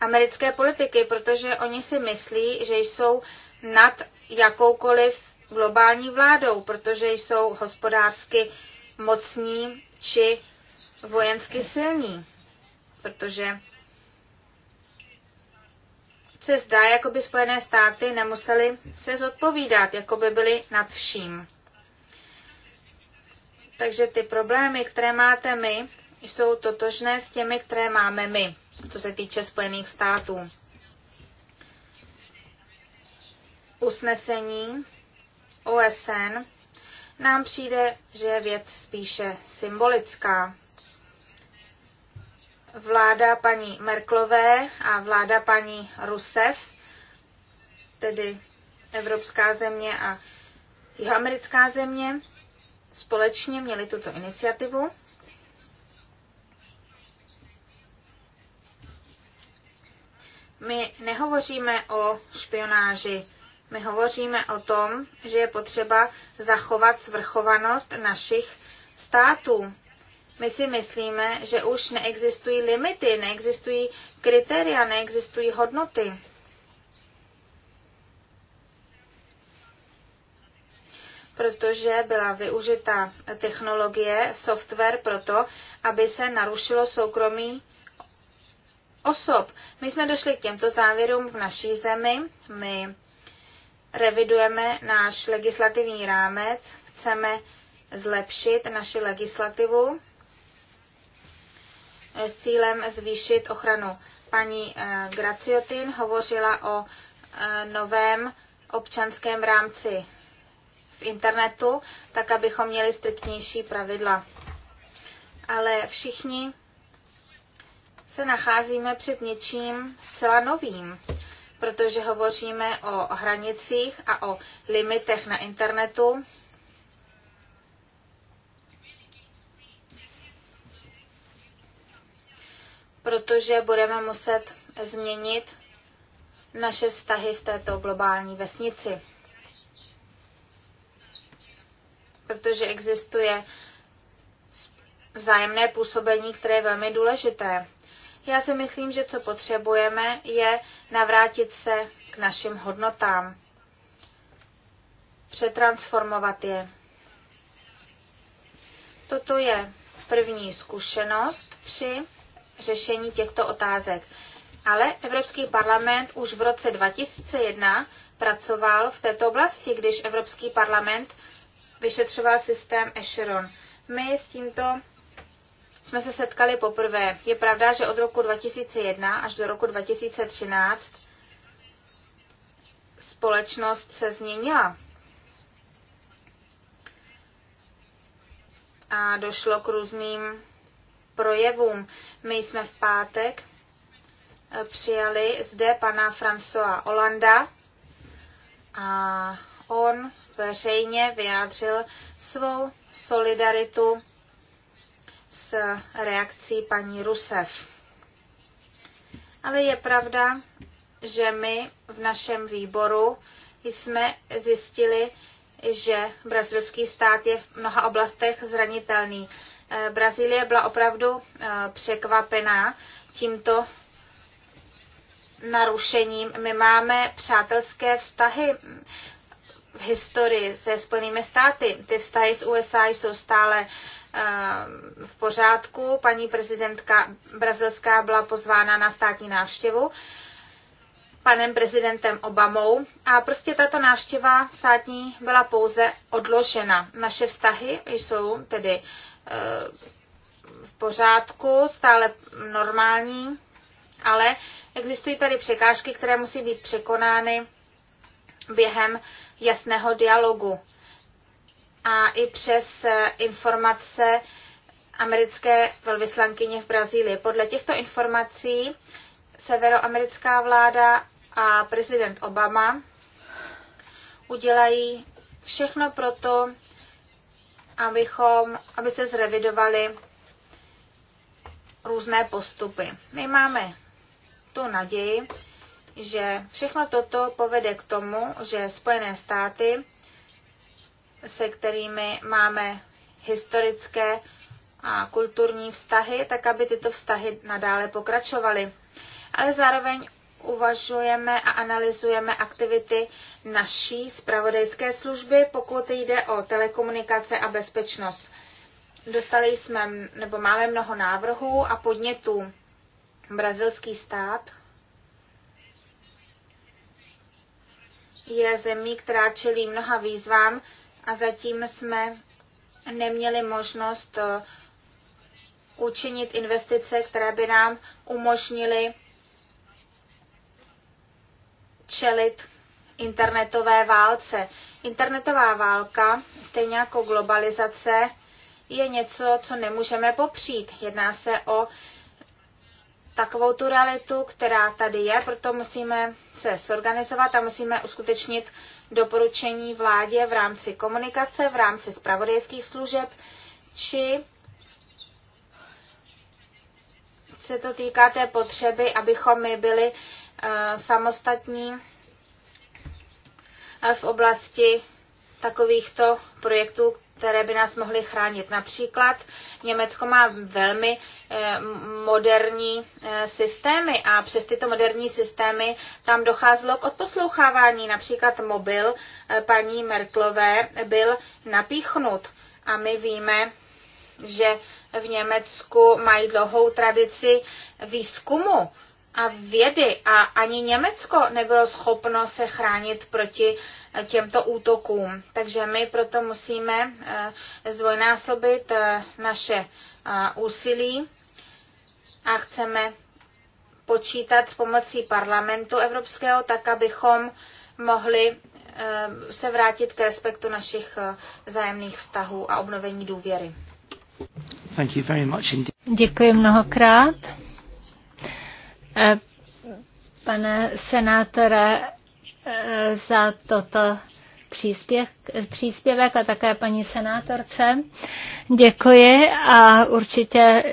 americké politiky, protože oni si myslí, že jsou nad jakoukoliv globální vládou, protože jsou hospodářsky mocní či vojensky silní, protože se zdá, jako by Spojené státy nemuseli se zodpovídat, jako by byly nad vším. Takže ty problémy, které máte my, jsou totožné s těmi, které máme my co se týče Spojených států. Usnesení OSN nám přijde, že je věc spíše symbolická. Vláda paní Merklové a vláda paní Rusev, tedy evropská země a jihoamerická země, společně měli tuto iniciativu My nehovoříme o špionáži, my hovoříme o tom, že je potřeba zachovat svrchovanost našich států. My si myslíme, že už neexistují limity, neexistují kritéria, neexistují hodnoty. protože byla využita technologie, software to, aby se narušilo soukromí osob. My jsme došli k těmto závěrům v naší zemi. My revidujeme náš legislativní rámec, chceme zlepšit naši legislativu s cílem zvýšit ochranu. Paní eh, Graciotin hovořila o eh, novém občanském rámci v internetu, tak abychom měli striktnější pravidla. Ale všichni se nacházíme před něčím zcela novým, protože hovoříme o hranicích a o limitech na internetu. Protože budeme muset změnit naše vztahy v této globální vesnici. Protože existuje vzájemné působení, které je velmi důležité. Já si myslím, že co potřebujeme, je navrátit se k našim hodnotám, přetransformovat je. Toto je první zkušenost při řešení těchto otázek. Ale Evropský parlament už v roce 2001 pracoval v této oblasti, když Evropský parlament vyšetřoval systém Escheron. My s tímto jsme se setkali poprvé. Je pravda, že od roku 2001 až do roku 2013 společnost se změnila. A došlo k různým projevům. My jsme v pátek eh, přijali zde pana François Olanda a on veřejně vyjádřil svou solidaritu s reakcí paní Rusev. Ale je pravda, že my v našem výboru jsme zjistili, že brazilský stát je v mnoha oblastech zranitelný. Eh, Brazílie byla opravdu eh, překvapená tímto narušením. My máme přátelské vztahy v historii se Spojenými státy. Ty vztahy s USA jsou stále Ehm, v pořádku. Paní prezidentka brazilská byla pozvána na státní návštěvu panem prezidentem Obamou a prostě tato návštěva státní byla pouze odložena. Naše vztahy jsou tedy ehm, v pořádku, stále normální, ale existují tady překážky, které musí být překonány během jasného dialogu a i přes eh, informace americké velvyslankyně v Brazílii. Podle těchto informací severoamerická vláda a prezident Obama udělají všechno pro to, abychom, aby se zrevidovali různé postupy. My máme tu naději, že všechno toto povede k tomu, že Spojené státy se kterými máme historické a kulturní vztahy, tak aby tyto vztahy nadále pokračovaly. Ale zároveň uvažujeme a analyzujeme aktivity naší zpravodajské služby, pokud jde o telekomunikace a bezpečnost. Dostali jsme, nebo máme mnoho návrhů a podnětů. Brazilský stát je zemí, která čelí mnoha výzvám, a zatím jsme neměli možnost eh, učinit investice, které by nám umožnily čelit internetové válce. Internetová válka, stejně jako globalizace, je něco, co nemůžeme popřít. Jedná se o takovou tu realitu, která tady je, proto musíme se sorganizovat a musíme uskutečnit doporučení vládě v rámci komunikace, v rámci spravodajských služeb, či se to týká té potřeby, abychom my byli eh, samostatní eh, v oblasti takovýchto projektů, které by nás mohly chránit. Například Německo má velmi eh, moderní eh, systémy a přes tyto moderní systémy tam docházelo k odposlouchávání. Například mobil eh, paní Merklové byl napíchnut a my víme, že v Německu mají dlouhou tradici výzkumu a vědy a ani Německo nebylo schopno se chránit proti eh, těmto útokům. Takže my proto musíme eh, zdvojnásobit eh, naše úsilí a chceme počítat s pomocí parlamentu evropského, tak abychom mohli se vrátit k respektu našich zájemných vztahů a obnovení důvěry. Děkuji mnohokrát pane senátore, za toto příspěv, příspěvek a také paní senátorce. Děkuji a určitě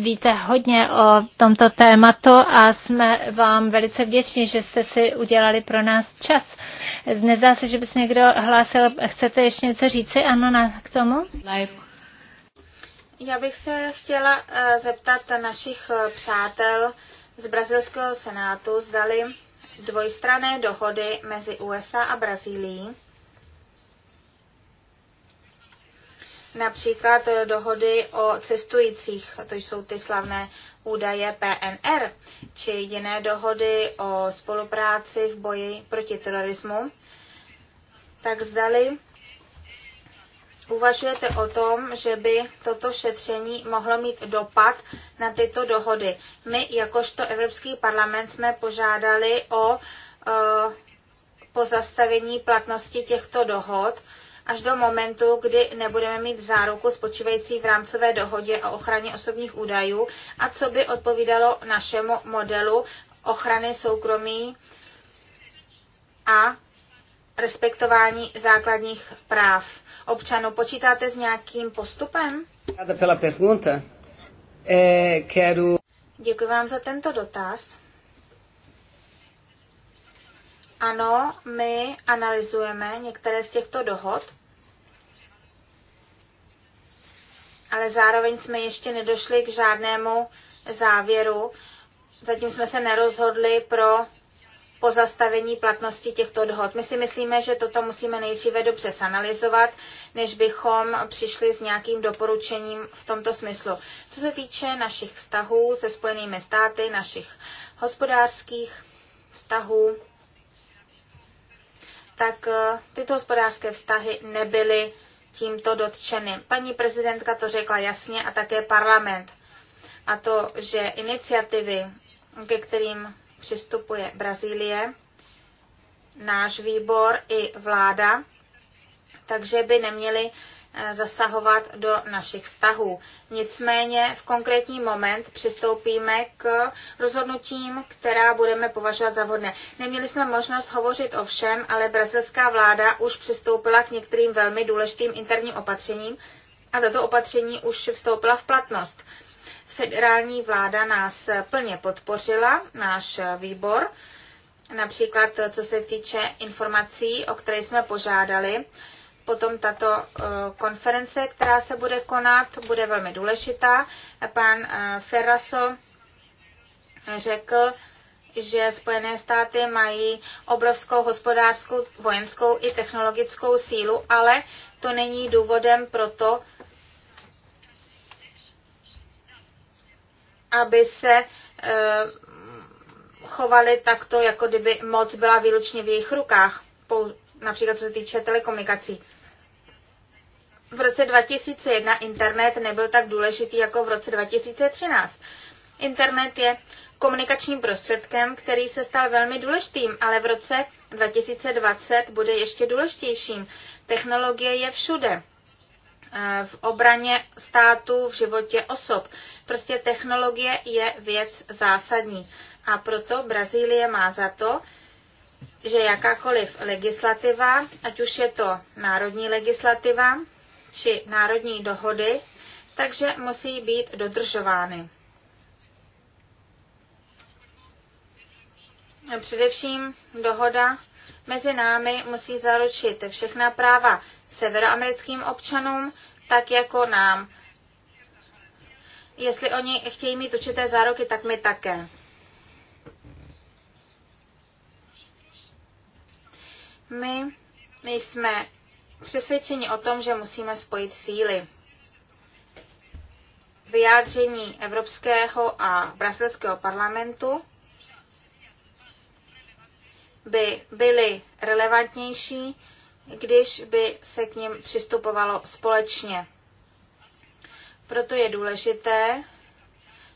víte hodně o tomto tématu a jsme vám velice vděční, že jste si udělali pro nás čas. Nezdá se, že bys někdo hlásil, chcete ještě něco říci? Ano, na, k tomu? Já bych se chtěla eh, zeptat našich eh, přátel, z brazilského senátu, zdali dvojstrané dohody mezi USA a Brazílií, například eh, dohody o cestujících, to jsou ty slavné údaje PNR, či jiné dohody o spolupráci v boji proti terorismu, tak zdali Uvažujete o tom, že by toto šetření mohlo mít dopad na tyto dohody. My, jakožto Evropský parlament, jsme požádali o e, pozastavení platnosti těchto dohod až do momentu, kdy nebudeme mít záruku spočívající v rámcové dohodě o ochraně osobních údajů a co by odpovídalo našemu modelu ochrany soukromí a respektování základních práv občanů. Počítáte s nějakým postupem? Děkuji vám za tento dotaz. Ano, my analyzujeme některé z těchto dohod, ale zároveň jsme ještě nedošli k žádnému závěru. Zatím jsme se nerozhodli pro pozastavení platnosti těchto dohod. My si myslíme, že toto musíme nejdříve dobře sanalizovat, než bychom přišli s nějakým doporučením v tomto smyslu. Co se týče našich vztahů se Spojenými státy, našich hospodářských vztahů, tak eh, tyto hospodářské vztahy nebyly tímto dotčeny. Paní prezidentka to řekla jasně a také parlament. A to, že iniciativy, ke kterým přistupuje Brazílie, náš výbor i vláda, takže by neměli eh, zasahovat do našich vztahů. Nicméně v konkrétní moment přistoupíme k rozhodnutím, která budeme považovat za vhodné. Neměli jsme možnost hovořit o všem, ale brazilská vláda už přistoupila k některým velmi důležitým interním opatřením a tato opatření už vstoupila v platnost. Federální vláda nás plně podpořila, náš výbor, například co se týče informací, o které jsme požádali. Potom tato eh, konference, která se bude konat, bude velmi důležitá. Pan eh, Ferraso řekl, že Spojené státy mají obrovskou hospodářskou, vojenskou i technologickou sílu, ale to není důvodem pro to, aby se eh, chovali takto, jako kdyby moc byla výlučně v jejich rukách, například co se týče telekomunikací. V roce 2001 internet nebyl tak důležitý jako v roce 2013. Internet je komunikačním prostředkem, který se stal velmi důležitým, ale v roce 2020 bude ještě důležitějším. Technologie je všude. Eh, v obraně státu, v životě osob. Prostě technologie je věc zásadní. A proto Brazílie má za to, že jakákoliv legislativa, ať už je to národní legislativa či národní dohody, takže musí být dodržovány. Především dohoda mezi námi musí zaručit všechna práva severoamerickým občanům, tak jako nám. Jestli oni chtějí mít určité zároky, tak my také. My, my jsme přesvědčeni o tom, že musíme spojit síly. Vyjádření Evropského a Brazilského parlamentu by byly relevantnější, když by se k ním přistupovalo společně. Proto je důležité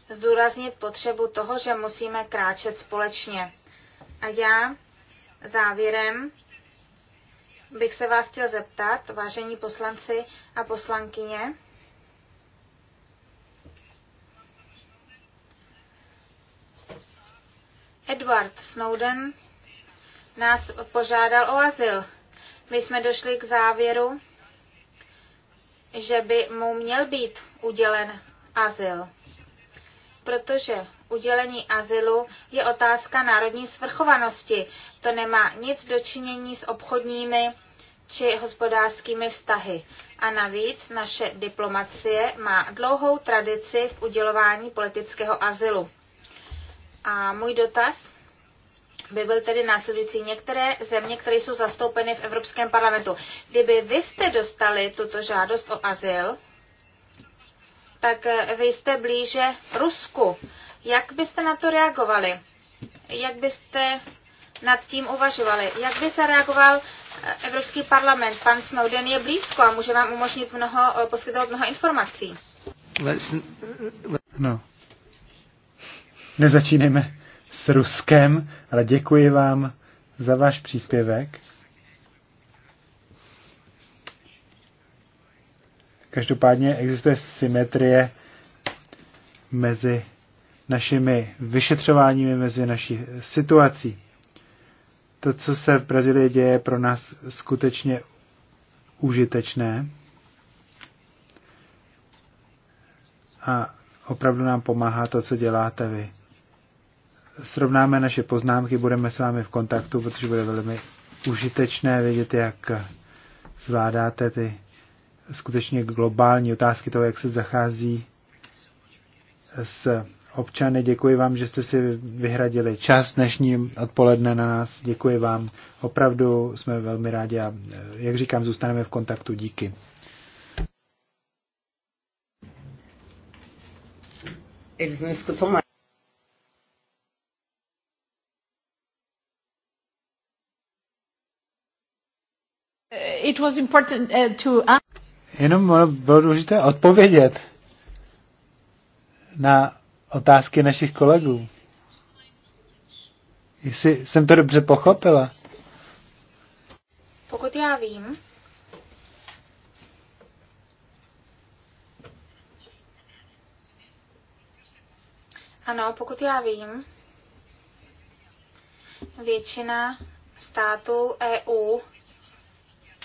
zdůraznit potřebu toho, že musíme kráčet společně. A já závěrem bych se vás chtěl zeptat, vážení poslanci a poslankyně, Edward Snowden nás požádal o azyl. My jsme došli k závěru, že by mu měl být udělen azyl, protože udělení azylu je otázka národní svrchovanosti. To nemá nic dočinění s obchodními či hospodářskými vztahy. A navíc naše diplomacie má dlouhou tradici v udělování politického azylu. A můj dotaz by byl tedy následující některé země, které jsou zastoupeny v Evropském parlamentu. Kdyby vy jste dostali tuto žádost o azyl, tak eh, vy jste blíže Rusku. Jak byste na to reagovali? Jak byste nad tím uvažovali? Jak by se reagoval eh, Evropský parlament? Pan Snowden je blízko a může vám umožnit mnoho, eh, poskytovat mnoho informací. No. Nezačínejme s Ruskem, ale děkuji vám za váš příspěvek. Každopádně existuje symetrie mezi našimi vyšetřováními, mezi naší situací. To, co se v Brazílii děje, je pro nás skutečně užitečné a opravdu nám pomáhá to, co děláte vy srovnáme naše poznámky, budeme s vámi v kontaktu, protože bude velmi užitečné vědět, jak zvládáte ty skutečně globální otázky toho, jak se zachází s občany. Děkuji vám, že jste si vyhradili čas dnešní odpoledne na nás. Děkuji vám. Opravdu jsme velmi rádi a, jak říkám, zůstaneme v kontaktu. Díky. It is it was important uh, to... Jenom bylo důležité odpovědět na otázky našich kolegů. Jestli jsem to dobře pochopila. Pokud já vím, Ano, pokud já vím, většina států EU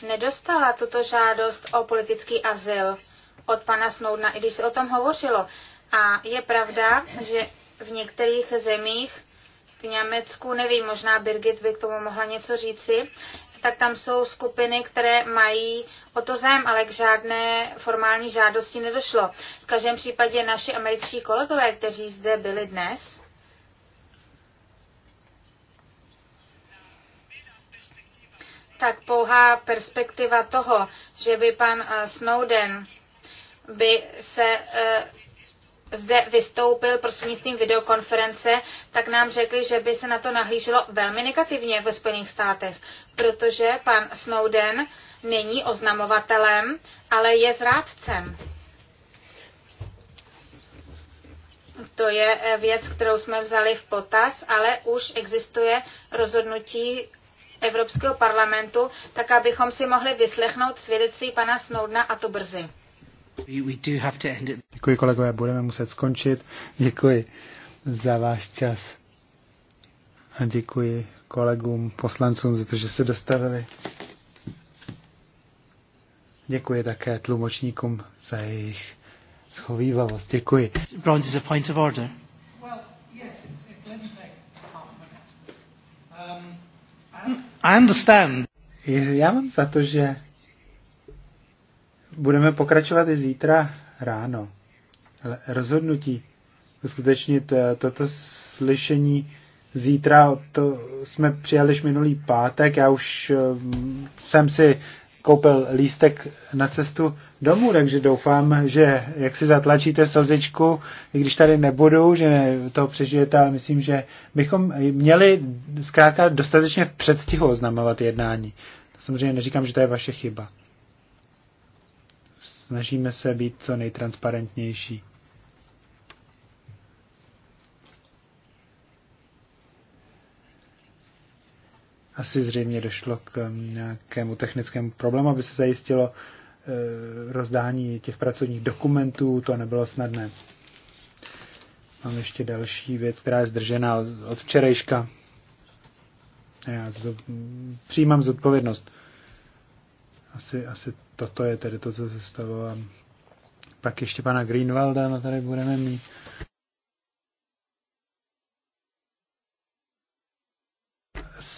nedostala tuto žádost o politický azyl od pana Snoudna, i když se o tom hovořilo. A je pravda, že v některých zemích, v Německu, nevím, možná Birgit by k tomu mohla něco říci, tak tam jsou skupiny, které mají o to zájem, ale k žádné formální žádosti nedošlo. V každém případě naši američtí kolegové, kteří zde byli dnes, tak pouhá perspektiva toho, že by pan eh, Snowden by se eh, zde vystoupil prostřednictvím videokonference, tak nám řekli, že by se na to nahlíželo velmi negativně ve Spojených státech, protože pan Snowden není oznamovatelem, ale je zrádcem. To je eh, věc, kterou jsme vzali v potaz, ale už existuje rozhodnutí Evropského parlamentu, tak abychom si mohli vyslechnout svědectví pana Snowdena a to brzy. Děkuji kolegové, budeme muset skončit. Děkuji za váš čas. A děkuji kolegům, poslancům za to, že se dostavili. Děkuji také tlumočníkům za jejich schovývavost. Děkuji. Bronze is a point of order. I understand. Já mám za to, že budeme pokračovat i zítra ráno. Ale rozhodnutí uskutečnit eh, toto slyšení zítra, to jsme přijali minulý pátek, já už eh, jsem si koupil lístek na cestu domů, takže doufám, že jak si zatlačíte slzičku, i když tady nebudu, že to přežijete, ale myslím, že bychom měli zkrátka dostatečně v předstihu oznamovat jednání. Samozřejmě neříkám, že to je vaše chyba. Snažíme se být co nejtransparentnější. asi zřejmě došlo k mm, nějakému technickému problému, aby se zajistilo e, rozdání těch pracovních dokumentů, to nebylo snadné. Mám ještě další věc, která je zdržená od včerejška. Já zdo, přijímám zodpovědnost. Asi, asi toto je tedy to, co se stalo. A pak ještě pana Greenwalda no tady budeme mít.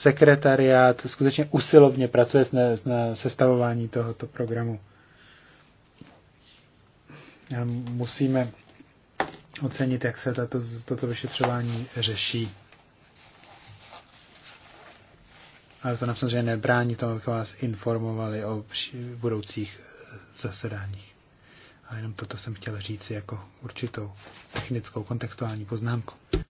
sekretariát skutečně usilovně pracuje na sestavování tohoto programu. Musíme ocenit, jak se tato, toto vyšetřování řeší. Ale to například že nebrání tomu, abychom vás informovali o budoucích eh, zasedáních. A jenom toto jsem chtěl říct jako určitou technickou kontextuální poznámku.